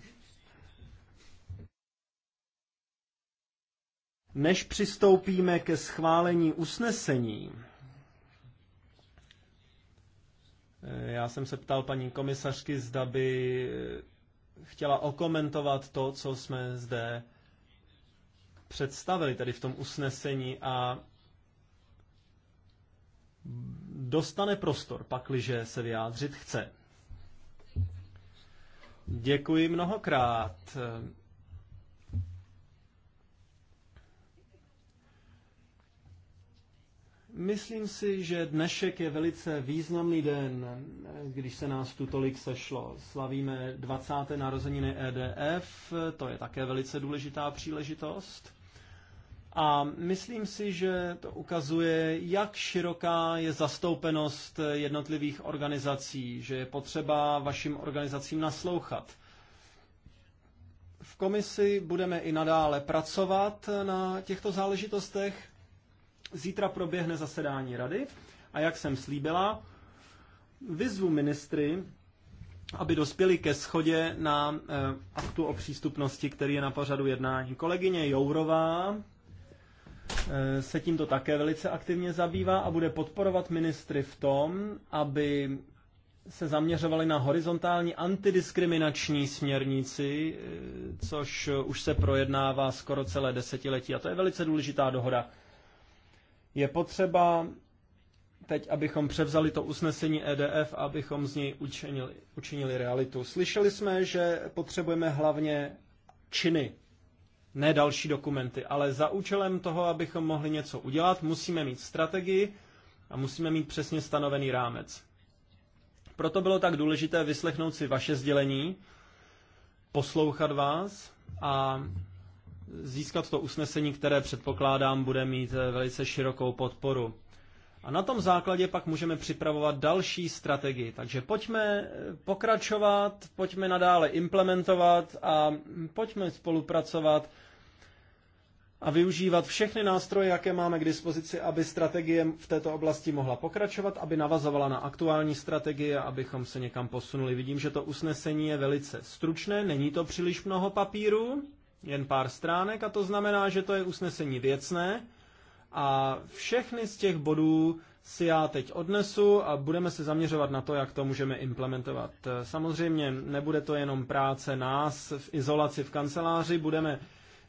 Než přistoupíme ke schválení usnesení, e, já jsem se ptal paní komisařky, zda by chtěla okomentovat to, co jsme zde představili, tedy v tom usnesení a dostane prostor, pakliže se vyjádřit chce. Děkuji mnohokrát. Myslím si, že dnešek je velice významný den, když se nás tu tolik sešlo. Slavíme 20. narozeniny EDF, to je také velice důležitá příležitost. A myslím si, že to ukazuje, jak široká je zastoupenost jednotlivých organizací, že je potřeba vašim organizacím naslouchat. V komisi budeme i nadále pracovat na těchto záležitostech. Zítra proběhne zasedání rady a jak jsem slíbila, vyzvu ministry, aby dospěli ke schodě na eh, aktu o přístupnosti, který je na pořadu jednání. Kolegyně Jourová Eh, se tímto také velice aktivně zabývá a bude podporovat ministry v tom, aby se zaměřovali na horizontální antidiskriminační směrnici, eh, což už se projednává skoro celé desetiletí a to je velice důležitá dohoda. Je potřeba teď, abychom převzali to usnesení EDF, a abychom z něj učinili, učinili realitu. Slyšeli jsme, že potřebujeme hlavně činy, ne další dokumenty, ale za účelem toho, abychom mohli něco udělat, musíme mít strategii a musíme mít přesně stanovený rámec. Proto bylo tak důležité vyslechnout si vaše sdělení, poslouchat vás a získat to usnesení, které předpokládám bude mít eh, velice širokou podporu. A na tom základě pak můžeme připravovat další strategii. Takže pojďme pokračovat, pojďme nadále implementovat a pojďme spolupracovat a využívat všechny nástroje, jaké máme k dispozici, aby strategie v této oblasti mohla pokračovat, aby navazovala na aktuální strategie, abychom se někam posunuli. Vidím, že to usnesení je velice stručné, není to příliš mnoho papíru, jen pár stránek a to znamená, že to je usnesení věcné, a všechny z těch bodů si já teď odnesu a budeme se zaměřovat na to, jak to můžeme implementovat. Samozřejmě nebude to jenom práce nás v izolaci v kanceláři, budeme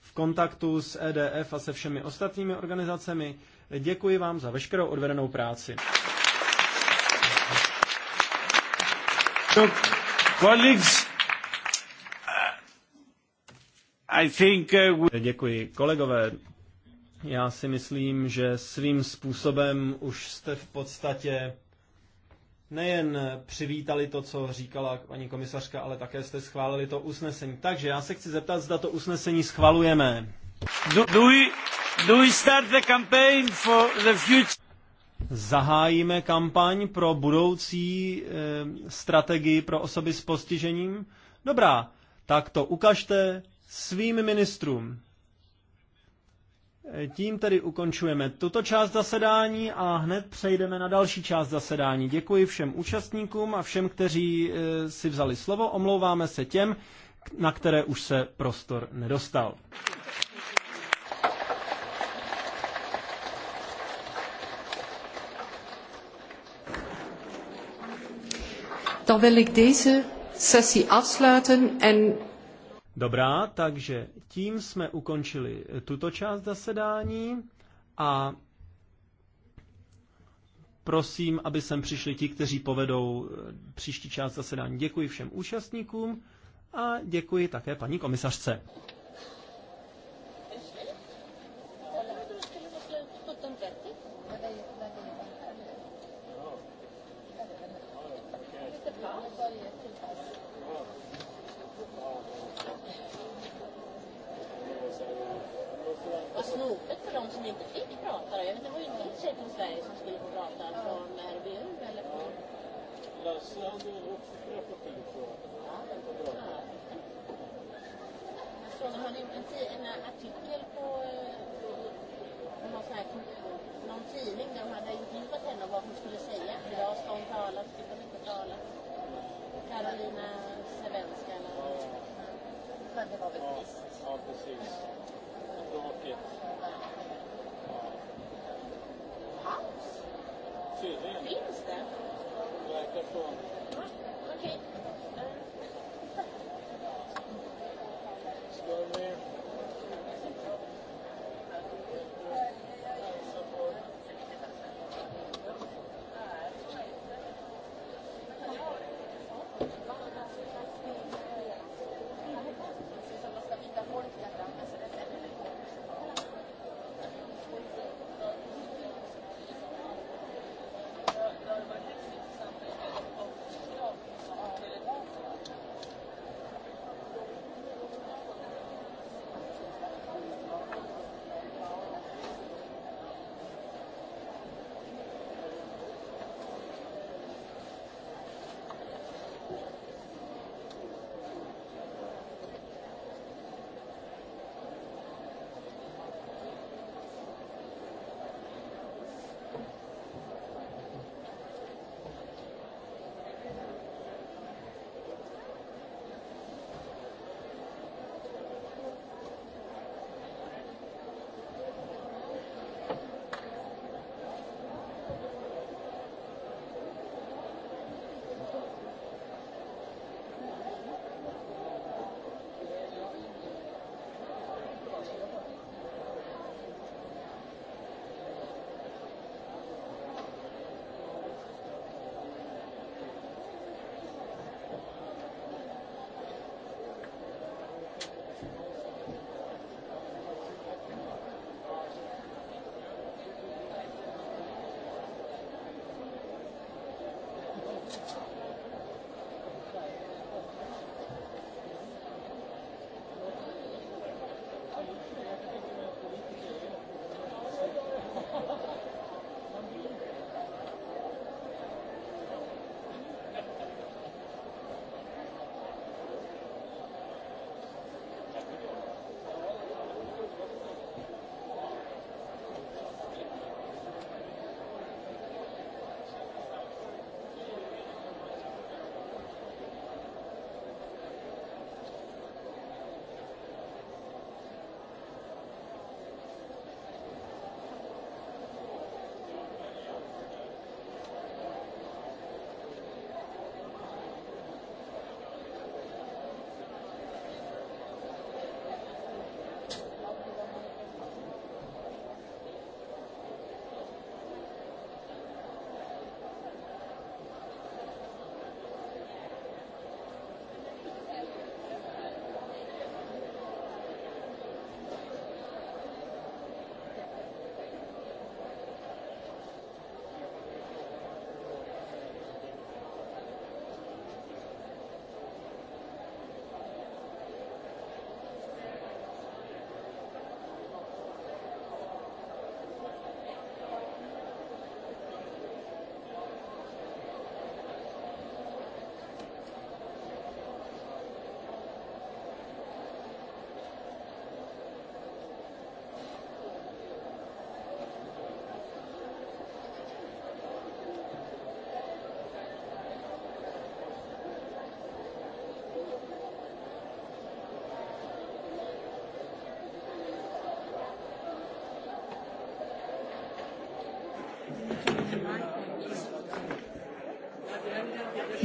v kontaktu s EDF a se všemi ostatními organizacemi. Děkuji vám za veškerou odvedenou práci. Uh, Děkuji. Kolegové, já si myslím, že svým způsobem už jste v podstatě nejen přivítali to, co říkala paní komisařka, ale také jste schválili to usnesení. Takže já se chci zeptat, zda to usnesení schvalujeme. Do, do, we, do we start the campaign for the future? Zahájíme kampaň pro budoucí e, strategii pro osoby s postižením? Dobrá, tak to ukažte svým ministrům. Tím tedy ukončujeme tuto část zasedání a hned přejdeme na další část zasedání. Děkuji všem účastníkům a všem, kteří eh, si vzali slovo. Omlouváme se těm, na které už se prostor nedostal. Dan wil ik deze sessie afsluiten en Dobrá, takže tím jsme ukončili eh, tuto část zasedání a prosím, aby sem přišli ti, kteří povedou eh, příští část zasedání. Děkuji všem účastníkům a děkuji také paní komisařce.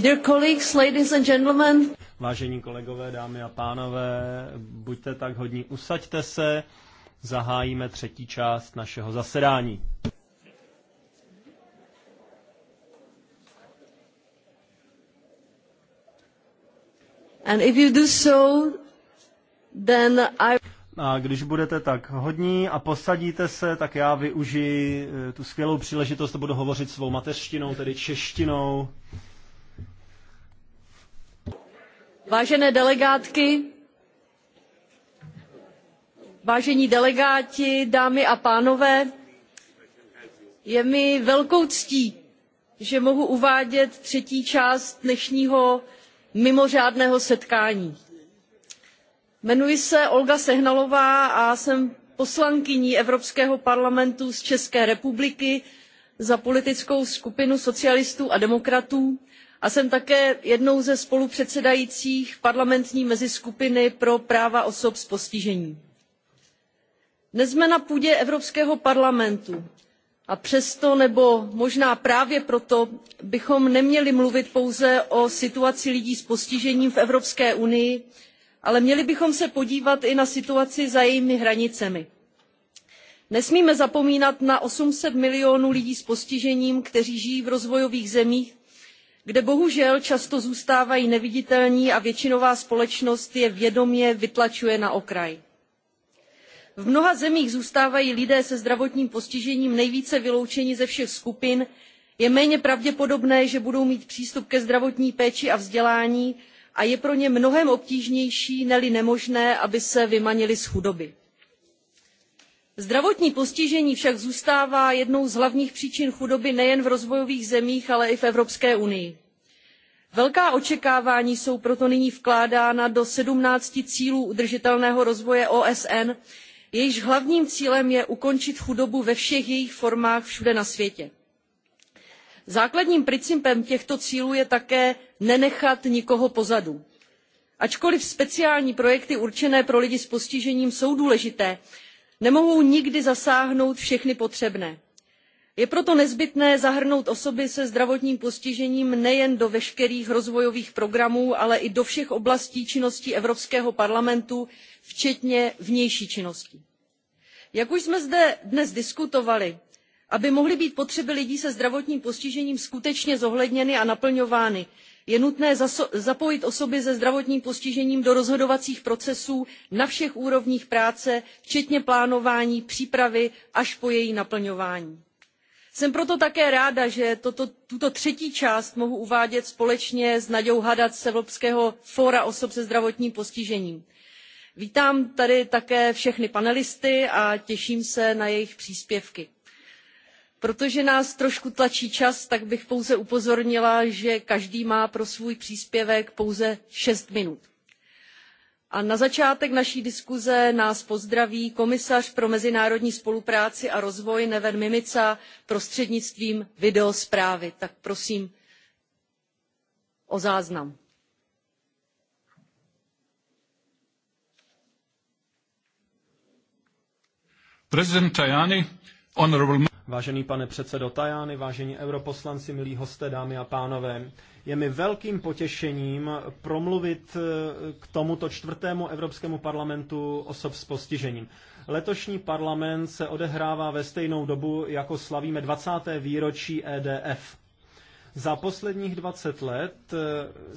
Dear colleagues, ladies and gentlemen. Vážení kolegové, dámy a pánové, buďte tak hodní, usaďte se, zahájíme třetí část našeho zasedání. And if you do so, then I... A když budete tak hodní a posadíte se, tak já využiji eh, tu skvělou příležitost budu hovořit svou mateřštinou, tedy češtinou. vážené delegátky vážení delegáti dámy a pánové je mi velkou ctí že mohu uvádět třetí část dnešního mimořádného setkání. jmenuji se olga sehnalová a jsem poslankyní evropského parlamentu z české republiky za politickou skupinu socialistů a demokratů a jsem také jednou ze spolupředsedajících parlamentní meziskupiny pro práva osob s postižením. dnes jsme na půdě evropského parlamentu a přesto nebo možná právě proto bychom neměli mluvit pouze o situaci lidí s postižením v evropské unii ale měli bychom se podívat i na situaci za jejími hranicemi. nesmíme zapomínat na eight hundred milionů lidí s postižením kteří žijí v rozvojových zemích kde bohužel často zůstávají neviditelní a většinová společnost je vědomě vytlačuje na okraj. v mnoha zemích zůstávají lidé se zdravotním postižením nejvíce vyloučeni ze všech skupin je méně pravděpodobné že budou mít přístup ke zdravotní péči a vzdělání a je pro ně mnohem obtížnější ne li nemožné aby se vymanili z chudoby zdravotní postižení však zůstává jednou z hlavních příčin chudoby nejen v rozvojových zemích ale i v evropské unii. velká očekávání jsou proto nyní vkládána do sedmnácti cílů udržitelného rozvoje osn jejichž hlavním cílem je ukončit chudobu ve všech jejích formách všude na světě. základním principem těchto cílů je také nenechat nikoho pozadu. ačkoliv speciální projekty určené pro lidi s postižením jsou důležité nemohou nikdy zasáhnout všechny potřebné. je proto nezbytné zahrnout osoby se zdravotním postižením nejen do veškerých rozvojových programů ale i do všech oblastí činnosti evropského parlamentu včetně vnější činnosti. jak už jsme zde dnes diskutovali aby mohly být potřeby lidí se zdravotním postižením skutečně zohledněny a naplňovány je nutné zapojit osoby se zdravotním postižením do rozhodovacích procesů na všech úrovních práce včetně plánování přípravy až po její naplňování. jsem proto také ráda že tuto třetí část mohu uvádět společně s naďou haddad z evropského fóra osob se zdravotním postižením. vítám tady také všechny panelisty a těším se na jejich příspěvky protože nás trošku tlačí čas tak bych pouze upozornila že každý má pro svůj příspěvek pouze šest minut. a na začátek naší diskuse nás pozdraví komisař pro mezinárodní spolupráci a rozvoj neven mimica prostřednictvím videosprávy tak prosím o záznam. president tajani Vážený pane předsedo Tajány, vážení europoslanci, milí hosté, dámy a pánové, je mi velkým potěšením promluvit eh, k tomuto čtvrtému Evropskému parlamentu osob s postižením. Letošní parlament se odehrává ve stejnou dobu, jako slavíme 20. výročí EDF. Za posledních 20 let eh,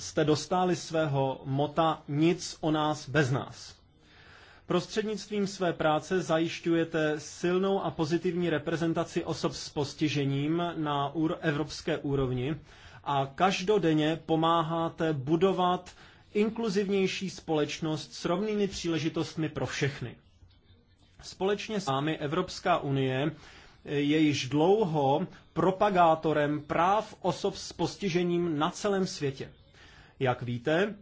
jste dostali svého mota nic o nás bez nás. Prostřednictvím své práce zajišťujete silnou a pozitivní reprezentaci osob s postižením na evropské úrovni a každodenně pomáháte budovat inkluzivnější společnost s rovnými příležitostmi pro všechny. Společně s námi Evropská unie je již dlouho propagátorem práv osob s postižením na celém světě. Jak víte,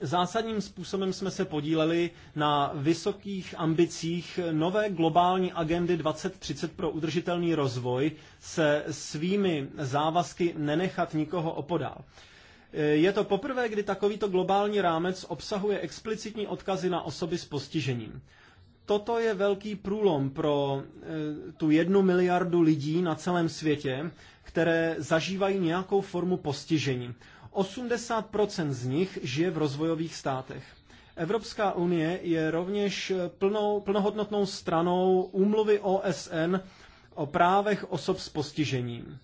Zásadním způsobem jsme se podíleli na vysokých ambicích nové globální agendy 2030 pro udržitelný rozvoj se svými závazky nenechat nikoho opodál. Je to poprvé, kdy takovýto globální rámec obsahuje explicitní odkazy na osoby s postižením. Toto je velký průlom pro eh, tu jednu miliardu lidí na celém světě, které zažívají nějakou formu postižení. 80% z nich žije v rozvojových státech. Evropská unie je rovněž eh, plnou, plnohodnotnou stranou úmluvy OSN o právech osob s postižením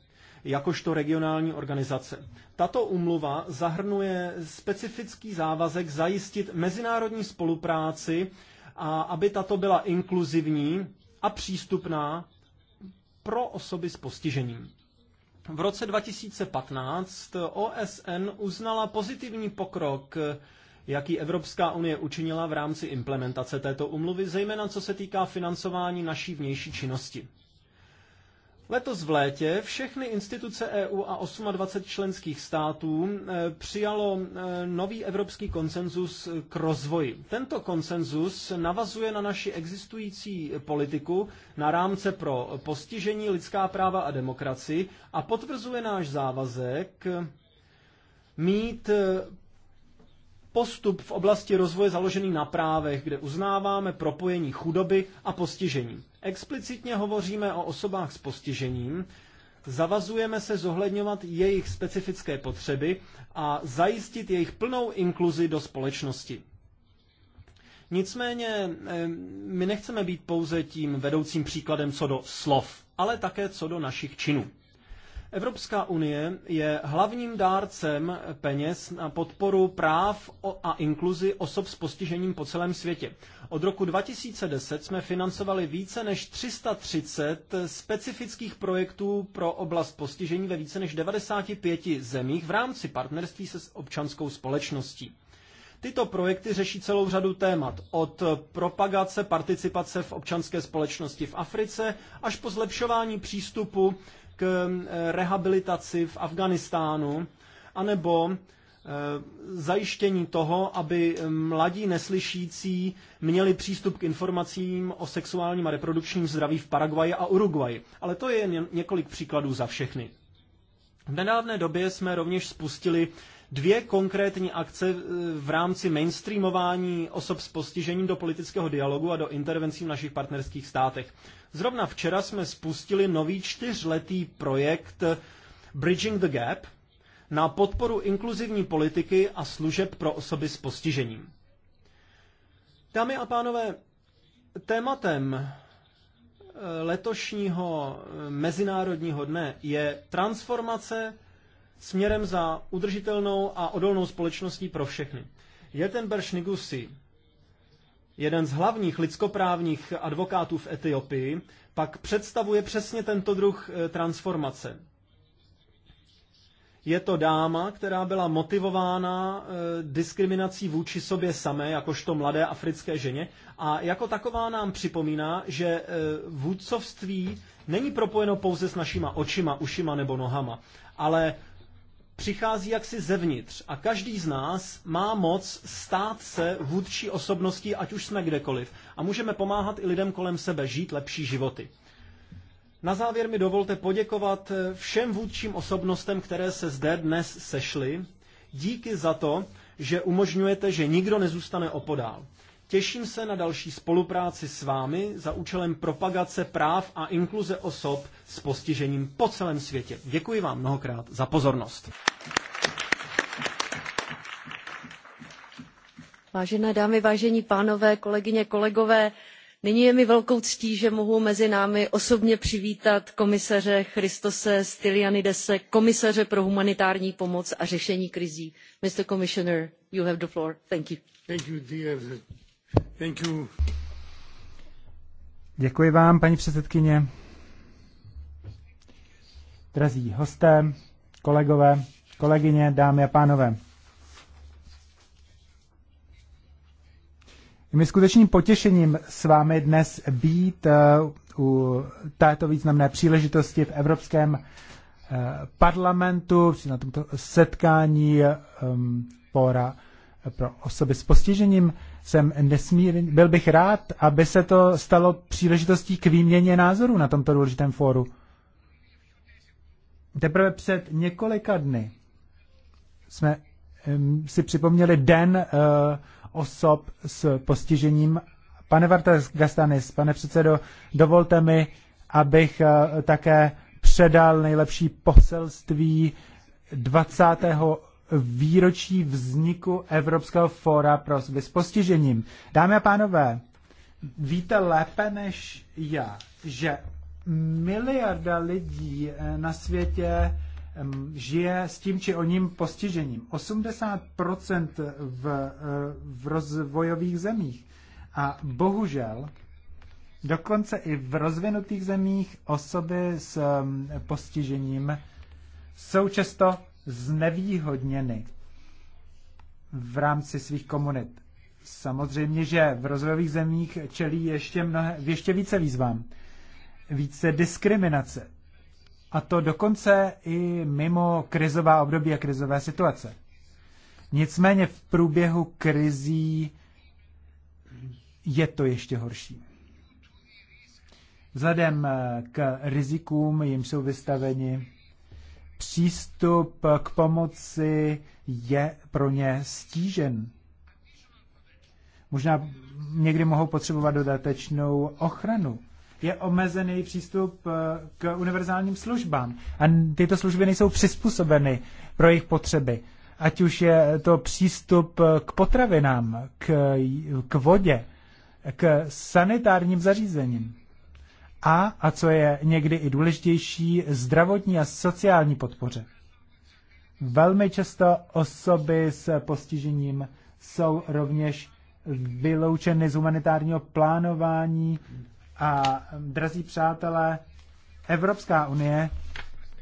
jakožto regionální organizace. Tato úmluva zahrnuje specifický závazek zajistit mezinárodní spolupráci a aby tato byla inkluzivní a přístupná pro osoby s postižením. V roce 2015 OSN uznala pozitivní pokrok, jaký Evropská unie učinila v rámci implementace této umluvy, zejména co se týká financování naší vnější činnosti. Letos v létě všechny instituce EU a 28 členských států eh, přijalo eh, nový evropský konsenzus k rozvoji. Tento konsenzus navazuje na naši existující politiku na rámce pro postižení lidská práva a demokracii a potvrzuje náš závazek mít eh, postup v oblasti rozvoje založený na právech, kde uznáváme propojení chudoby a postižení. Explicitně hovoříme o osobách s postižením, zavazujeme se zohledňovat jejich specifické potřeby a zajistit jejich plnou inkluzi do společnosti. Nicméně eh, my nechceme být pouze tím vedoucím příkladem co do slov, ale také co do našich činů. Evropská unie je hlavním dárcem peněz na podporu práv a inkluzi osob s postižením po celém světě. Od roku 2010 jsme financovali více než 330 specifických projektů pro oblast postižení ve více než 95 zemích v rámci partnerství se občanskou společností. Tyto projekty řeší celou řadu témat, od propagace participace v občanské společnosti v Africe až po zlepšování přístupu k eh, rehabilitaci v Afganistánu, anebo eh, zajištění toho, aby eh, mladí neslyšící měli přístup k informacím o sexuálním a reprodukčním zdraví v Paraguaji a Uruguayi. Ale to je několik příkladů za všechny. V nedávné době jsme rovněž spustili dvě konkrétní akce eh, v rámci mainstreamování osob s postižením do politického dialogu a do intervencí v našich partnerských státech. Zrovna včera jsme spustili nový čtyřletý projekt eh, Bridging the Gap na podporu inkluzivní politiky a služeb pro osoby s postižením. Dámy a pánové, tématem eh, letošního Mezinárodního dne je transformace směrem za udržitelnou a odolnou společností pro všechny. Jetenberg Nigusi, jeden z hlavních lidskoprávních advokátů v Etiopii, pak představuje přesně tento druh eh, transformace. Je to dáma, která byla motivována eh, diskriminací vůči sobě samé, jakožto mladé africké ženě, a jako taková nám připomíná, že eh, vůdcovství není propojeno pouze s našima očima, ušima nebo nohama, ale přichází jaksi zevnitř a každý z nás má moc stát se vůdčí osobností, ať už jsme kdekoliv. A můžeme pomáhat i lidem kolem sebe žít lepší životy. Na závěr mi dovolte poděkovat eh, všem vůdčím osobnostem, které se zde dnes sešly. Díky za to, že umožňujete, že nikdo nezůstane opodál. Těším se na další spolupráci s vámi za účelem propagace práv a inkluze osob s postižením po celém světě. Děkuji vám mnohokrát za pozornost. Vážené dámy, vážení pánové, kolegyně, kolegové, nyní je mi velkou ctí, že mohu mezi námi osobně přivítat komisaře Christose Stylianidese, komisaře pro humanitární pomoc a řešení krizí. Mr. Commissioner, you have the floor. Thank you. Thank you dear. Thank you. Děkuji vám, paní předsedkyně. Drazí hosté, kolegové, kolegyně, dámy a pánové. Je mi skutečným potěšením s vámi dnes být eh, u této významné příležitosti v Evropském eh, parlamentu, na tomto setkání eh, pora pro osoby s postižením jsem nesmírně, byl bych rád, aby se to stalo příležitostí k výměně názorů na tomto důležitém fóru. Teprve před několika dny jsme si připomněli den uh, osob s postižením. Pane Vartas Gastanis, pane předsedo, dovolte mi, abych uh, také předal nejlepší poselství 20 výročí vzniku Evropského fóra pro osoby s postižením. Dámy a pánové, víte lépe než já, že miliarda lidí eh, na světě žije s tím či o ním postižením. 80% v, eh, v rozvojových zemích. A bohužel, dokonce i v rozvinutých zemích osoby s postižením jsou často znevýhodněny v rámci svých komunit. Samozřejmě, že v rozvojových zemích čelí ještě, mnohé, ještě více výzvám, více diskriminace. A to dokonce i mimo krizová období a krizové situace. Nicméně v průběhu krizí je to ještě horší. Vzhledem k rizikům, jim jsou vystaveni přístup k pomoci je pro ně stížen. Možná někdy mohou potřebovat dodatečnou ochranu. Je omezený přístup eh, k univerzálním službám a tyto služby nejsou přizpůsobeny pro jejich potřeby. Ať už je to přístup eh, k potravinám, k, k vodě, k sanitárním zařízením a, a co je někdy i důležitější, zdravotní a sociální podpoře. Velmi často osoby s postižením jsou rovněž vyloučeny z humanitárního plánování a drazí přátelé, Evropská unie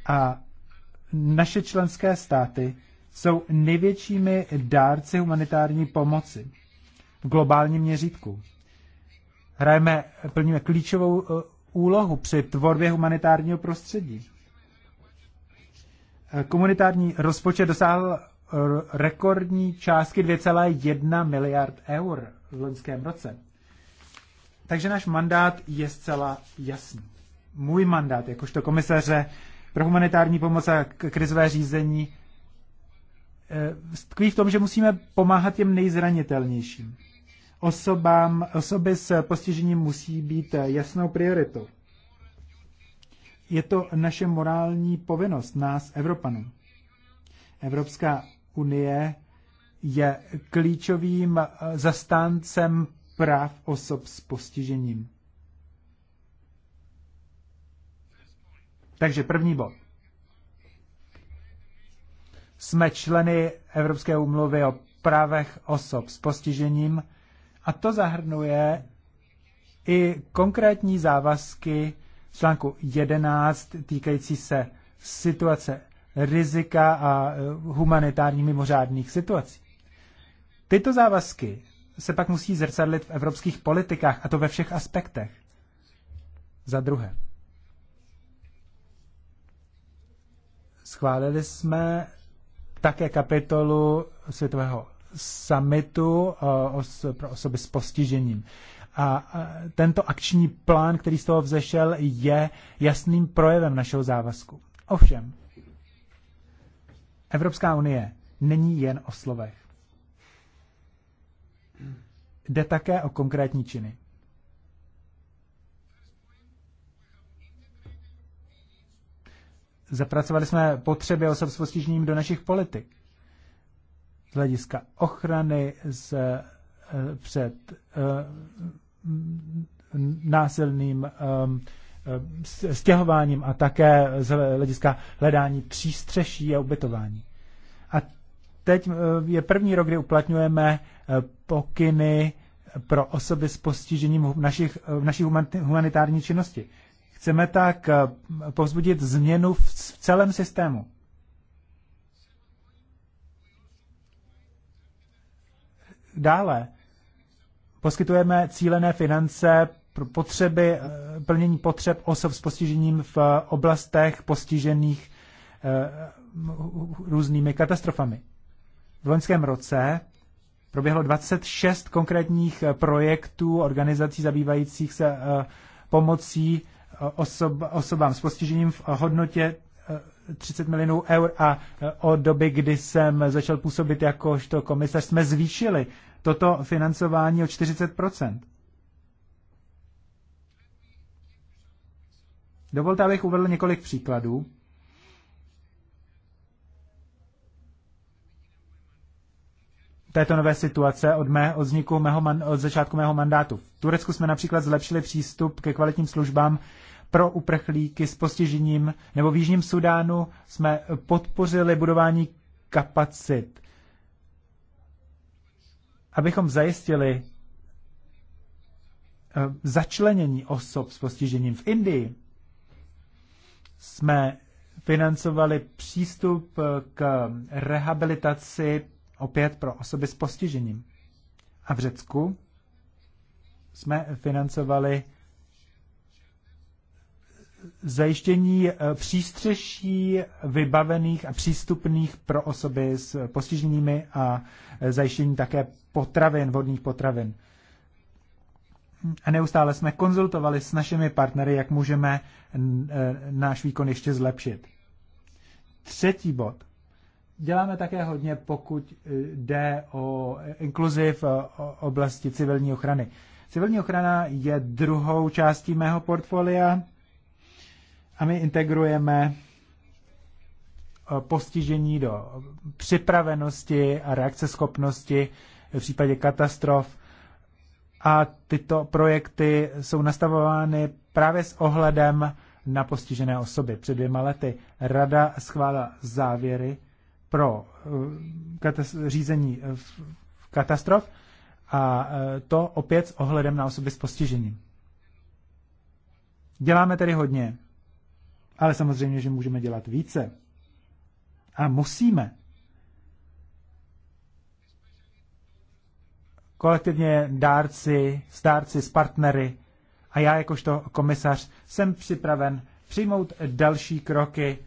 a naše členské státy jsou největšími dárci humanitární pomoci v globálním měřítku. Hrajeme, plníme klíčovou úlohu při tvorbě humanitárního prostředí. Eh, komunitární rozpočet dosáhl eh, rekordní částky 2,1 miliard eur v loňském roce. Takže náš mandát je zcela jasný. Můj mandát, jakožto komisaře pro humanitární pomoc a krizové řízení, eh, tkví v tom, že musíme pomáhat těm nejzranitelnějším osobám, osoby s postižením musí být jasnou prioritou. Je to naše morální povinnost, nás, Evropanů. Evropská unie je klíčovým eh, zastáncem práv osob s postižením. Takže první bod. Jsme členy Evropské úmluvy o právech osob s postižením a to zahrnuje i konkrétní závazky článku 11 týkající se situace rizika a eh, humanitárních mimořádných situací. Tyto závazky se pak musí zrcadlit v evropských politikách, a to ve všech aspektech. Za druhé. Schválili jsme také kapitolu Světového summitu eh, pro osoby s postižením. A tento akční plán, který z toho vzešel, je jasným projevem našeho závazku. Ovšem, Evropská unie není jen o slovech. Jde také o konkrétní činy. Zapracovali jsme potřeby osob s postižením do našich politik z hlediska ochrany z, eh, před eh, násilným eh, stěhováním a také z hlediska hledání přístřeší a ubytování. A teď je první rok, kdy uplatňujeme pokyny pro osoby s postižením v, našich, v naší humanitární činnosti. Chceme tak povzbudit změnu v celém systému. Dále poskytujeme cílené finance pro potřeby, eh, plnění potřeb osob s postižením v oblastech postižených eh, různými katastrofami. V loňském roce proběhlo 26 konkrétních eh, projektů organizací zabývajících se pomocí osob, osobám s postižením v hodnotě 30 milionů eur a e, od doby, kdy jsem začal působit jakožto komisař, jsme zvýšili toto financování o 40 Dovolte, abych uvedl několik příkladů. této nové situace od, mé, od vzniku mého man, od začátku mého mandátu. V Turecku jsme například zlepšili přístup ke kvalitním službám pro uprchlíky s postižením, nebo v Jižním Sudánu jsme podpořili budování kapacit, abychom zajistili eh, začlenění osob s postižením. V Indii jsme financovali přístup eh, k rehabilitaci opět pro osoby s postižením. A v Řecku jsme financovali zajištění eh, přístřeší vybavených a přístupných pro osoby s postiženými a eh, zajištění také potravin, vodních potravin. A neustále jsme konzultovali s našimi partnery, jak můžeme eh, náš výkon ještě zlepšit. Třetí bod. Děláme také hodně, pokud jde o inkluzi v oblasti civilní ochrany. Civilní ochrana je druhou částí mého portfolia a my integrujeme eh, postižení do připravenosti a reakceschopnosti v případě katastrof. A tyto projekty jsou nastavovány právě s ohledem na postižené osoby. Před dvěma lety rada schválila závěry pro eh, řízení katastrof a eh, to opět s ohledem na osoby s postižením. Děláme tedy hodně ale samozřejmě, že můžeme dělat více. A musíme. Kolektivně dárci, stárci, s partnery a já jakožto komisař jsem připraven přijmout další kroky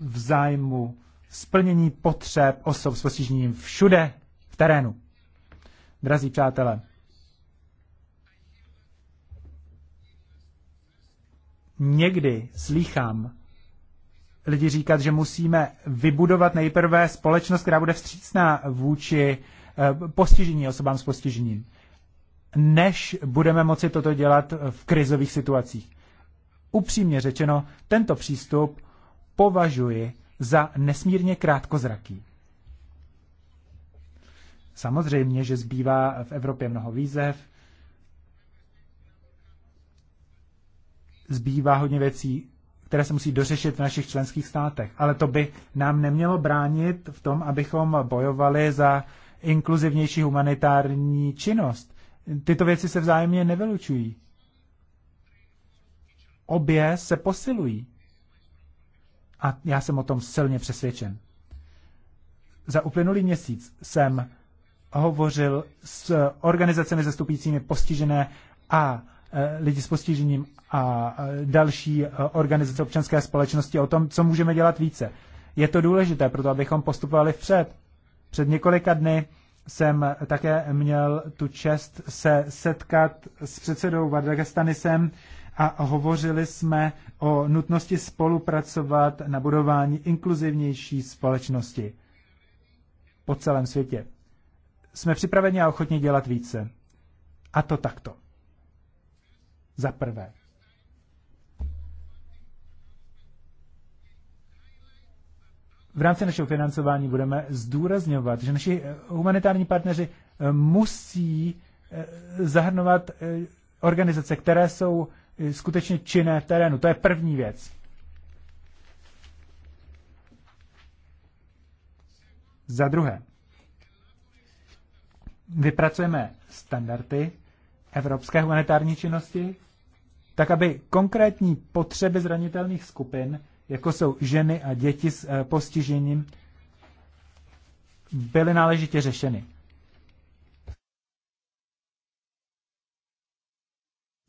v zájmu splnění potřeb osob s postižením všude v terénu. Drazí přátelé, někdy slýchám lidi říkat, že musíme vybudovat nejprve společnost, která bude vstřícná vůči eh, postižení osobám s postižením, než budeme moci toto dělat v krizových situacích. Upřímně řečeno, tento přístup považuji za nesmírně krátkozraký. Samozřejmě, že zbývá v Evropě mnoho výzev, zbývá hodně věcí, které se musí dořešit v našich členských státech. Ale to by nám nemělo bránit v tom, abychom bojovali za inkluzivnější humanitární činnost. Tyto věci se vzájemně nevylučují. Obě se posilují. A já jsem o tom silně přesvědčen. Za uplynulý měsíc jsem hovořil s organizacemi zastupujícími postižené a Eh, lidi s postižením a eh, další eh, organizace občanské společnosti o tom, co můžeme dělat více. Je to důležité, proto abychom postupovali vpřed. Před několika dny jsem také měl tu čest se setkat s předsedou Vardagastanisem a hovořili jsme o nutnosti spolupracovat na budování inkluzivnější společnosti po celém světě. Jsme připraveni a ochotni dělat více. A to takto. Za prvé, v rámci našeho financování budeme zdůrazňovat, že naši eh, humanitární partneři eh, musí eh, zahrnovat organizace, které jsou skutečně činné v terénu. To je první věc. Za druhé, vypracujeme standardy evropské humanitární činnosti, tak aby konkrétní potřeby zranitelných skupin, jako jsou ženy a děti s eh, postižením, byly náležitě řešeny.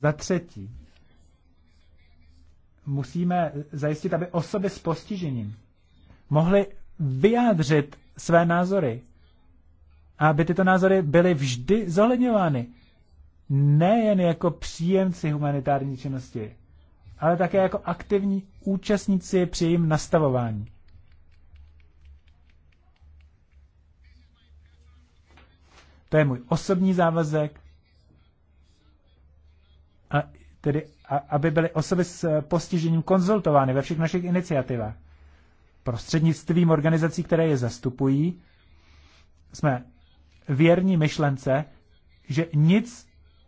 Za třetí, musíme zajistit, aby osoby s postižením mohly vyjádřit své názory, a aby tyto názory byly vždy zohledňovány nejen jako příjemci humanitární činnosti, ale také jako aktivní účastníci při jejím nastavování. To je můj osobní závazek, a tedy a, aby byly osoby s postižením konzultovány ve všech našich iniciativách. Prostřednictvím organizací, které je zastupují, jsme věrní myšlence, že nic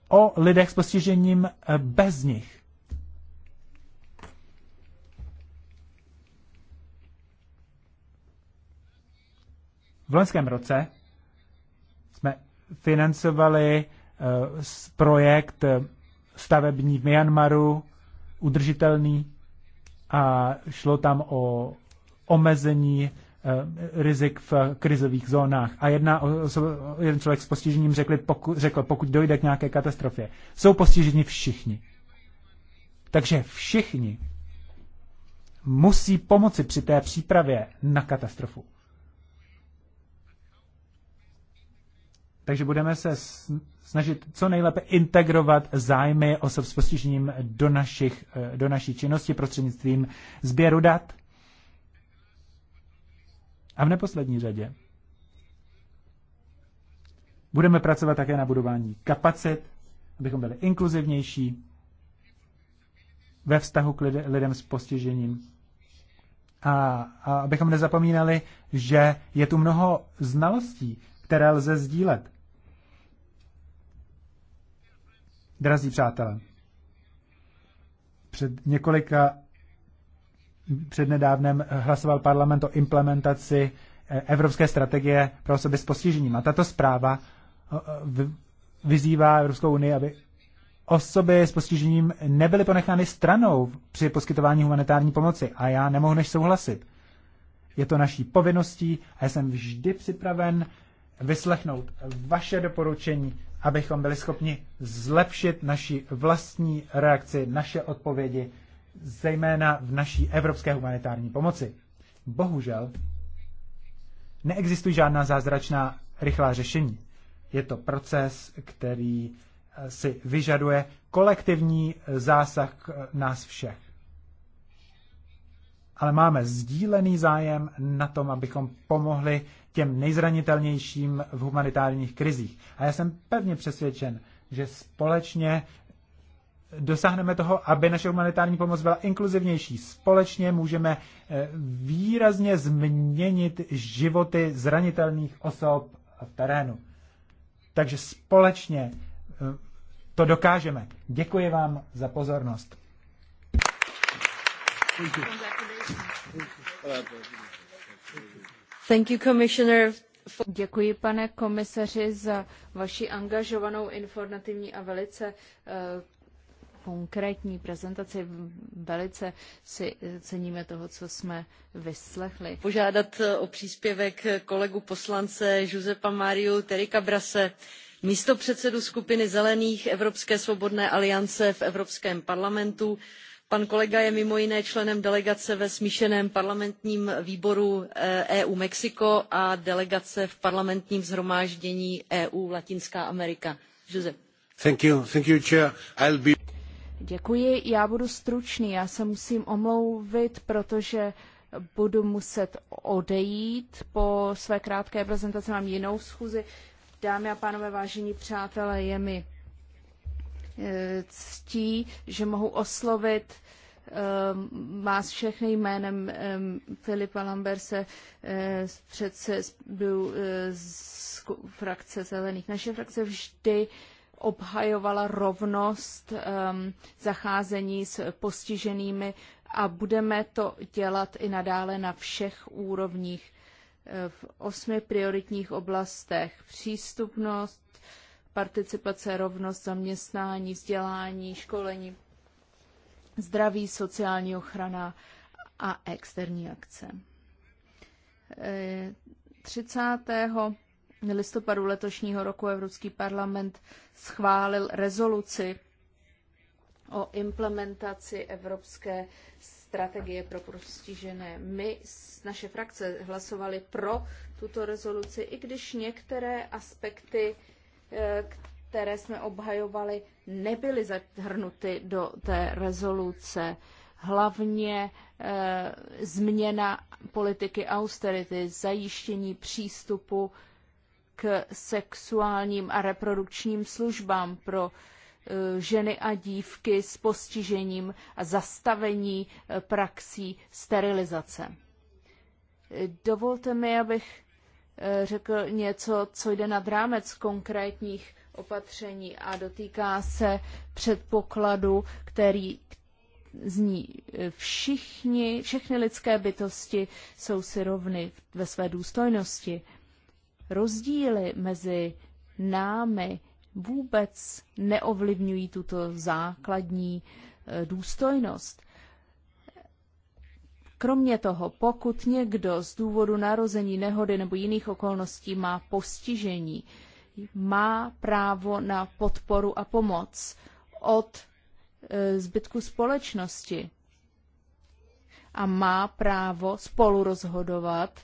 o lidech s postižením eh, bez nich. V loňském roce jsme financovali eh, projekt eh, stavební v Myanmaru, udržitelný, a šlo tam o omezení Eh, rizik v krizových zónách. A jedna osoba, jeden člověk s postižením řekl, pokud, řekl, pokud dojde k nějaké katastrofě, jsou postiženi všichni. Takže všichni musí pomoci při té přípravě na katastrofu. Takže budeme se snažit co nejlépe integrovat zájmy osob s postižením do, našich, eh, do naší činnosti prostřednictvím sběru dat, a v neposlední řadě budeme pracovat také na budování kapacit, abychom byli inkluzivnější ve vztahu k lidem s postižením. A, a abychom nezapomínali, že je tu mnoho znalostí, které lze sdílet. Drazí přátelé, před několika přednedávnem hlasoval parlament o implementaci eh, Evropské strategie pro osoby s postižením. A tato zpráva eh, vyzývá Evropskou unii, aby osoby s postižením nebyly ponechány stranou při poskytování humanitární pomoci. A já nemohu než souhlasit. Je to naší povinností a já jsem vždy připraven vyslechnout vaše doporučení, abychom byli schopni zlepšit naši vlastní reakci, naše odpovědi zejména v naší evropské humanitární pomoci. Bohužel neexistují žádná zázračná rychlá řešení. Je to proces, který eh, si vyžaduje kolektivní eh, zásah eh, nás všech. Ale máme sdílený zájem na tom, abychom pomohli těm nejzranitelnějším v humanitárních krizích. A já jsem pevně přesvědčen, že společně dosáhneme toho, aby naše humanitární pomoc byla inkluzivnější. Společně můžeme eh, výrazně změnit životy zranitelných osob v terénu. Takže společně eh, to dokážeme. Děkuji vám za pozornost. Thank you, Commissioner. Děkuji, pane komisaři, za vaši angažovanou, informativní a velice eh, konkrétní prezentaci. Velice si ceníme toho, co jsme vyslechli. Požádat eh, o příspěvek kolegu poslance Josepa Mariu Terika Brase, místo předsedu skupiny Zelených Evropské svobodné aliance v Evropském parlamentu. Pan kolega je mimo jiné členem delegace ve smíšeném parlamentním výboru EU eh, e Mexiko a delegace v parlamentním zhromáždění EU Latinská Amerika. Josep. Thank you. Thank you, Chair. I'll be... Děkuji, já budu stručný, já se musím omlouvit, protože budu muset odejít po své krátké prezentaci, mám jinou schůzi. Dámy a pánové, vážení přátelé, je mi eh, ctí, že mohu oslovit eh, vás všechny jménem eh, Filipa Lamberse, předsedu z frakce Zelených. Naše frakce vždy obhajovala rovnost um, zacházení s postiženými a budeme to dělat i nadále na všech úrovních eh, v osmi prioritních oblastech. Přístupnost, participace, rovnost, zaměstnání, vzdělání, školení, zdraví, sociální ochrana a externí akce. 30. Eh, listopadu letošního roku Evropský parlament schválil rezoluci o implementaci Evropské strategie pro postižené. My, naše frakce, hlasovali pro tuto rezoluci, i když některé aspekty, eh, které jsme obhajovali, nebyly zahrnuty do té rezoluce. Hlavně e, změna politiky austerity, zajištění přístupu k sexuálním a reprodukčním službám pro e, ženy a dívky s postižením a zastavení e, praxí sterilizace. E, dovolte mi, abych řekl něco, co jde nad rámec konkrétních opatření a dotýká se předpokladu, který zní všichni, všechny lidské bytosti jsou si rovny ve své důstojnosti rozdíly mezi námi vůbec neovlivňují tuto základní eh, důstojnost. Kromě toho, pokud někdo z důvodu narození, nehody nebo jiných okolností má postižení, má právo na podporu a pomoc od eh, zbytku společnosti a má právo spolurozhodovat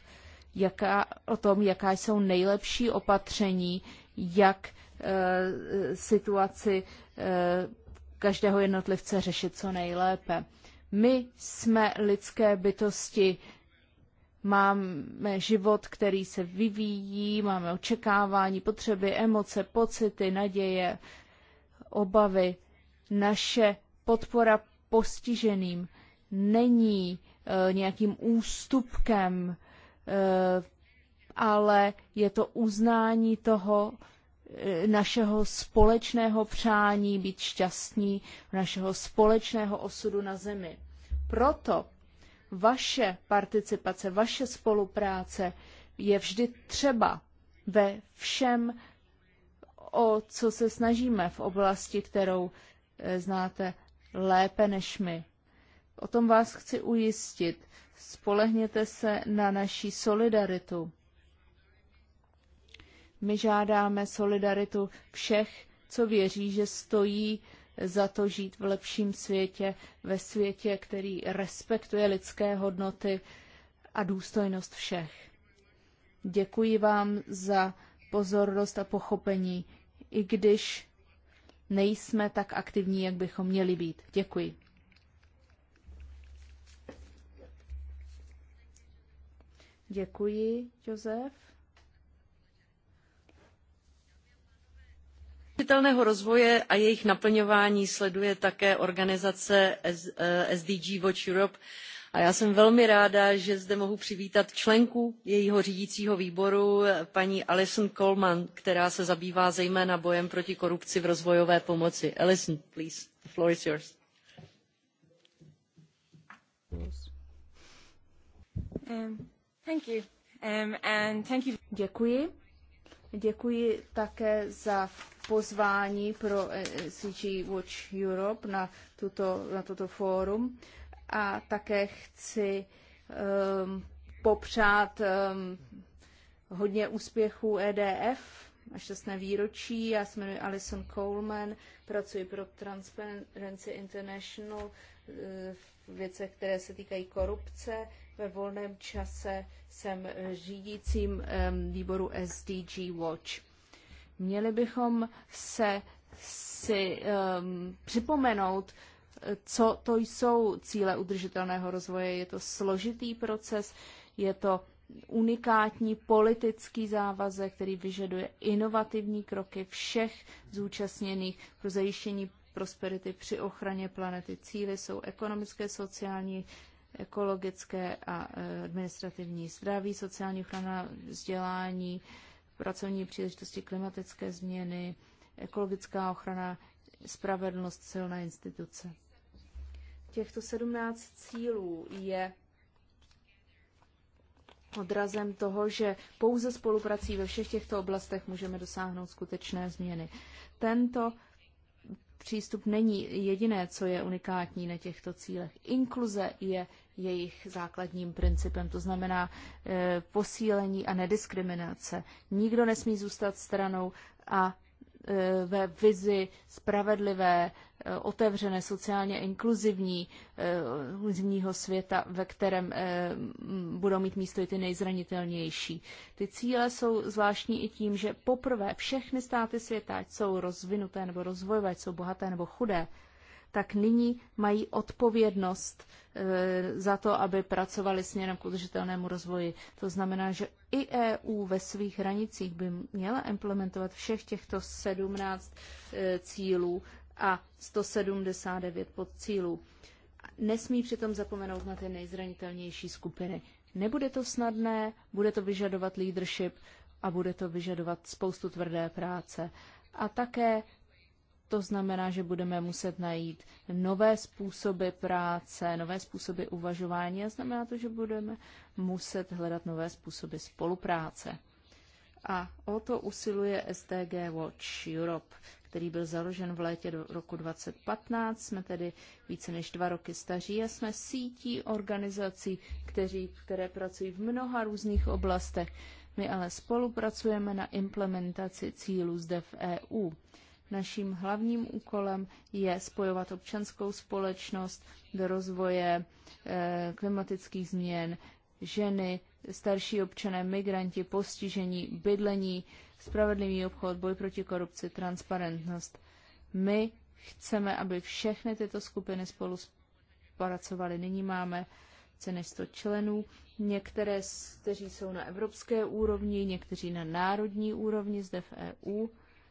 jaká, o tom, jaká jsou nejlepší opatření, jak e, situaci e, každého jednotlivce řešit co nejlépe. My jsme lidské bytosti, máme život, který se vyvíjí, máme očekávání, potřeby, emoce, pocity, naděje, obavy. Naše podpora postiženým není e, nějakým ústupkem Eh, ale je to uznání toho eh, našeho společného přání být šťastní, našeho společného osudu na zemi. Proto vaše participace, vaše spolupráce je vždy třeba ve všem, o co se snažíme v oblasti, kterou eh, znáte lépe než my. O tom vás chci ujistit spolehněte se na naší solidaritu. My žádáme solidaritu všech, co věří, že stojí za to žít v lepším světě, ve světě, který respektuje lidské hodnoty a důstojnost všech. Děkuji vám za pozornost a pochopení, i když nejsme tak aktivní, jak bychom měli být. Děkuji. Děkuji, Josef. udržitelného rozvoje a jejich naplňování sleduje také organizace sdg eh, watch europe a já jsem velmi ráda že zde mohu přivítat členku jejího řídícího výboru paní alison coleman která se zabývá zejména bojem proti korupci v rozvojové pomoci. alison please the floor is yours. Um Um, Děkuji. Děkuji také za pozvání pro eh, CG Watch Europe na, tuto, na toto fórum a také chci um, popřát um, hodně úspěchů EDF a šťastné výročí. Já se jmenuji Alison Coleman, pracuji pro Transparency International eh, v věcech, které se týkají korupce. Ve volném čase jsem řídícím výboru SDG Watch. Měli bychom se si um, připomenout, co to jsou cíle udržitelného rozvoje. Je to složitý proces, je to unikátní politický závazek, který vyžaduje inovativní kroky všech zúčastněných pro zajištění prosperity při ochraně planety. Cíly jsou ekonomické, sociální, ekologické a e, administrativní zdraví, sociální ochrana, vzdělání, pracovní příležitosti, klimatické změny, ekologická ochrana, spravedlnost, silné instituce. Těchto 17 cílů je odrazem toho, že pouze spoluprací ve všech těchto oblastech můžeme dosáhnout skutečné změny. Tento přístup není jediné, co je unikátní na těchto cílech. Inkluze je jejich základním principem, to znamená e, posílení a nediskriminace. Nikdo nesmí zůstat stranou a e, ve vizi spravedlivé, e, otevřené, sociálně inkluzivní, e, inkluzivního světa, ve kterém e, budou mít místo i ty nejzranitelnější. Ty cíle jsou zvláštní i tím, že poprvé všechny státy světa, ať jsou rozvinuté nebo rozvojové, ať jsou bohaté nebo chudé, tak nyní mají odpovědnost eh, za to, aby pracovali směrem k udržitelnému rozvoji. To znamená, že i EU ve svých hranicích by měla implementovat všech těchto 17 eh, cílů a 179 podcílů. Nesmí přitom zapomenout na ty nejzranitelnější skupiny. Nebude to snadné, bude to vyžadovat leadership a bude to vyžadovat spoustu tvrdé práce. A také to znamená, že budeme muset najít nové způsoby práce, nové způsoby uvažování a znamená to, že budeme muset hledat nové způsoby spolupráce. A o to usiluje SDG Watch Europe, který byl založen v létě do roku 2015. Jsme tedy více než dva roky staří a jsme sítí organizací, kteří, které pracují v mnoha různých oblastech. My ale spolupracujeme na implementaci cílů zde v EU. Naším hlavním úkolem je spojovat občanskou společnost do rozvoje eh, klimatických změn, ženy, starší občané, migranti, postižení, bydlení, spravedlivý obchod, boj proti korupci, transparentnost. My chceme, aby všechny tyto skupiny spolu spolupracovaly. Nyní máme více než 100 členů. Některé, kteří jsou na evropské úrovni, někteří na národní úrovni zde v EU.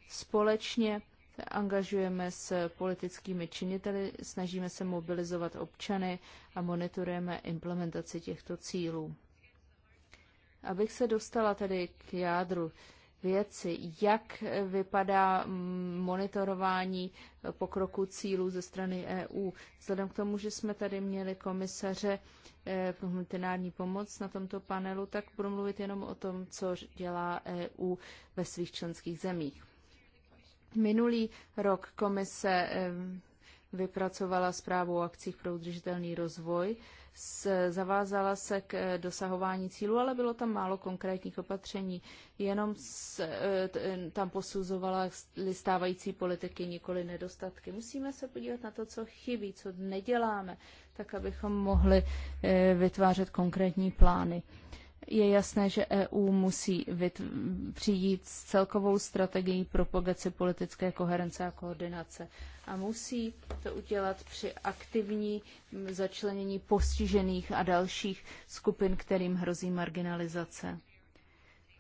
Společně angažujeme s politickými činiteli, snažíme se mobilizovat občany a monitorujeme implementaci těchto cílů. Abych se dostala tedy k jádru věci, jak vypadá monitorování pokroku cílů ze strany EU. Vzhledem k tomu, že jsme tady měli komisaře pro eh, humanitární pomoc na tomto panelu, tak budu mluvit jenom o tom, co dělá EU ve svých členských zemích. Minulý rok komise vypracovala zprávu o akcích pro udržitelný rozvoj, zavázala se k eh, dosahování cílu, ale bylo tam málo konkrétních opatření. Jenom eh, tam posuzovala listávající politiky, nikoli nedostatky. Musíme se podívat na to, co chybí, co neděláme, tak abychom mohli eh, vytvářet konkrétní plány. Je jasné, že EU musí přijít s celkovou strategií propagace politické koherence a koordinace a musí to udělat při aktivní začlenění postižených a dalších skupin, kterým hrozí marginalizace.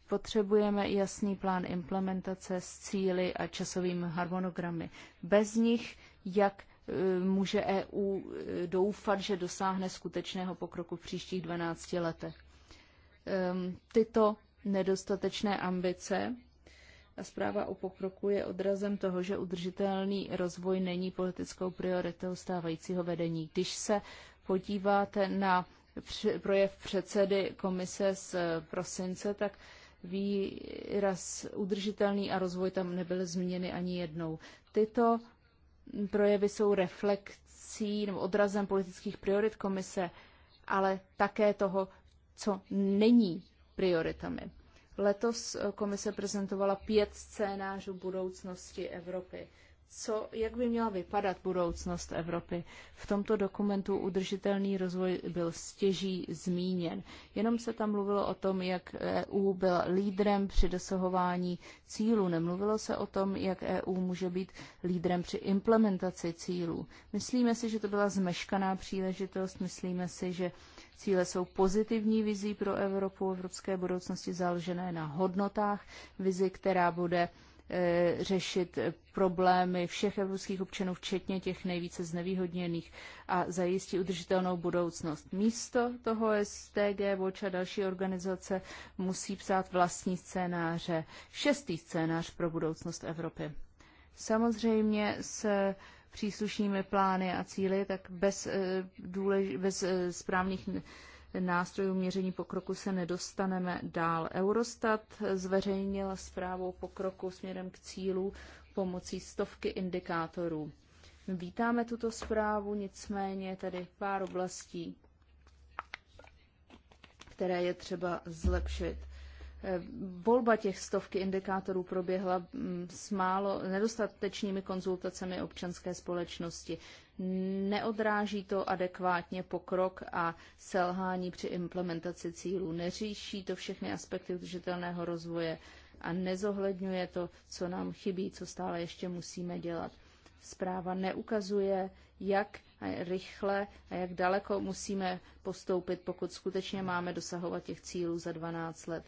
Potřebujeme jasný plán implementace s cíly a časovými harmonogramy. Bez nich, jak e, může EU e, doufat, že dosáhne skutečného pokroku v příštích 12 letech? Ehm, tyto nedostatečné ambice. A zpráva o pokroku je odrazem toho, že udržitelný rozvoj není politickou prioritou stávajícího vedení. Když se podíváte na projev předsedy komise z eh, prosince, tak výraz udržitelný a rozvoj tam nebyly změněny ani jednou. Tyto projevy jsou reflekcí nebo odrazem politických priorit komise, ale také toho, co není prioritami. Letos eh, komise prezentovala pět scénářů budoucnosti Evropy. Co, jak by měla vypadat budoucnost Evropy? V tomto dokumentu udržitelný rozvoj byl stěží zmíněn. Jenom se tam mluvilo o tom, jak EU byla lídrem při dosahování cílů. Nemluvilo se o tom, jak EU může být lídrem při implementaci cílů. Myslíme si, že to byla zmeškaná příležitost. Myslíme si, že Cíle jsou pozitivní vizí pro Evropu, evropské budoucnosti založené na hodnotách, vizi, která bude e, řešit problémy všech evropských občanů, včetně těch nejvíce znevýhodněných a zajistí udržitelnou budoucnost. Místo toho STG, Watch a další organizace musí psát vlastní scénáře, šestý scénář pro budoucnost Evropy. Samozřejmě se příslušnými plány a cíly, tak bez, eh, důlež, bez eh, správných nástrojů měření pokroku se nedostaneme dál. Eurostat zveřejnil zprávu o pokroku směrem k cílu pomocí stovky indikátorů. Vítáme tuto zprávu, nicméně tady pár oblastí, které je třeba zlepšit. Volba těch stovky indikátorů proběhla mm, s málo nedostatečnými konzultacemi občanské společnosti. Neodráží to adekvátně pokrok a selhání při implementaci cílů. Neříší to všechny aspekty udržitelného rozvoje a nezohledňuje to, co nám chybí, co stále ještě musíme dělat. Zpráva neukazuje, jak rychle a jak daleko musíme postoupit, pokud skutečně máme dosahovat těch cílů za 12 let.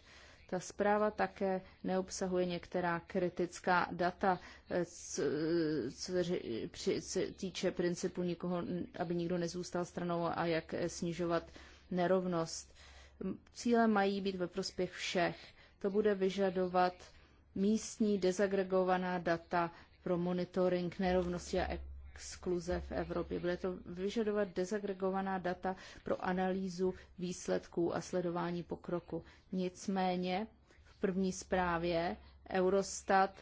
Ta zpráva také neobsahuje některá kritická data, eh, co, se týče principu nikoho, aby nikdo nezůstal stranou a jak eh, snižovat nerovnost. Cíle mají být ve prospěch všech. To bude vyžadovat místní dezagregovaná data pro monitoring nerovnosti a e- skluze v Evropě. Bude to vyžadovat dezagregovaná data pro analýzu výsledků a sledování pokroku. Nicméně v první zprávě Eurostat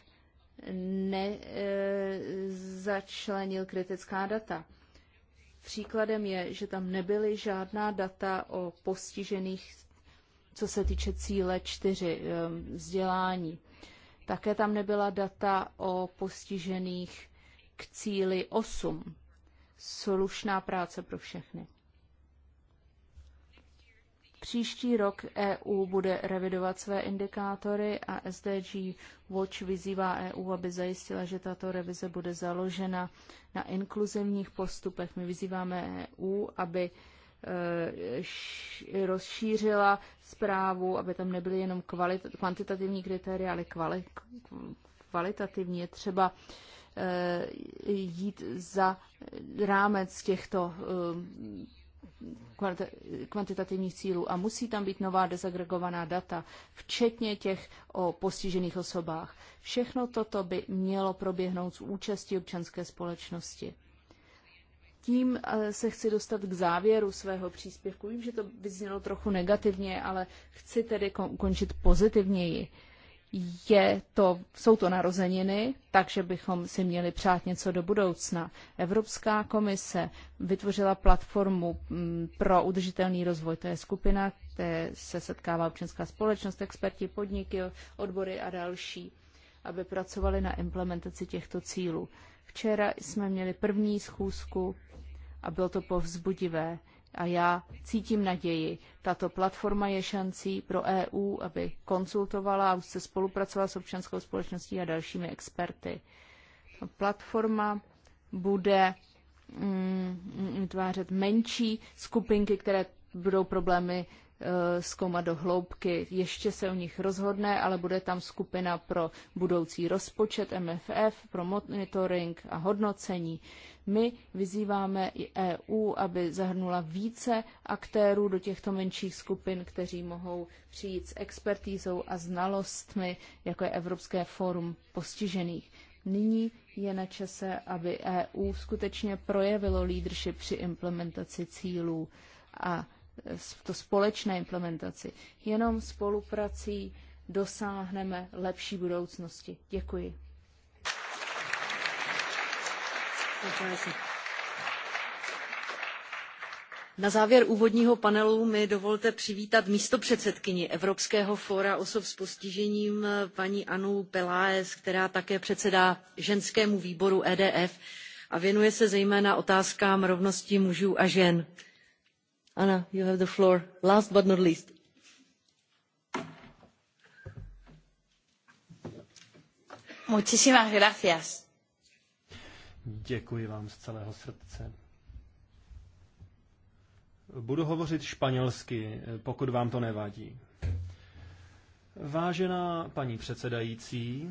nezačlenil e, kritická data. Příkladem je, že tam nebyly žádná data o postižených, co se týče cíle čtyři e, vzdělání. Také tam nebyla data o postižených k cíli 8. Slušná práce pro všechny. Příští rok EU bude revidovat své indikátory a SDG Watch vyzývá EU, aby zajistila, že tato revize bude založena na inkluzivních postupech. My vyzýváme EU, aby e, rozšířila zprávu, aby tam nebyly jenom kvalit- kvantitativní kritéria, ale kvali- kvalitativní. Je třeba uh, Eh, jít za rámec těchto eh, kvantitativních cílů a musí tam být nová dezagregovaná data, včetně těch o postižených osobách. Všechno toto by mělo proběhnout s účastí občanské společnosti. Tím eh, se chci dostat k závěru svého příspěvku. Vím, že to vyznělo trochu negativně, ale chci tedy ukončit pozitivněji. Uh, je to, jsou to narozeniny, takže bychom si měli přát něco do budoucna. Evropská komise vytvořila platformu mm, pro udržitelný rozvoj. To je skupina, které se setkává občanská společnost, experti, podniky, odbory a další, aby pracovali na implementaci těchto cílů. Včera jsme měli první schůzku a bylo to povzbudivé a já cítím naději. Tato platforma je šancí pro EU, aby konsultovala a už se spolupracovala s občanskou společností a dalšími experty. Ta platforma bude mm, vytvářet menší skupinky, které budou problémy eh, zkoumat do hloubky. Ještě se o nich rozhodne, ale bude tam skupina pro budoucí rozpočet MFF, pro monitoring a hodnocení. My vyzýváme i EU, aby zahrnula více aktérů do těchto menších skupin, kteří mohou přijít s expertízou a znalostmi, jako je Evropské fórum postižených. Nyní je na čase, aby EU skutečně projevilo leadership při implementaci cílů a to společné implementaci. Jenom spoluprací dosáhneme lepší budoucnosti. Děkuji. na závěr úvodního panelu mi dovolte přivítat místopředsedkyni evropského fóra osob s postižením paní annu pelaez která také předsedá ženskému výboru edf a věnuje se zejména otázkám rovnosti mužů a žen. anna you have the floor last but not least. Muchísimas gracias Děkuji vám z celého srdce. Budu hovořit španělsky, pokud vám to nevadí. Vážená paní předsedající,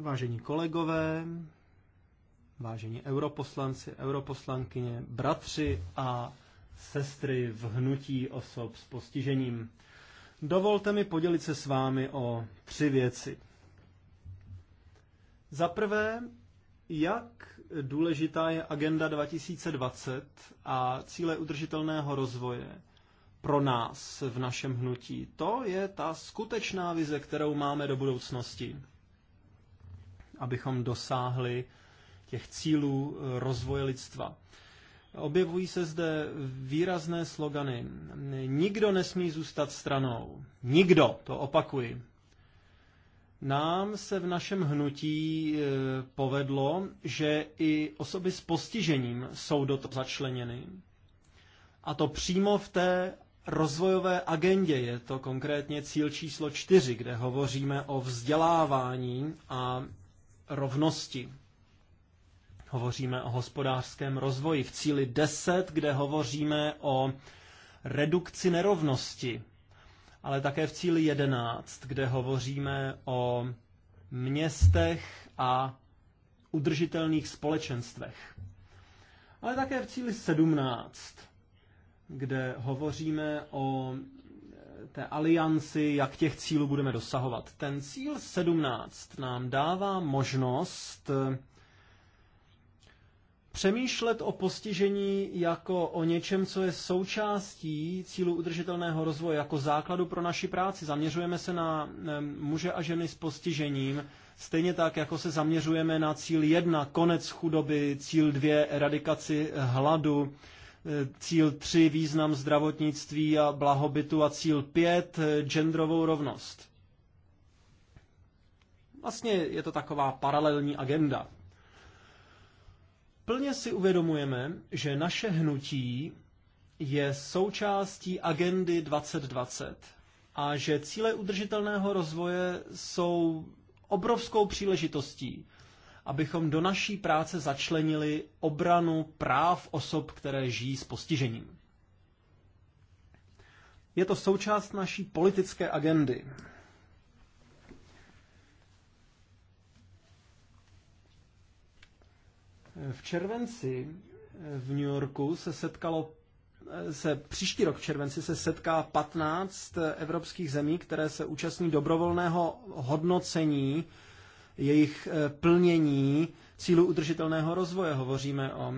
vážení kolegové, vážení europoslanci, europoslankyně, bratři a sestry v hnutí osob s postižením, dovolte mi podělit se s vámi o tři věci. Za prvé, jak důležitá je agenda 2020 a cíle udržitelného rozvoje pro nás v našem hnutí? To je ta skutečná vize, kterou máme do budoucnosti, abychom dosáhli těch cílů rozvoje lidstva. Objevují se zde výrazné slogany. Nikdo nesmí zůstat stranou. Nikdo, to opakuji. Nám se v našem hnutí e, povedlo, že i osoby s postižením jsou do toho začleněny. A to přímo v té rozvojové agendě, je to konkrétně cíl číslo čtyři, kde hovoříme o vzdělávání a rovnosti. Hovoříme o hospodářském rozvoji v cíli 10, kde hovoříme o redukci nerovnosti ale také v cíli 11, kde hovoříme o městech a udržitelných společenstvech. Ale také v cíli 17, kde hovoříme o eh, té alianci, jak těch cílů budeme dosahovat. Ten cíl 17 nám dává možnost eh, Přemýšlet o postižení jako o něčem, co je součástí cílu udržitelného rozvoje, jako základu pro naši práci. Zaměřujeme se na muže a ženy s postižením, stejně tak, jako se zaměřujeme na cíl 1, konec chudoby, cíl 2, eradikaci hladu, e, cíl 3, význam zdravotnictví a blahobytu a cíl 5, e, genderovou rovnost. Vlastně je to taková paralelní agenda, Plně si uvědomujeme, že naše hnutí je součástí agendy 2020 a že cíle udržitelného rozvoje jsou obrovskou příležitostí, abychom do naší práce začlenili obranu práv osob, které žijí s postižením. Je to součást naší politické agendy, V červenci v New Yorku se setkalo se příští rok v červenci se setká 15 evropských zemí, které se účastní dobrovolného hodnocení jejich eh, plnění cílu udržitelného rozvoje. Hovoříme o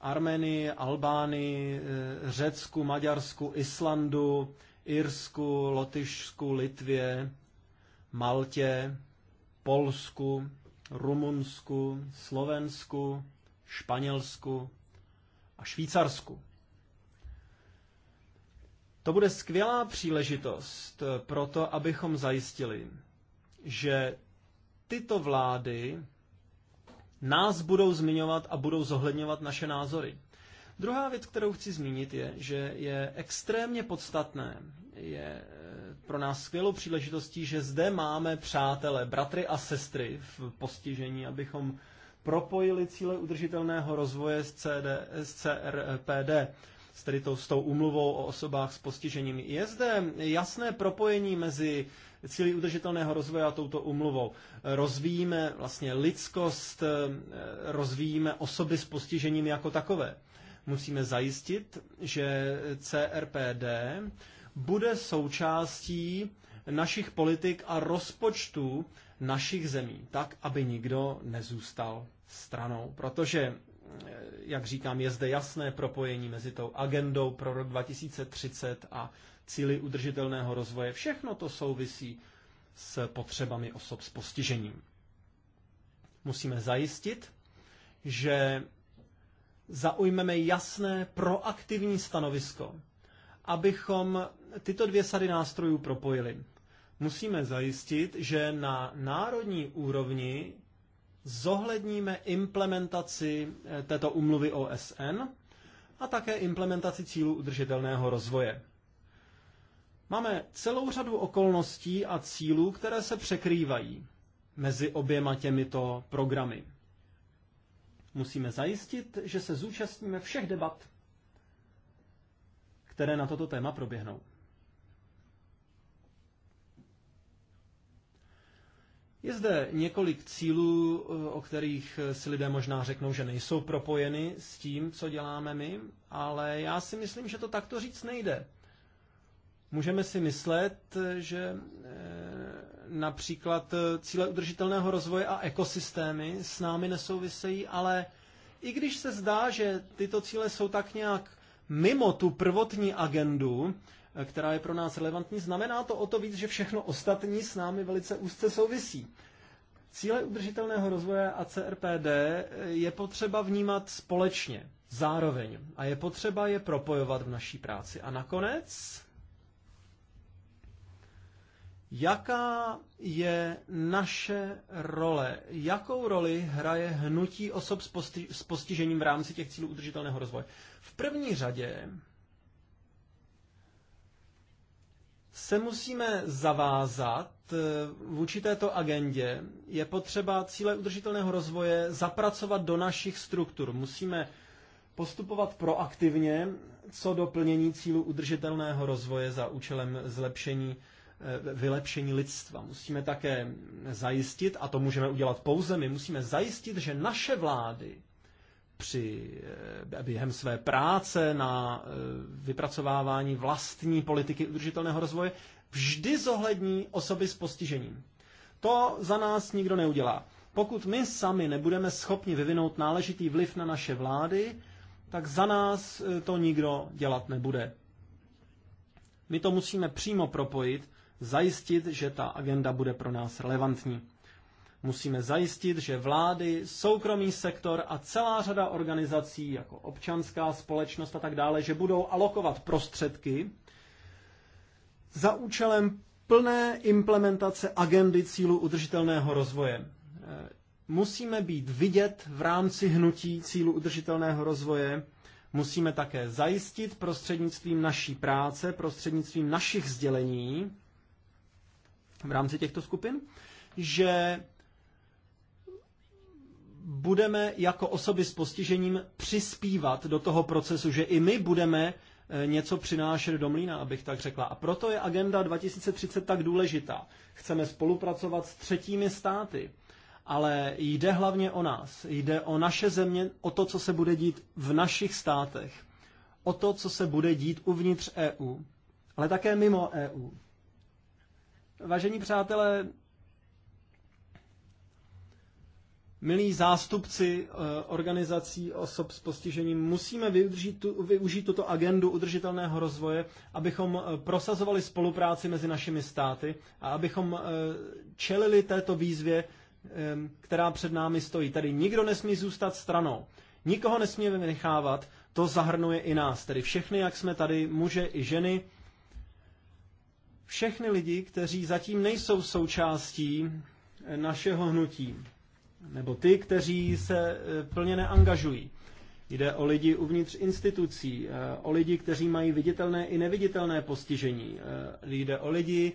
Armenii, Albánii, eh, Řecku, Maďarsku, Islandu, Irsku, Lotyšsku, Litvě, Maltě, Polsku, Rumunsku, Slovensku, Španělsku a Švýcarsku. To bude skvělá příležitost pro to, abychom zajistili, že tyto vlády nás budou zmiňovat a budou zohledňovat naše názory. Druhá věc, kterou chci zmínit, je, že je extrémně podstatné, je pro nás skvělou příležitostí, že zde máme přátele, bratry a sestry v postižení, abychom propojili cíle udržitelného rozvoje s, CD, s CRPD, s, tedy to, s tou umluvou o osobách s postižením. Je zde jasné propojení mezi cíly udržitelného rozvoje a touto umluvou. Rozvíjíme vlastně lidskost, rozvíjíme osoby s postižením jako takové. Musíme zajistit, že CRPD bude součástí našich politik a rozpočtů našich zemí, tak, aby nikdo nezůstal stranou. Protože, eh, jak říkám, je zde jasné propojení mezi tou agendou pro rok 2030 a cíly udržitelného rozvoje. Všechno to souvisí s potřebami osob s postižením. Musíme zajistit, že zaujmeme jasné proaktivní stanovisko, abychom tyto dvě sady nástrojů propojili. Musíme zajistit, že na národní úrovni zohledníme implementaci eh, této umluvy OSN a také implementaci cílů udržitelného rozvoje. Máme celou řadu okolností a cílů, které se překrývají mezi oběma těmito programy. Musíme zajistit, že se zúčastníme všech debat, které na toto téma proběhnou. Je zde několik cílů, o kterých si lidé možná řeknou, že nejsou propojeny s tím, co děláme my, ale já si myslím, že to takto říct nejde. Můžeme si myslet, že eh, například cíle udržitelného rozvoje a ekosystémy s námi nesouvisejí, ale i když se zdá, že tyto cíle jsou tak nějak mimo tu prvotní agendu, která je pro nás relevantní, znamená to o to víc, že všechno ostatní s námi velice úzce souvisí. Cíle udržitelného rozvoje a CRPD je potřeba vnímat společně, zároveň, a je potřeba je propojovat v naší práci. A nakonec, Jaká je naše role? Jakou roli hraje hnutí osob s, s postižením v rámci těch cílů udržitelného rozvoje? V první řadě se musíme zavázat eh, vůči této agendě. Je potřeba cíle udržitelného rozvoje zapracovat do našich struktur. Musíme postupovat proaktivně co do plnění cílu udržitelného rozvoje za účelem zlepšení eh, vylepšení lidstva. Musíme také zajistit, a to můžeme udělat pouze my, musíme zajistit, že naše vlády při, eh, během své práce na eh, vypracovávání vlastní politiky udržitelného rozvoje vždy zohlední osoby s postižením. To za nás nikdo neudělá. Pokud my sami nebudeme schopni vyvinout náležitý vliv na naše vlády, tak za nás eh, to nikdo dělat nebude. My to musíme přímo propojit, zajistit, že ta agenda bude pro nás relevantní. Musíme zajistit, že vlády, soukromý sektor a celá řada organizací, jako občanská společnost a tak dále, že budou alokovat prostředky za účelem plné implementace agendy cílu udržitelného rozvoje. E, musíme být vidět v rámci hnutí cílu udržitelného rozvoje, musíme také zajistit prostřednictvím naší práce, prostřednictvím našich sdělení v rámci těchto skupin, že budeme jako osoby s postižením přispívat do toho procesu, že i my budeme e, něco přinášet do mlína, abych tak řekla. A proto je agenda 2030 tak důležitá. Chceme spolupracovat s třetími státy, ale jde hlavně o nás, jde o naše země, o to, co se bude dít v našich státech, o to, co se bude dít uvnitř EU, ale také mimo EU. Vážení přátelé, Milí zástupci eh, organizací osob s postižením, musíme využít, využít tuto agendu udržitelného rozvoje, abychom eh, prosazovali spolupráci mezi našimi státy a abychom eh, čelili této výzvě, která před námi stojí. Tady nikdo nesmí zůstat stranou. Nikoho nesmíme vynechávat, to zahrnuje i nás, tedy všechny, jak jsme tady, muže i ženy, všechny lidi, kteří zatím nejsou součástí našeho hnutí nebo ty, kteří se eh, plně neangažují. Jde o lidi uvnitř institucí, eh, o lidi, kteří mají viditelné i neviditelné postižení. Eh, jde o lidi,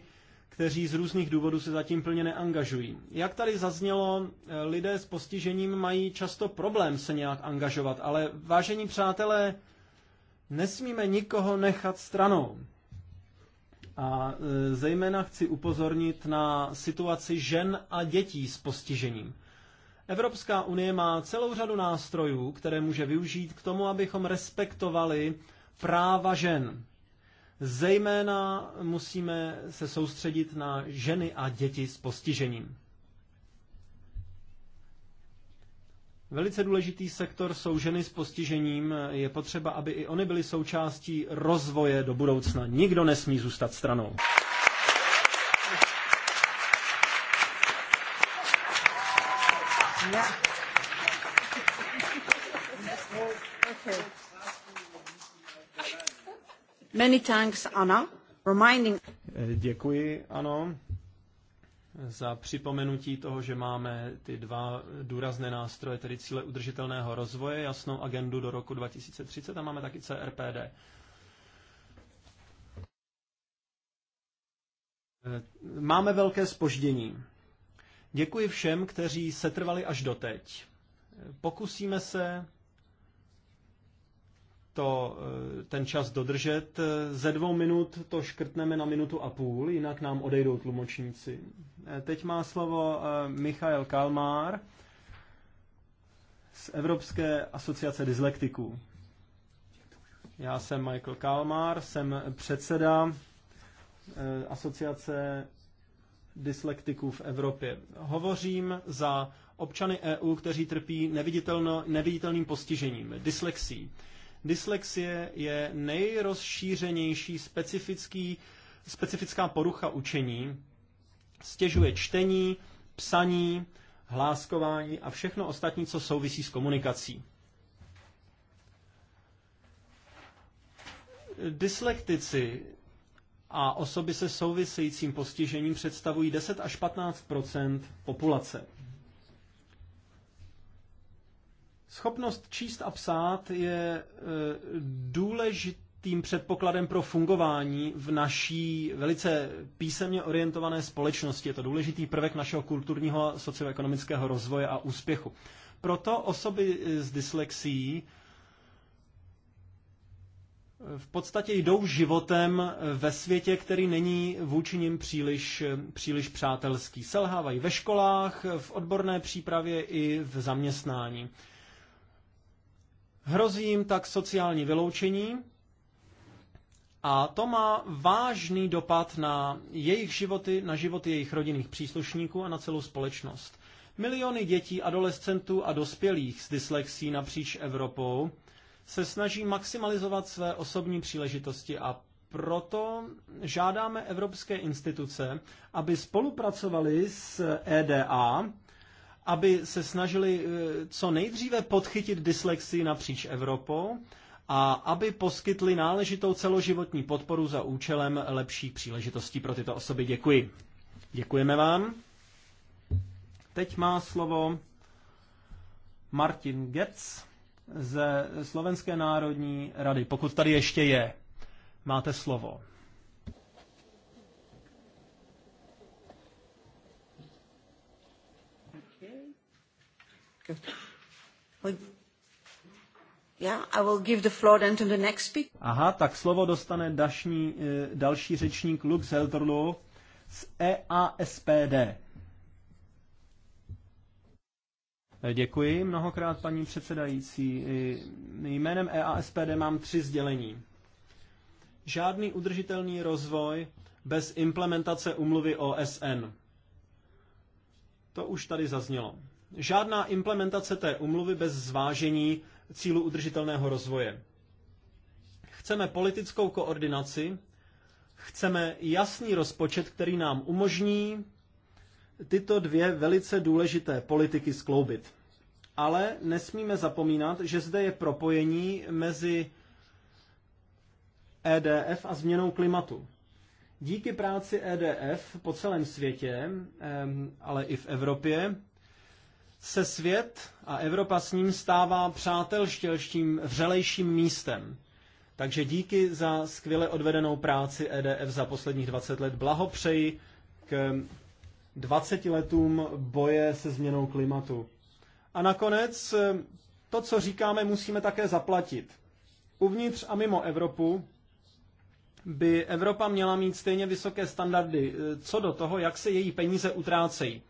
kteří z různých důvodů se zatím plně neangažují. Jak tady zaznělo, lidé s postižením mají často problém se nějak angažovat, ale vážení přátelé, nesmíme nikoho nechat stranou. A zejména chci upozornit na situaci žen a dětí s postižením. Evropská unie má celou řadu nástrojů, které může využít k tomu, abychom respektovali práva žen. Zejména musíme se soustředit na ženy a děti s postižením. Velice důležitý sektor jsou ženy s postižením. Je potřeba, aby i oni byly součástí rozvoje do budoucna. Nikdo nesmí zůstat stranou. Many thanks, Anna. Reminding... Eh, děkuji, ano, za připomenutí toho, že máme ty dva důrazné nástroje, tedy cíle udržitelného rozvoje, jasnou agendu do roku 2030 a máme taky CRPD. Eh, máme velké spoždění. Děkuji všem, kteří se trvali až doteď. Pokusíme se to, eh, ten čas dodržet. Ze dvou minut to škrtneme na minutu a půl, jinak nám odejdou tlumočníci. Eh, teď má slovo eh, Michael Kalmár z Evropské asociace dyslektiků. Já jsem Michael Kalmár, jsem předseda asociace dyslektiků v Evropě. Hovořím za občany EU, kteří trpí neviditelným postižením, dyslexí. Dyslexie je nejrozšířenější specifický, specifická porucha učení. Stěžuje čtení, psaní, hláskování a všechno ostatní, co souvisí s komunikací. Dyslektici a osoby se souvisejícím postižením představují 10 až 15 populace. Schopnost číst a psát je e, důležitým předpokladem pro fungování v naší velice písemně orientované společnosti. Je to důležitý prvek našeho kulturního a socioekonomického rozvoje a úspěchu. Proto osoby s dyslexí e, v podstatě jdou životem ve světě, který není vůči nim příliš, příliš přátelský. Selhávají ve školách, v odborné přípravě i v zaměstnání. Hrozí jim tak sociální vyloučení a to má vážný dopad na jejich životy, na životy jejich rodinných příslušníků a na celou společnost. Miliony dětí, adolescentů a dospělých s dyslexí napříč Evropou se snaží maximalizovat své osobní příležitosti a proto žádáme evropské instituce, aby spolupracovali s EDA aby se snažili eh, co nejdříve podchytit dyslexii napříč Evropou a aby poskytli náležitou celoživotní podporu za účelem lepší příležitostí pro tyto osoby. Děkuji. Děkujeme vám. Teď má slovo Martin Getz ze Slovenské národní rady, pokud tady ještě je. Máte slovo. Aha, tak slovo dostane dašní, eh, další řečník Lux Helderlu z EASPD. Eh, děkuji mnohokrát, paní předsedající. Eh, jménem EASPD mám tři sdělení. Žádný udržitelný rozvoj bez implementace umluvy OSN. To už tady zaznělo žádná implementace té umluvy bez zvážení cílu udržitelného rozvoje. Chceme politickou koordinaci, chceme jasný rozpočet, který nám umožní tyto dvě velice důležité politiky skloubit. Ale nesmíme zapomínat, že zde je propojení mezi EDF a změnou klimatu. Díky práci EDF po celém světě, ale i v Evropě, se svět a Evropa s ním stává přátelštělším, vřelejším místem. Takže díky za skvěle odvedenou práci EDF za posledních 20 let. Blahopřeji k 20 letům boje se změnou klimatu. A nakonec to, co říkáme, musíme také zaplatit. Uvnitř a mimo Evropu by Evropa měla mít stejně vysoké standardy eh, co do toho, jak se její peníze utrácejí.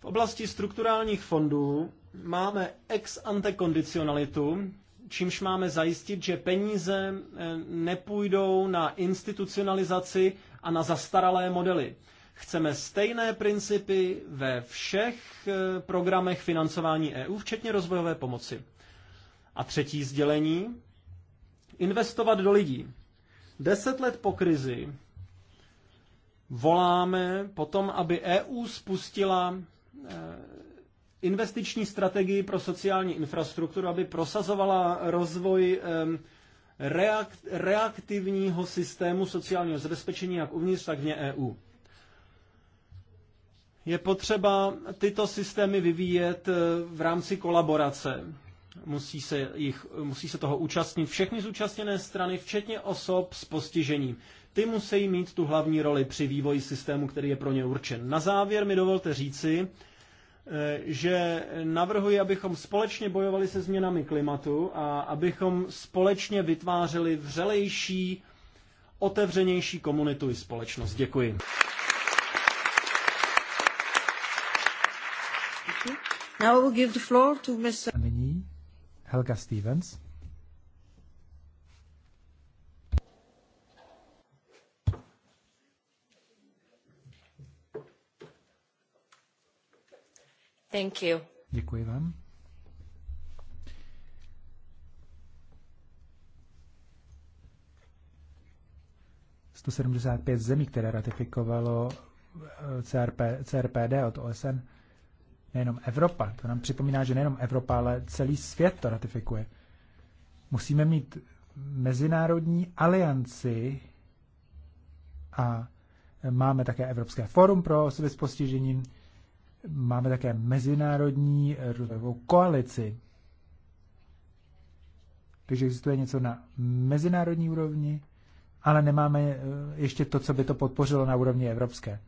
V oblasti strukturálních fondů máme ex ante kondicionalitu, čímž máme zajistit, že peníze eh, nepůjdou na institucionalizaci a na zastaralé modely. Chceme stejné principy ve všech eh, programech financování EU, včetně rozvojové pomoci. A třetí sdělení. Investovat do lidí. Deset let po krizi voláme potom, aby EU spustila Eh, investiční strategii pro sociální infrastrukturu, aby prosazovala rozvoj reakt, reaktivního systému sociálního zabezpečení jak uvnitř, tak vně EU. Je potřeba tyto systémy vyvíjet eh, v rámci kolaborace. Musí se, jich, musí se toho účastnit všechny zúčastněné strany, včetně osob s postižením. Ty musí mít tu hlavní roli při vývoji systému, který je pro ně určen. Na závěr mi dovolte říci, Eh, že navrhuji, abychom společně bojovali se změnami klimatu a abychom společně vytvářeli vřelejší, otevřenější komunitu i společnost. Děkuji. Now we'll give the floor to Mr. nyní Helga Stevens. Thank you. Děkuji vám. pět zemí, které ratifikovalo eh, CRP, CRPD od OSN, nejenom Evropa, to nám připomíná, že nejenom Evropa, ale celý svět to ratifikuje. Musíme mít mezinárodní alianci a máme také Evropské fórum pro osoby s postižením, Máme také mezinárodní eh, rozvojovou koalici. Takže existuje něco na mezinárodní úrovni, ale nemáme eh, ještě to, co by to podpořilo na úrovni evropské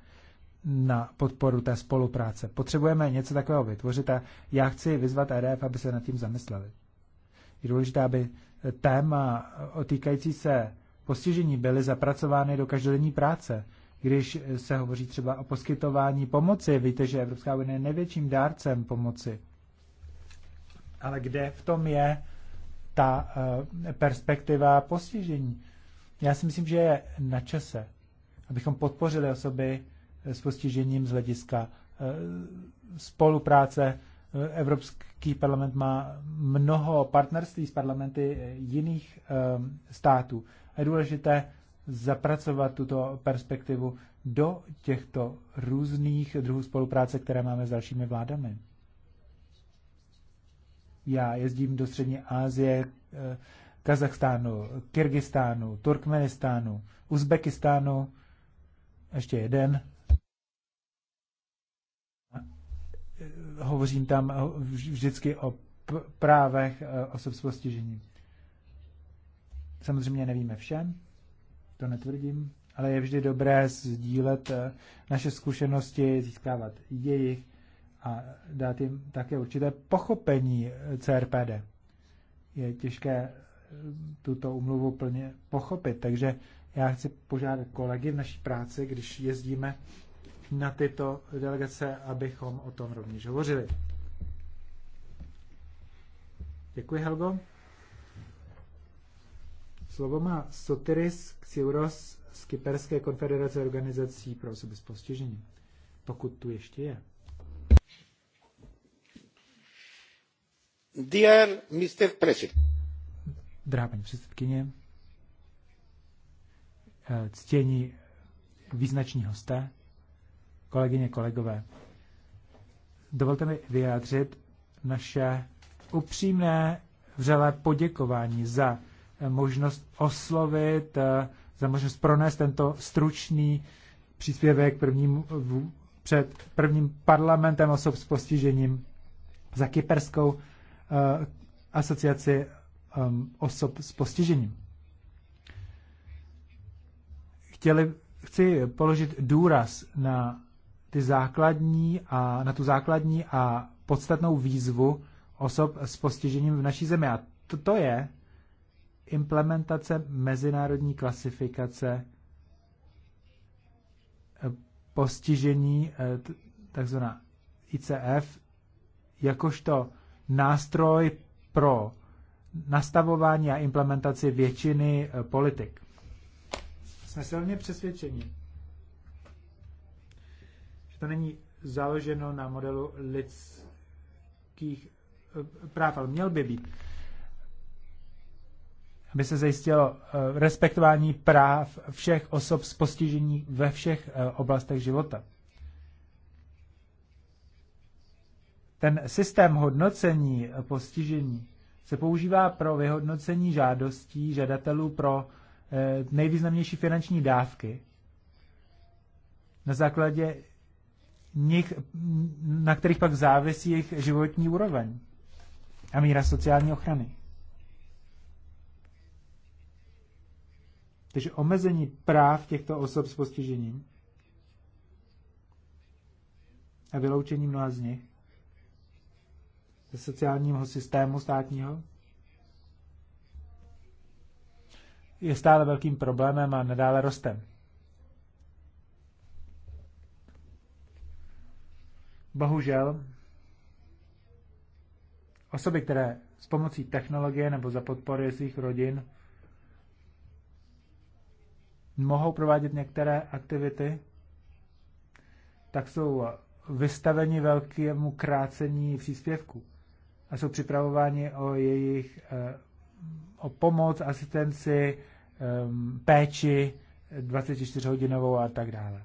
na podporu té spolupráce. Potřebujeme něco takového vytvořit a já chci vyzvat RF, aby se nad tím zamysleli. Je důležité, aby eh, téma otýkající se postižení byly zapracovány do každodenní práce, když se hovoří třeba o poskytování pomoci. Víte, že Evropská unie je největším dárcem pomoci. Ale kde v tom je ta eh, perspektiva postižení? Já si myslím, že je na čase, abychom podpořili osoby eh, s postižením z hlediska eh, spolupráce. Evropský parlament má mnoho partnerství s parlamenty jiných států. A je důležité zapracovat tuto perspektivu do těchto různých druhů spolupráce, které máme s dalšími vládami. Já jezdím do Střední Asie, eh, Kazachstánu, Kyrgyzstánu, Turkmenistánu, Uzbekistánu, ještě jeden. Eh, hovořím tam vždycky o právech eh, osob s postižením. Samozřejmě nevíme všem, to netvrdím, ale je vždy dobré sdílet eh, naše zkušenosti, získávat jejich a dát jim také určité pochopení eh, CRPD. Je těžké eh, tuto umluvu plně pochopit, takže já chci požádat kolegy v naší práci, když jezdíme na tyto delegace, abychom o tom rovněž hovořili. Děkuji, Helgo. Slovo má Soteris Xiuros z Kyperské konfederace organizací pro osoby s postižením, pokud tu ještě je. Dear Mr. President. Drá paní předsedkyně, eh, ctění význační hosté, kolegyně, kolegové, dovolte mi vyjádřit naše upřímné vřelé poděkování za možnost oslovit, eh, za možnost pronést tento stručný příspěvek prvním, před prvním parlamentem osob s postižením za Kyperskou eh, asociaci ehm, osob s postižením. Chtěli, chci položit důraz na ty základní a na tu základní a podstatnou výzvu osob s postižením v naší zemi. A to, to je implementace mezinárodní klasifikace eh, postižení, eh, takzvaná ICF, jakožto nástroj pro nastavování a implementaci většiny eh, politik. Jsme silně přesvědčeni, že to není založeno na modelu lidských práv, ale měl by být aby se zajistilo eh, respektování práv všech osob s postižení ve všech eh, oblastech života. Ten systém hodnocení postižení se používá pro vyhodnocení žádostí žadatelů pro eh, nejvýznamnější finanční dávky, na základě nich, na kterých pak závisí jejich životní úroveň a míra sociální ochrany. Takže omezení práv těchto osob s postižením a vyloučení mnoha z nich ze sociálního systému státního je stále velkým problémem a nadále roste. Bohužel, osoby, které s pomocí technologie nebo za podpory svých rodin mohou provádět některé aktivity, tak jsou vystaveni velkému krácení příspěvku a jsou připravováni o jejich eh, o pomoc, asistenci, ehm, péči 24-hodinovou a tak dále.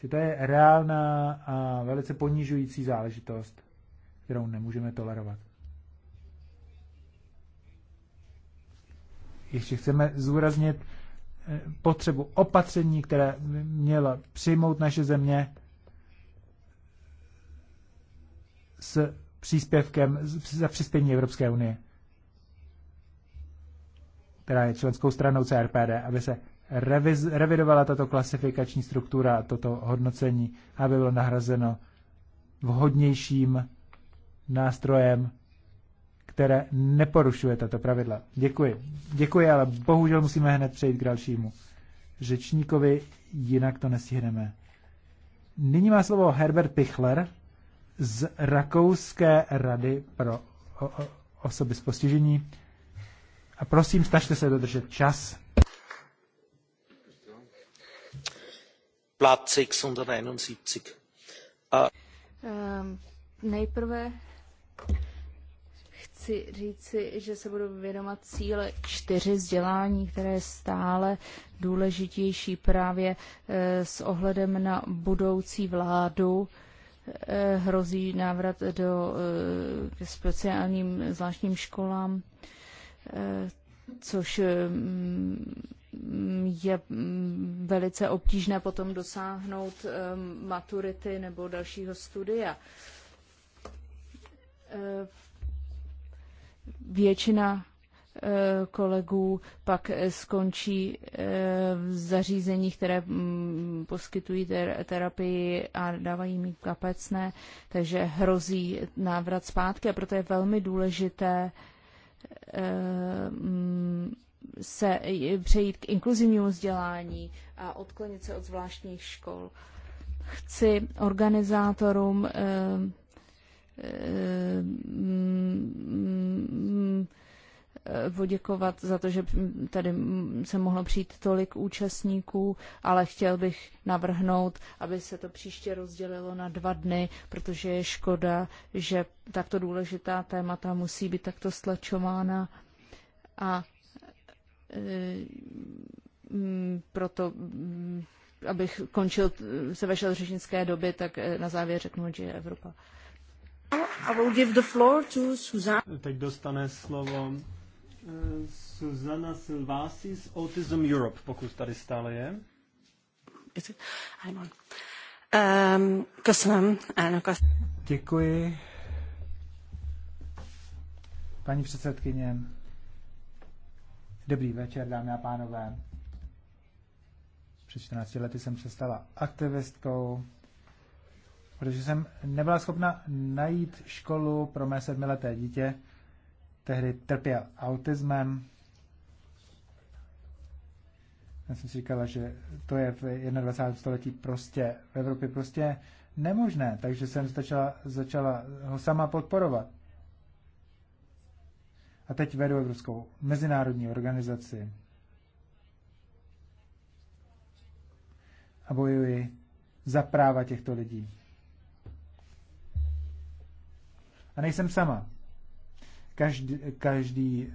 Že to je reálná a velice ponižující záležitost, kterou nemůžeme tolerovat. Ještě chceme zúraznit potřebu opatření, které měla přijmout naše země s příspěvkem, za přispění Evropské unie, která je členskou stranou CRPD, aby se reviz, revidovala tato klasifikační struktura, toto hodnocení, aby bylo nahrazeno vhodnějším nástrojem které neporušuje tato pravidla. Děkuji. Děkuji, ale bohužel musíme hned přejít k dalšímu řečníkovi, jinak to nestihneme. Nyní má slovo Herbert Pichler z Rakouské rady pro osoby s postižení. A prosím, snažte se dodržet čas. Plat 671. A... Um, nejprve chci říci, že se budu věnovat cíle čtyři vzdělání, které je stále důležitější právě eh, s ohledem na budoucí vládu. Eh, hrozí návrat do eh, speciálním zvláštním školám, což mm, je mm, velice obtížné potom dosáhnout maturity nebo dalšího studia Většina eh, kolegů pak eh, skončí eh, v zařízeních, které mm, poskytují terapii a dávají mi kapecné, takže hrozí návrat zpátky a proto je velmi důležité mm, se přejít k inkluzivnímu vzdělání a odklonit se od zvláštních škol. Chci organizátorům poděkovat za to, že tady se mohlo přijít tolik účastníků, ale chtěl bych navrhnout, aby se to příště rozdělilo na dva dny, protože je škoda, že takto důležitá témata musí být takto stlačována a e, proto abych končil se vešel řečnické doby, tak e, na závěr řeknu, že je Evropa Oh, Teď dostane slovo eh, Susana Silvasi z Autism Europe, pokud tady stále je. I'm on. Um, köszönöm, Děkuji. Paní předsedkyně, dobrý večer, dámy a pánové. Před 14 lety jsem se stala aktivistkou protože jsem nebyla schopna najít školu pro mé sedmileté dítě. Tehdy trpěl autismem. Já jsem si říkala, že to je v 21. století prostě v Evropě prostě nemožné, takže jsem začala, začala ho sama podporovat. A teď vedu Evropskou mezinárodní organizaci a bojuji za práva těchto lidí. A nejsem sama. Každý, každý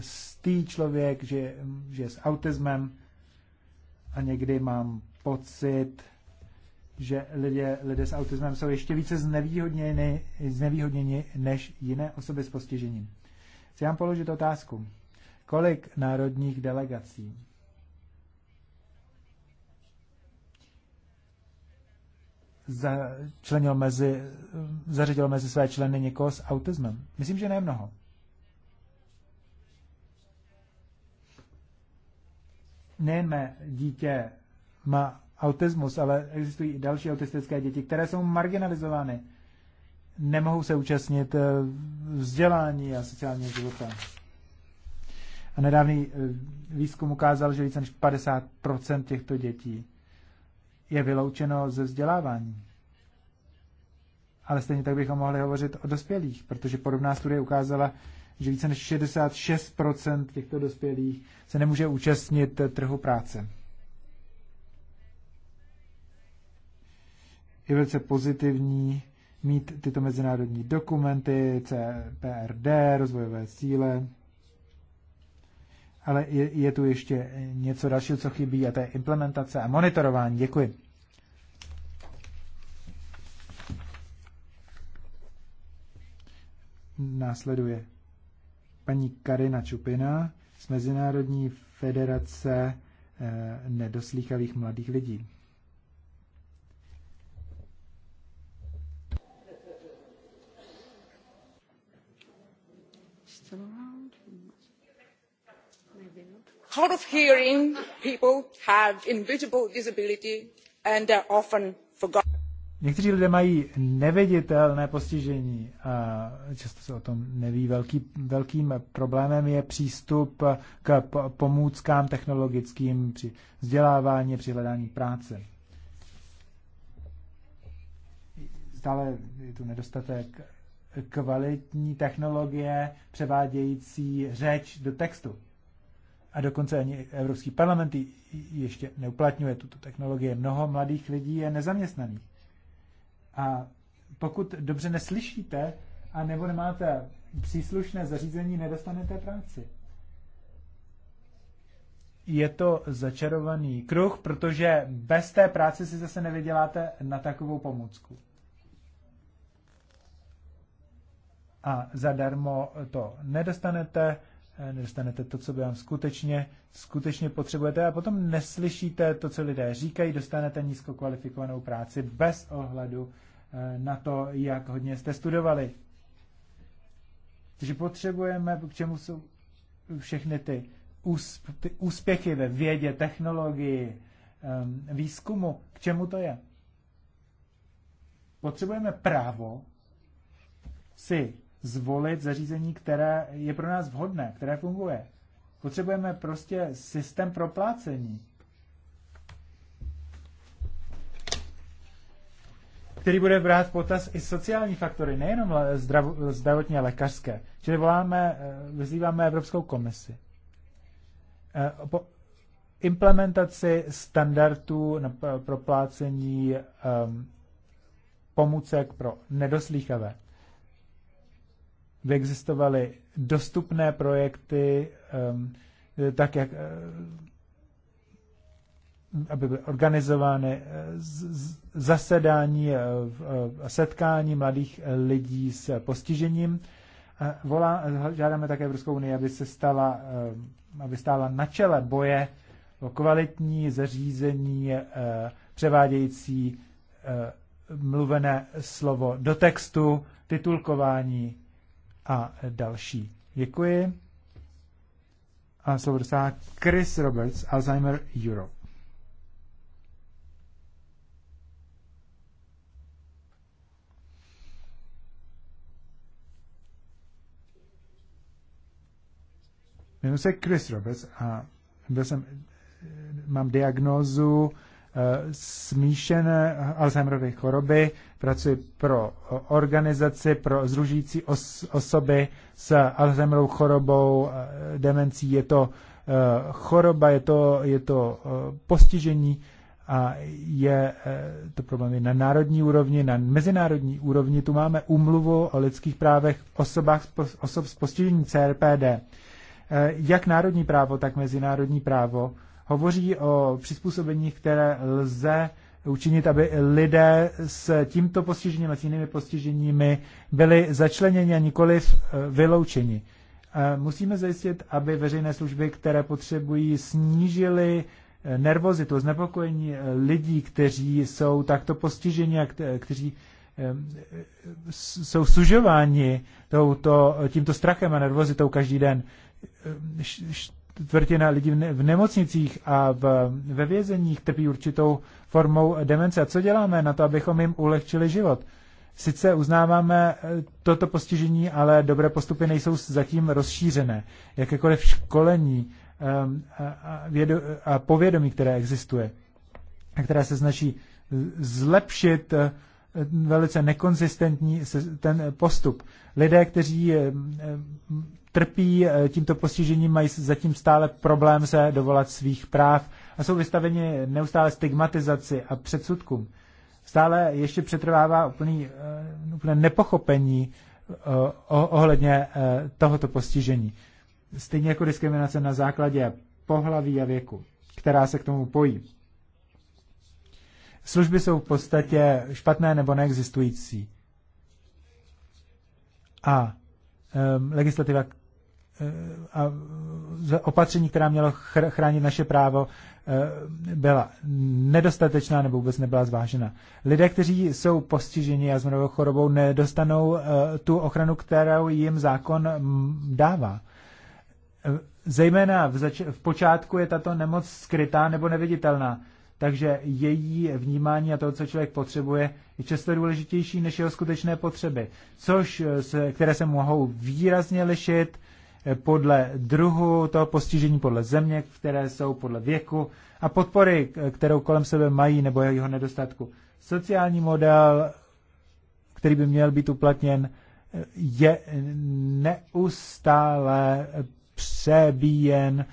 stý člověk, že, že je s autismem a někdy mám pocit, že lidé, lidé s autismem jsou ještě více znevýhodněni, znevýhodněni než jiné osoby s postižením. Chci vám položit otázku. Kolik národních delegací začlenil mezi, zařadil mezi své členy někoho s autismem? Myslím, že ne mnoho. Nejen mé dítě má autismus, ale existují i další autistické děti, které jsou marginalizovány. Nemohou se účastnit eh, vzdělání a sociálního života. A nedávný eh, výzkum ukázal, že více než 50% těchto dětí je vyloučeno ze vzdělávání. Ale stejně tak bychom mohli hovořit o dospělých, protože podobná studie ukázala, že více než 66% těchto dospělých se nemůže účastnit trhu práce. Je velice pozitivní mít tyto mezinárodní dokumenty, CPRD, rozvojové cíle, ale je, je tu ještě něco dalšího, co chybí, a to je implementace a monitorování. Děkuji. Následuje paní Karina Čupina z Mezinárodní federace eh, nedoslýchavých mladých lidí. Hard of hearing people have invisible disability and are often forgotten. Někteří lidé mají neviditelné postižení a často se o tom neví. Velký, velkým problémem je přístup k pomůckám technologickým při vzdělávání, při hledání práce. Stále je tu nedostatek kvalitní technologie převádějící řeč do textu. A dokonce ani Evropský parlament ještě neuplatňuje tuto technologii. Mnoho mladých lidí je nezaměstnaných a pokud dobře neslyšíte a nebo nemáte příslušné zařízení, nedostanete práci. Je to začarovaný kruh, protože bez té práce si zase nevyděláte na takovou pomůcku. A zadarmo to nedostanete, Eh, nedostanete to, co by vám skutečně, skutečně potřebujete a potom neslyšíte to, co lidé říkají, dostanete nízkokvalifikovanou práci bez ohledu eh, na to, jak hodně jste studovali. Takže potřebujeme, k čemu jsou všechny ty, úsp- ty úspěchy ve vědě, technologii, výzkumu, k čemu to je? Potřebujeme právo si zvolit zařízení, které je pro nás vhodné, které funguje. Potřebujeme prostě systém proplácení, který bude brát v potaz i sociální faktory, nejenom zdrav, zdravotní a lékařské. Čili voláme, eh, vyzýváme Evropskou komisi. Eh, po implementaci standardů na proplácení ehm, pomůcek pro nedoslýchavé by existovaly dostupné projekty, e, tak jak e, aby byly organizovány e, zasedání a setkání mladých lidí s postižením. Volá, žádáme také Evropskou unii, aby se stala, aby stála na čele boje o kvalitní zařízení převádějící mluvené slovo do textu, titulkování a další. Děkuji. A slovo dostává Chris Roberts, Alzheimer Europe. Jmenuji se Chris Roberts a byl jsem, mám diagnózu smíšené Alzheimerovy choroby, pracuji pro organizaci pro združující os- osoby s Alzheimerovou chorobou, eh, demencí. Je to eh, choroba, je to, je to eh, postižení a je to problém na národní úrovni, na mezinárodní úrovni. Tu máme umluvu o lidských právech osobách, osob s postižením CRPD. Jak národní právo, tak mezinárodní právo hovoří o přizpůsobení, které lze učinit, aby lidé s tímto postižením a s jinými postiženími byli začleněni a nikoli eh, vyloučeni. Eh, musíme zajistit, aby veřejné služby, které potřebují, snížily eh, nervozitu, znepokojení lidí, kteří jsou takto postiženi a kteří jsou sužováni touto, tímto strachem a nervozitou každý den čtvrtina lidí v nemocnicích a v, ve vězeních trpí určitou formou demence. A co děláme na to, abychom jim ulehčili život? Sice uznáváme eh, toto postižení, ale dobré postupy nejsou zatím rozšířené. Jakékoliv školení ehm, a povědomí, které existuje, a které se snaží zlepšit eh, velice nekonzistentní ten postup. Lidé, kteří eh, trpí eh, tímto postižením, mají zatím stále problém se dovolat svých práv a jsou vystaveni neustále stigmatizaci a předsudkům. Stále ještě přetrvává úplný, eh, úplné nepochopení eh, ohledně tohoto postižení. Stejně jako diskriminace na základě pohlaví a věku, která se k tomu pojí. Služby jsou v podstatě špatné nebo neexistující. A um, legislativa, a opatření, která měla chránit naše právo, eh, byla nedostatečná nebo vůbec nebyla zvážena. Lidé, kteří jsou postiženi jazmerovou chorobou, nedostanou eh, tu ochranu, kterou jim zákon mm, dává. Eh, zejména v, zač- v počátku je tato nemoc skrytá nebo neviditelná, takže její vnímání a to, co člověk potřebuje, je často důležitější než jeho skutečné potřeby, což se, které se mohou výrazně lišit, podle druhu toho postižení, podle země, které jsou, podle věku a podpory, kterou kolem sebe mají nebo jeho nedostatku. Sociální model, který by měl být uplatněn, je neustále přebíjen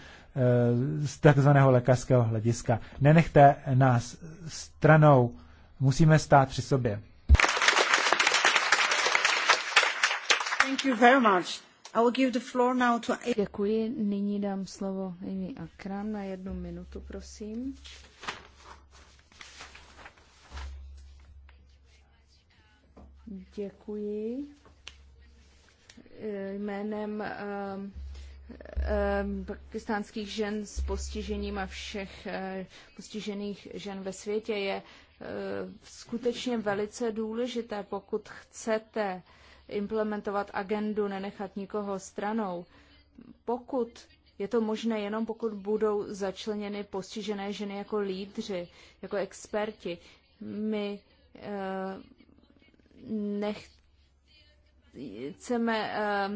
eh, z takzvaného lékařského hlediska. Nenechte nás stranou, musíme stát při sobě. Thank you very much. Děkuji, nyní dám slovo Amy Akram na jednu minutu, prosím. Děkuji. E, jménem um, um, pakistánských žen s postižením a všech uh, postižených žen ve světě je uh, skutečně velice důležité, pokud chcete uh, implementovat agendu, nenechat nikoho stranou. Pokud je to možné jenom pokud budou začleněny postižené ženy jako lídři, jako experti. My e, nech, chceme e,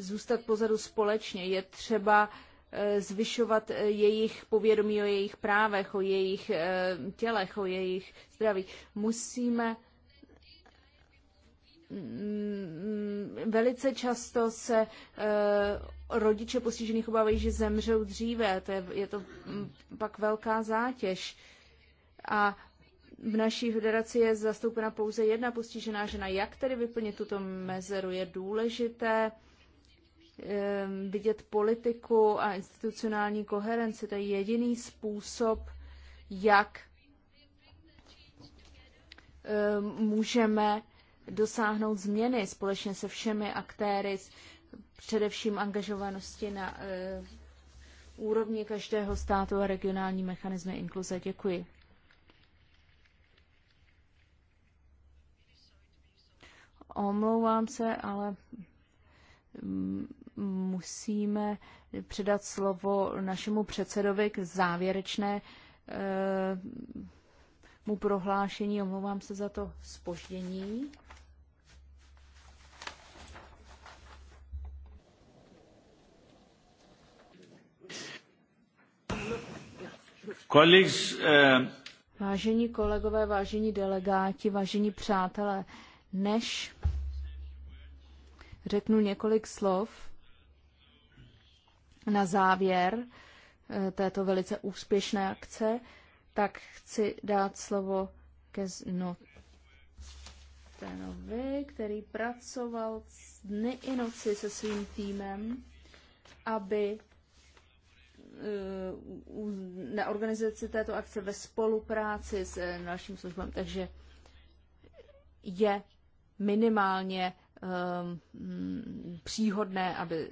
zůstat pozadu společně. Je třeba e, zvyšovat jejich povědomí o jejich právech, o jejich e, tělech, o jejich zdraví. Musíme Mm, velice často se eh, rodiče postižených obávají, že zemřou dříve. To je, je to mm, pak velká zátěž. A v naší federaci je zastoupena pouze jedna postižená žena. Jak tedy vyplnit tuto mezeru? Je důležité ehm, vidět politiku a institucionální koherenci. To je jediný způsob, jak ehm, můžeme dosáhnout změny společně se všemi aktéry, především angažovanosti na uh, úrovni každého státu a regionální mechanismy inkluze. Děkuji. Omlouvám se, ale mm, musíme předat slovo našemu předsedovi k závěrečné e, mu prohlášení. Omlouvám se za to spoždění. Eh, vážení kolegové, vážení delegáti, vážení přátelé, než řeknu několik slov na závěr eh, této velice úspěšné akce, tak chci dát slovo ke Znotenovi, který pracoval dny i noci se svým týmem, aby na organizaci této akce ve spolupráci s naším eh, službem, takže je minimálně ehm, příhodné, aby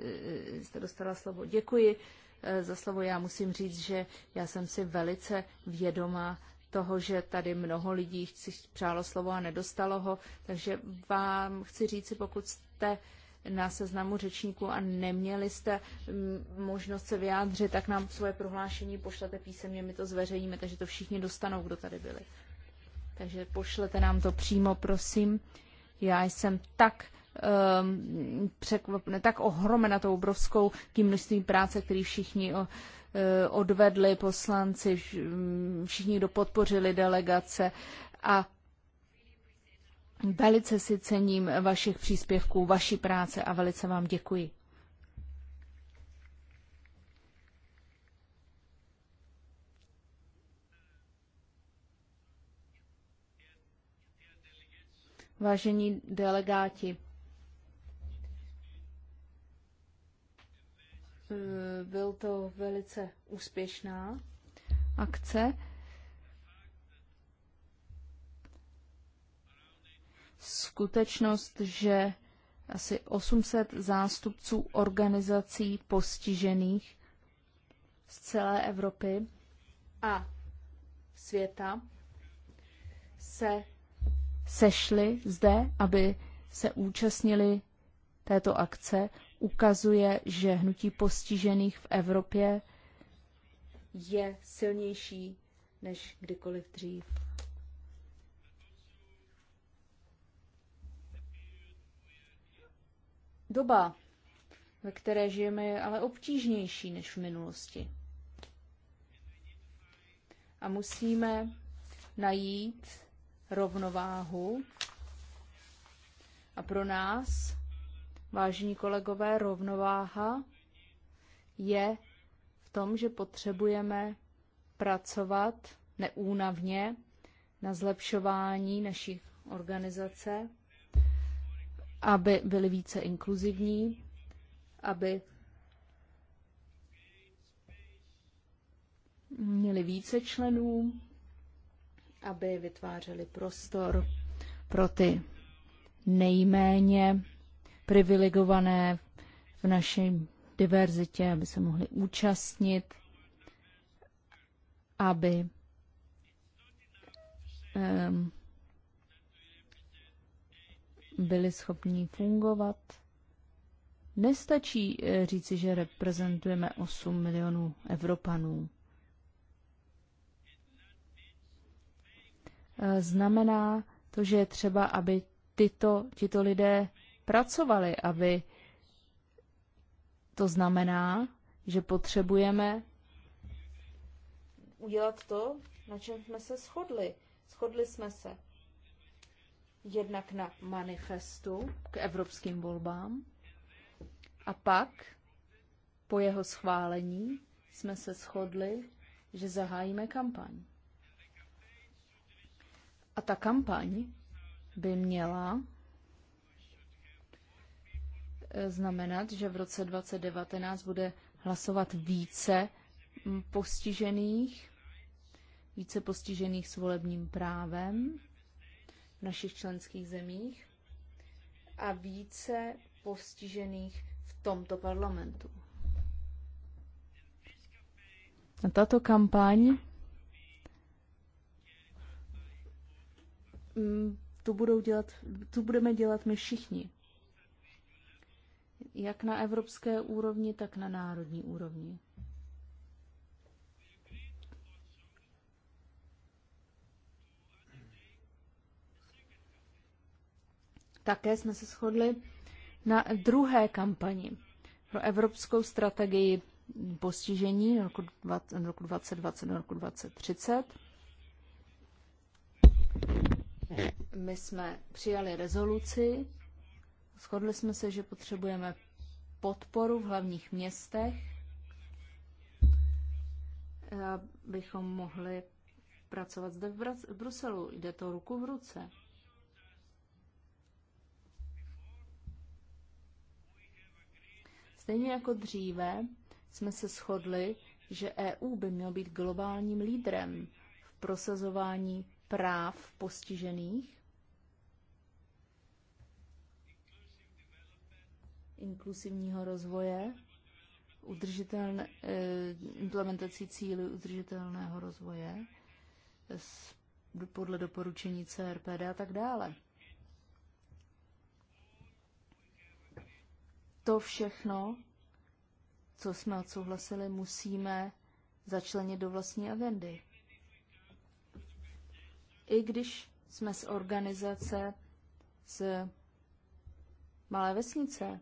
eh, jste dostala slovo. Děkuji eh, za slovo. Já musím říct, že já jsem si velice vědomá toho, že tady mnoho lidí chci, přálo slovo a nedostalo ho, takže vám chci říct, pokud jste uh, na seznamu řečníků a neměli jste mm, možnost se vyjádřit, tak nám svoje prohlášení pošlete písemně, my to zveřejníme, takže to všichni dostanou, kdo tady byli. Takže pošlete nám to přímo, prosím. Já jsem tak um, ehm, překvapne, tak ohromena tou obrovskou tím množstvím práce, který všichni o, eh, odvedli poslanci, mm, všichni, kdo podpořili delegace a Velice si cením vašich příspěvků, vaší práce a velice vám děkuji. Vážení delegáti, eh, byl to velice úspěšná akce. skutečnost, že asi 800 zástupců organizací postižených z celé Evropy a světa se sešli zde, aby se účastnili této akce, ukazuje, že hnutí postižených v Evropě je silnější než kdykoliv dřív. Doba, ve které žijeme, je ale obtížnější než v minulosti. A musíme najít rovnováhu. A pro nás, vážení kolegové, rovnováha je v tom, že potřebujeme pracovat neúnavně na zlepšování naší organizace aby byly více inkluzivní, aby měli více členů, aby vytvářeli prostor pro ty nejméně privilegované v naší diverzitě, aby se mohli účastnit, aby um, byli schopni fungovat. Nestačí eh, říci, že reprezentujeme 8 milionů Evropanů. Eh, znamená to, že je třeba, aby tyto, tyto lidé pracovali, aby to znamená, že potřebujeme udělat to, na čem jsme se shodli. Shodli jsme se jednak na manifestu k evropským volbám a pak po jeho schválení jsme se shodli, že zahájíme kampaň. A ta kampaň by měla eh, znamenat, že v roce 2019 bude hlasovat více mm, postižených, více postižených s volebním právem našich členských zemích a více postižených v tomto parlamentu. A tato kampaň mm, tu, budou dělat, tu budeme dělat my všichni. Jak na evropské úrovni, tak na národní úrovni. Také jsme se shodli na druhé kampani pro evropskou strategii postižení roku 2020 roku 2020 roku 2030. My jsme přijali rezoluci, shodli jsme se, že potřebujeme podporu v hlavních městech, abychom mohli pracovat zde v Bruselu. Jde to ruku v ruce. Stejně jako dříve jsme se shodli, že EU by měl být globálním lídrem v prosazování práv postižených, inkluzivního rozvoje, udržitelné, eh, implementací cílů udržitelného rozvoje podle doporučení CRPD a tak dále. to všechno, co jsme odsouhlasili, musíme začlenit do vlastní agendy. I když jsme z organizace z malé vesnice,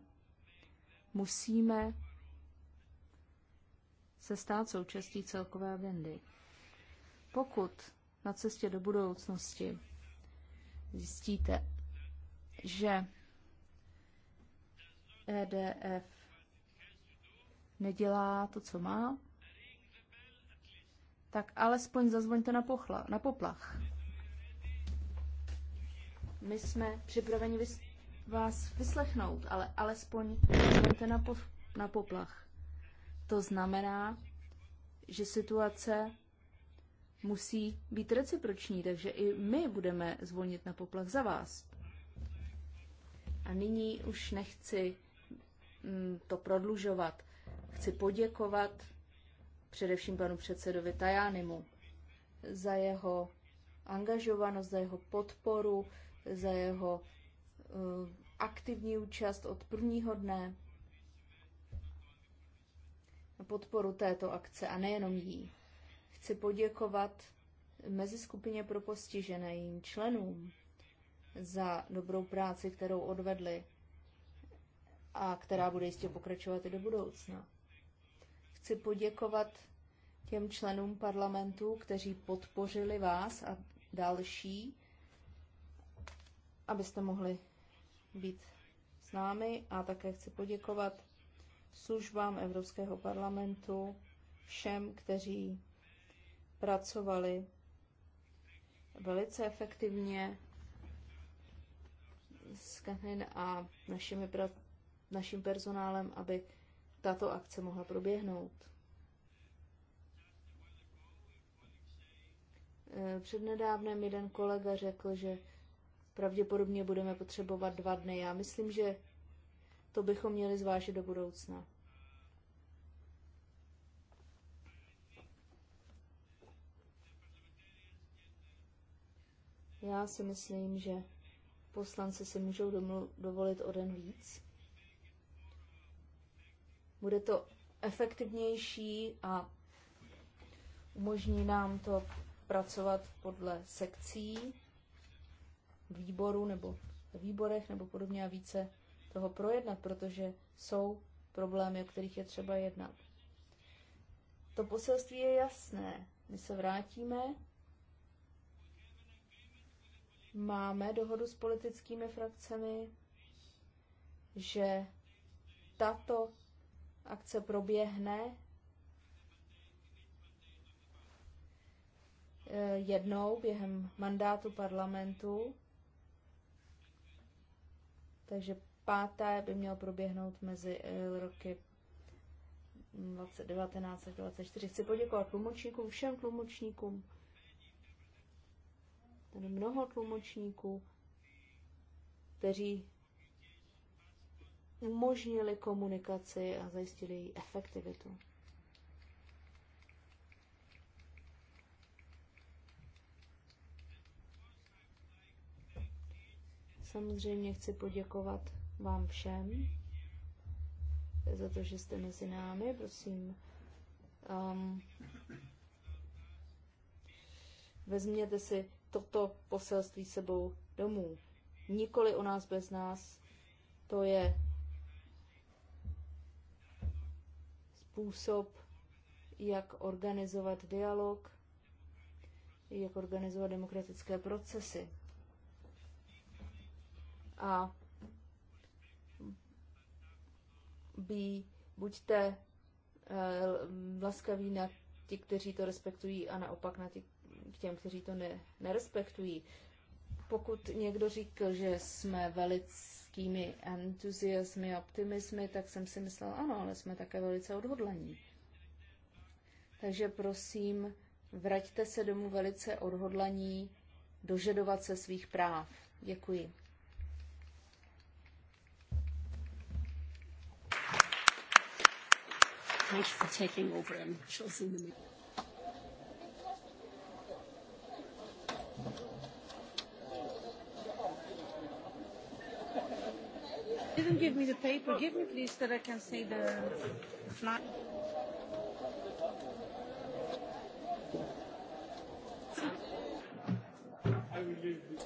musíme se stát součástí celkové agendy. Pokud na cestě do budoucnosti zjistíte, že EDF nedělá to, co má, tak alespoň zazvoňte na, pochla, na poplach. My jsme připraveni vys- vás vyslechnout, ale alespoň zazvoňte na, po- na poplach. To znamená, že situace musí být reciproční, takže i my budeme zvonit na poplach za vás. A nyní už nechci Mm, to prodlužovat. Chci poděkovat především panu předsedovi Tajánimu za jeho angažovanost, za jeho podporu, za jeho eh, aktivní účast od prvního dne na podporu této akce a nejenom jí. Chci poděkovat mezi skupině pro postižené jejím členům za dobrou práci, kterou odvedli a která bude jistě pokračovat i do budoucna. Chci poděkovat těm členům parlamentu, kteří podpořili vás a další, abyste mohli být s námi a také chci poděkovat službám Evropského parlamentu, všem, kteří pracovali velice efektivně s Katrin a našimi pracovníky naším personálem, aby tato akce mohla proběhnout. E, přednedávnem jeden kolega řekl, že pravděpodobně budeme potřebovat dva dny. Já myslím, že to bychom měli zvážit do budoucna. Já si myslím, že poslanci si můžou dovolit o den víc. Bude to efektivnější a umožní nám to pracovat podle sekcí výboru nebo výborech nebo podobně a více toho projednat, protože jsou problémy, o kterých je třeba jednat. To poselství je jasné. My se vrátíme. Máme dohodu s politickými frakcemi, že tato akce proběhne eh, jednou během mandátu parlamentu. Takže páté by mělo proběhnout mezi eh, roky 2019 a 2024. Chci poděkovat tlumočníkům, všem tlumočníkům. Tady mnoho tlumočníků, kteří umožnili komunikaci a zajistili její efektivitu. Samozřejmě chci poděkovat vám všem za to, že jste mezi námi. Prosím, um, vezměte si toto poselství sebou domů. Nikoli o nás bez nás, to je způsob, jak organizovat dialog, jak organizovat demokratické procesy. A by buďte eh, laskaví na ti, kteří to respektují a naopak na ti, k těm, kteří to ne, nerespektují. Pokud někdo říkal, že jsme velice obrovskými entuziasmy a optimismy, tak jsem si myslel, ano, ale jsme také velice odhodlaní. Takže prosím, vraťte se domů velice odhodlaní dožadovat se svých práv. Děkuji. Thanks for taking over and the meeting. give me the paper. Give me, please, that I can see the. I will leave this.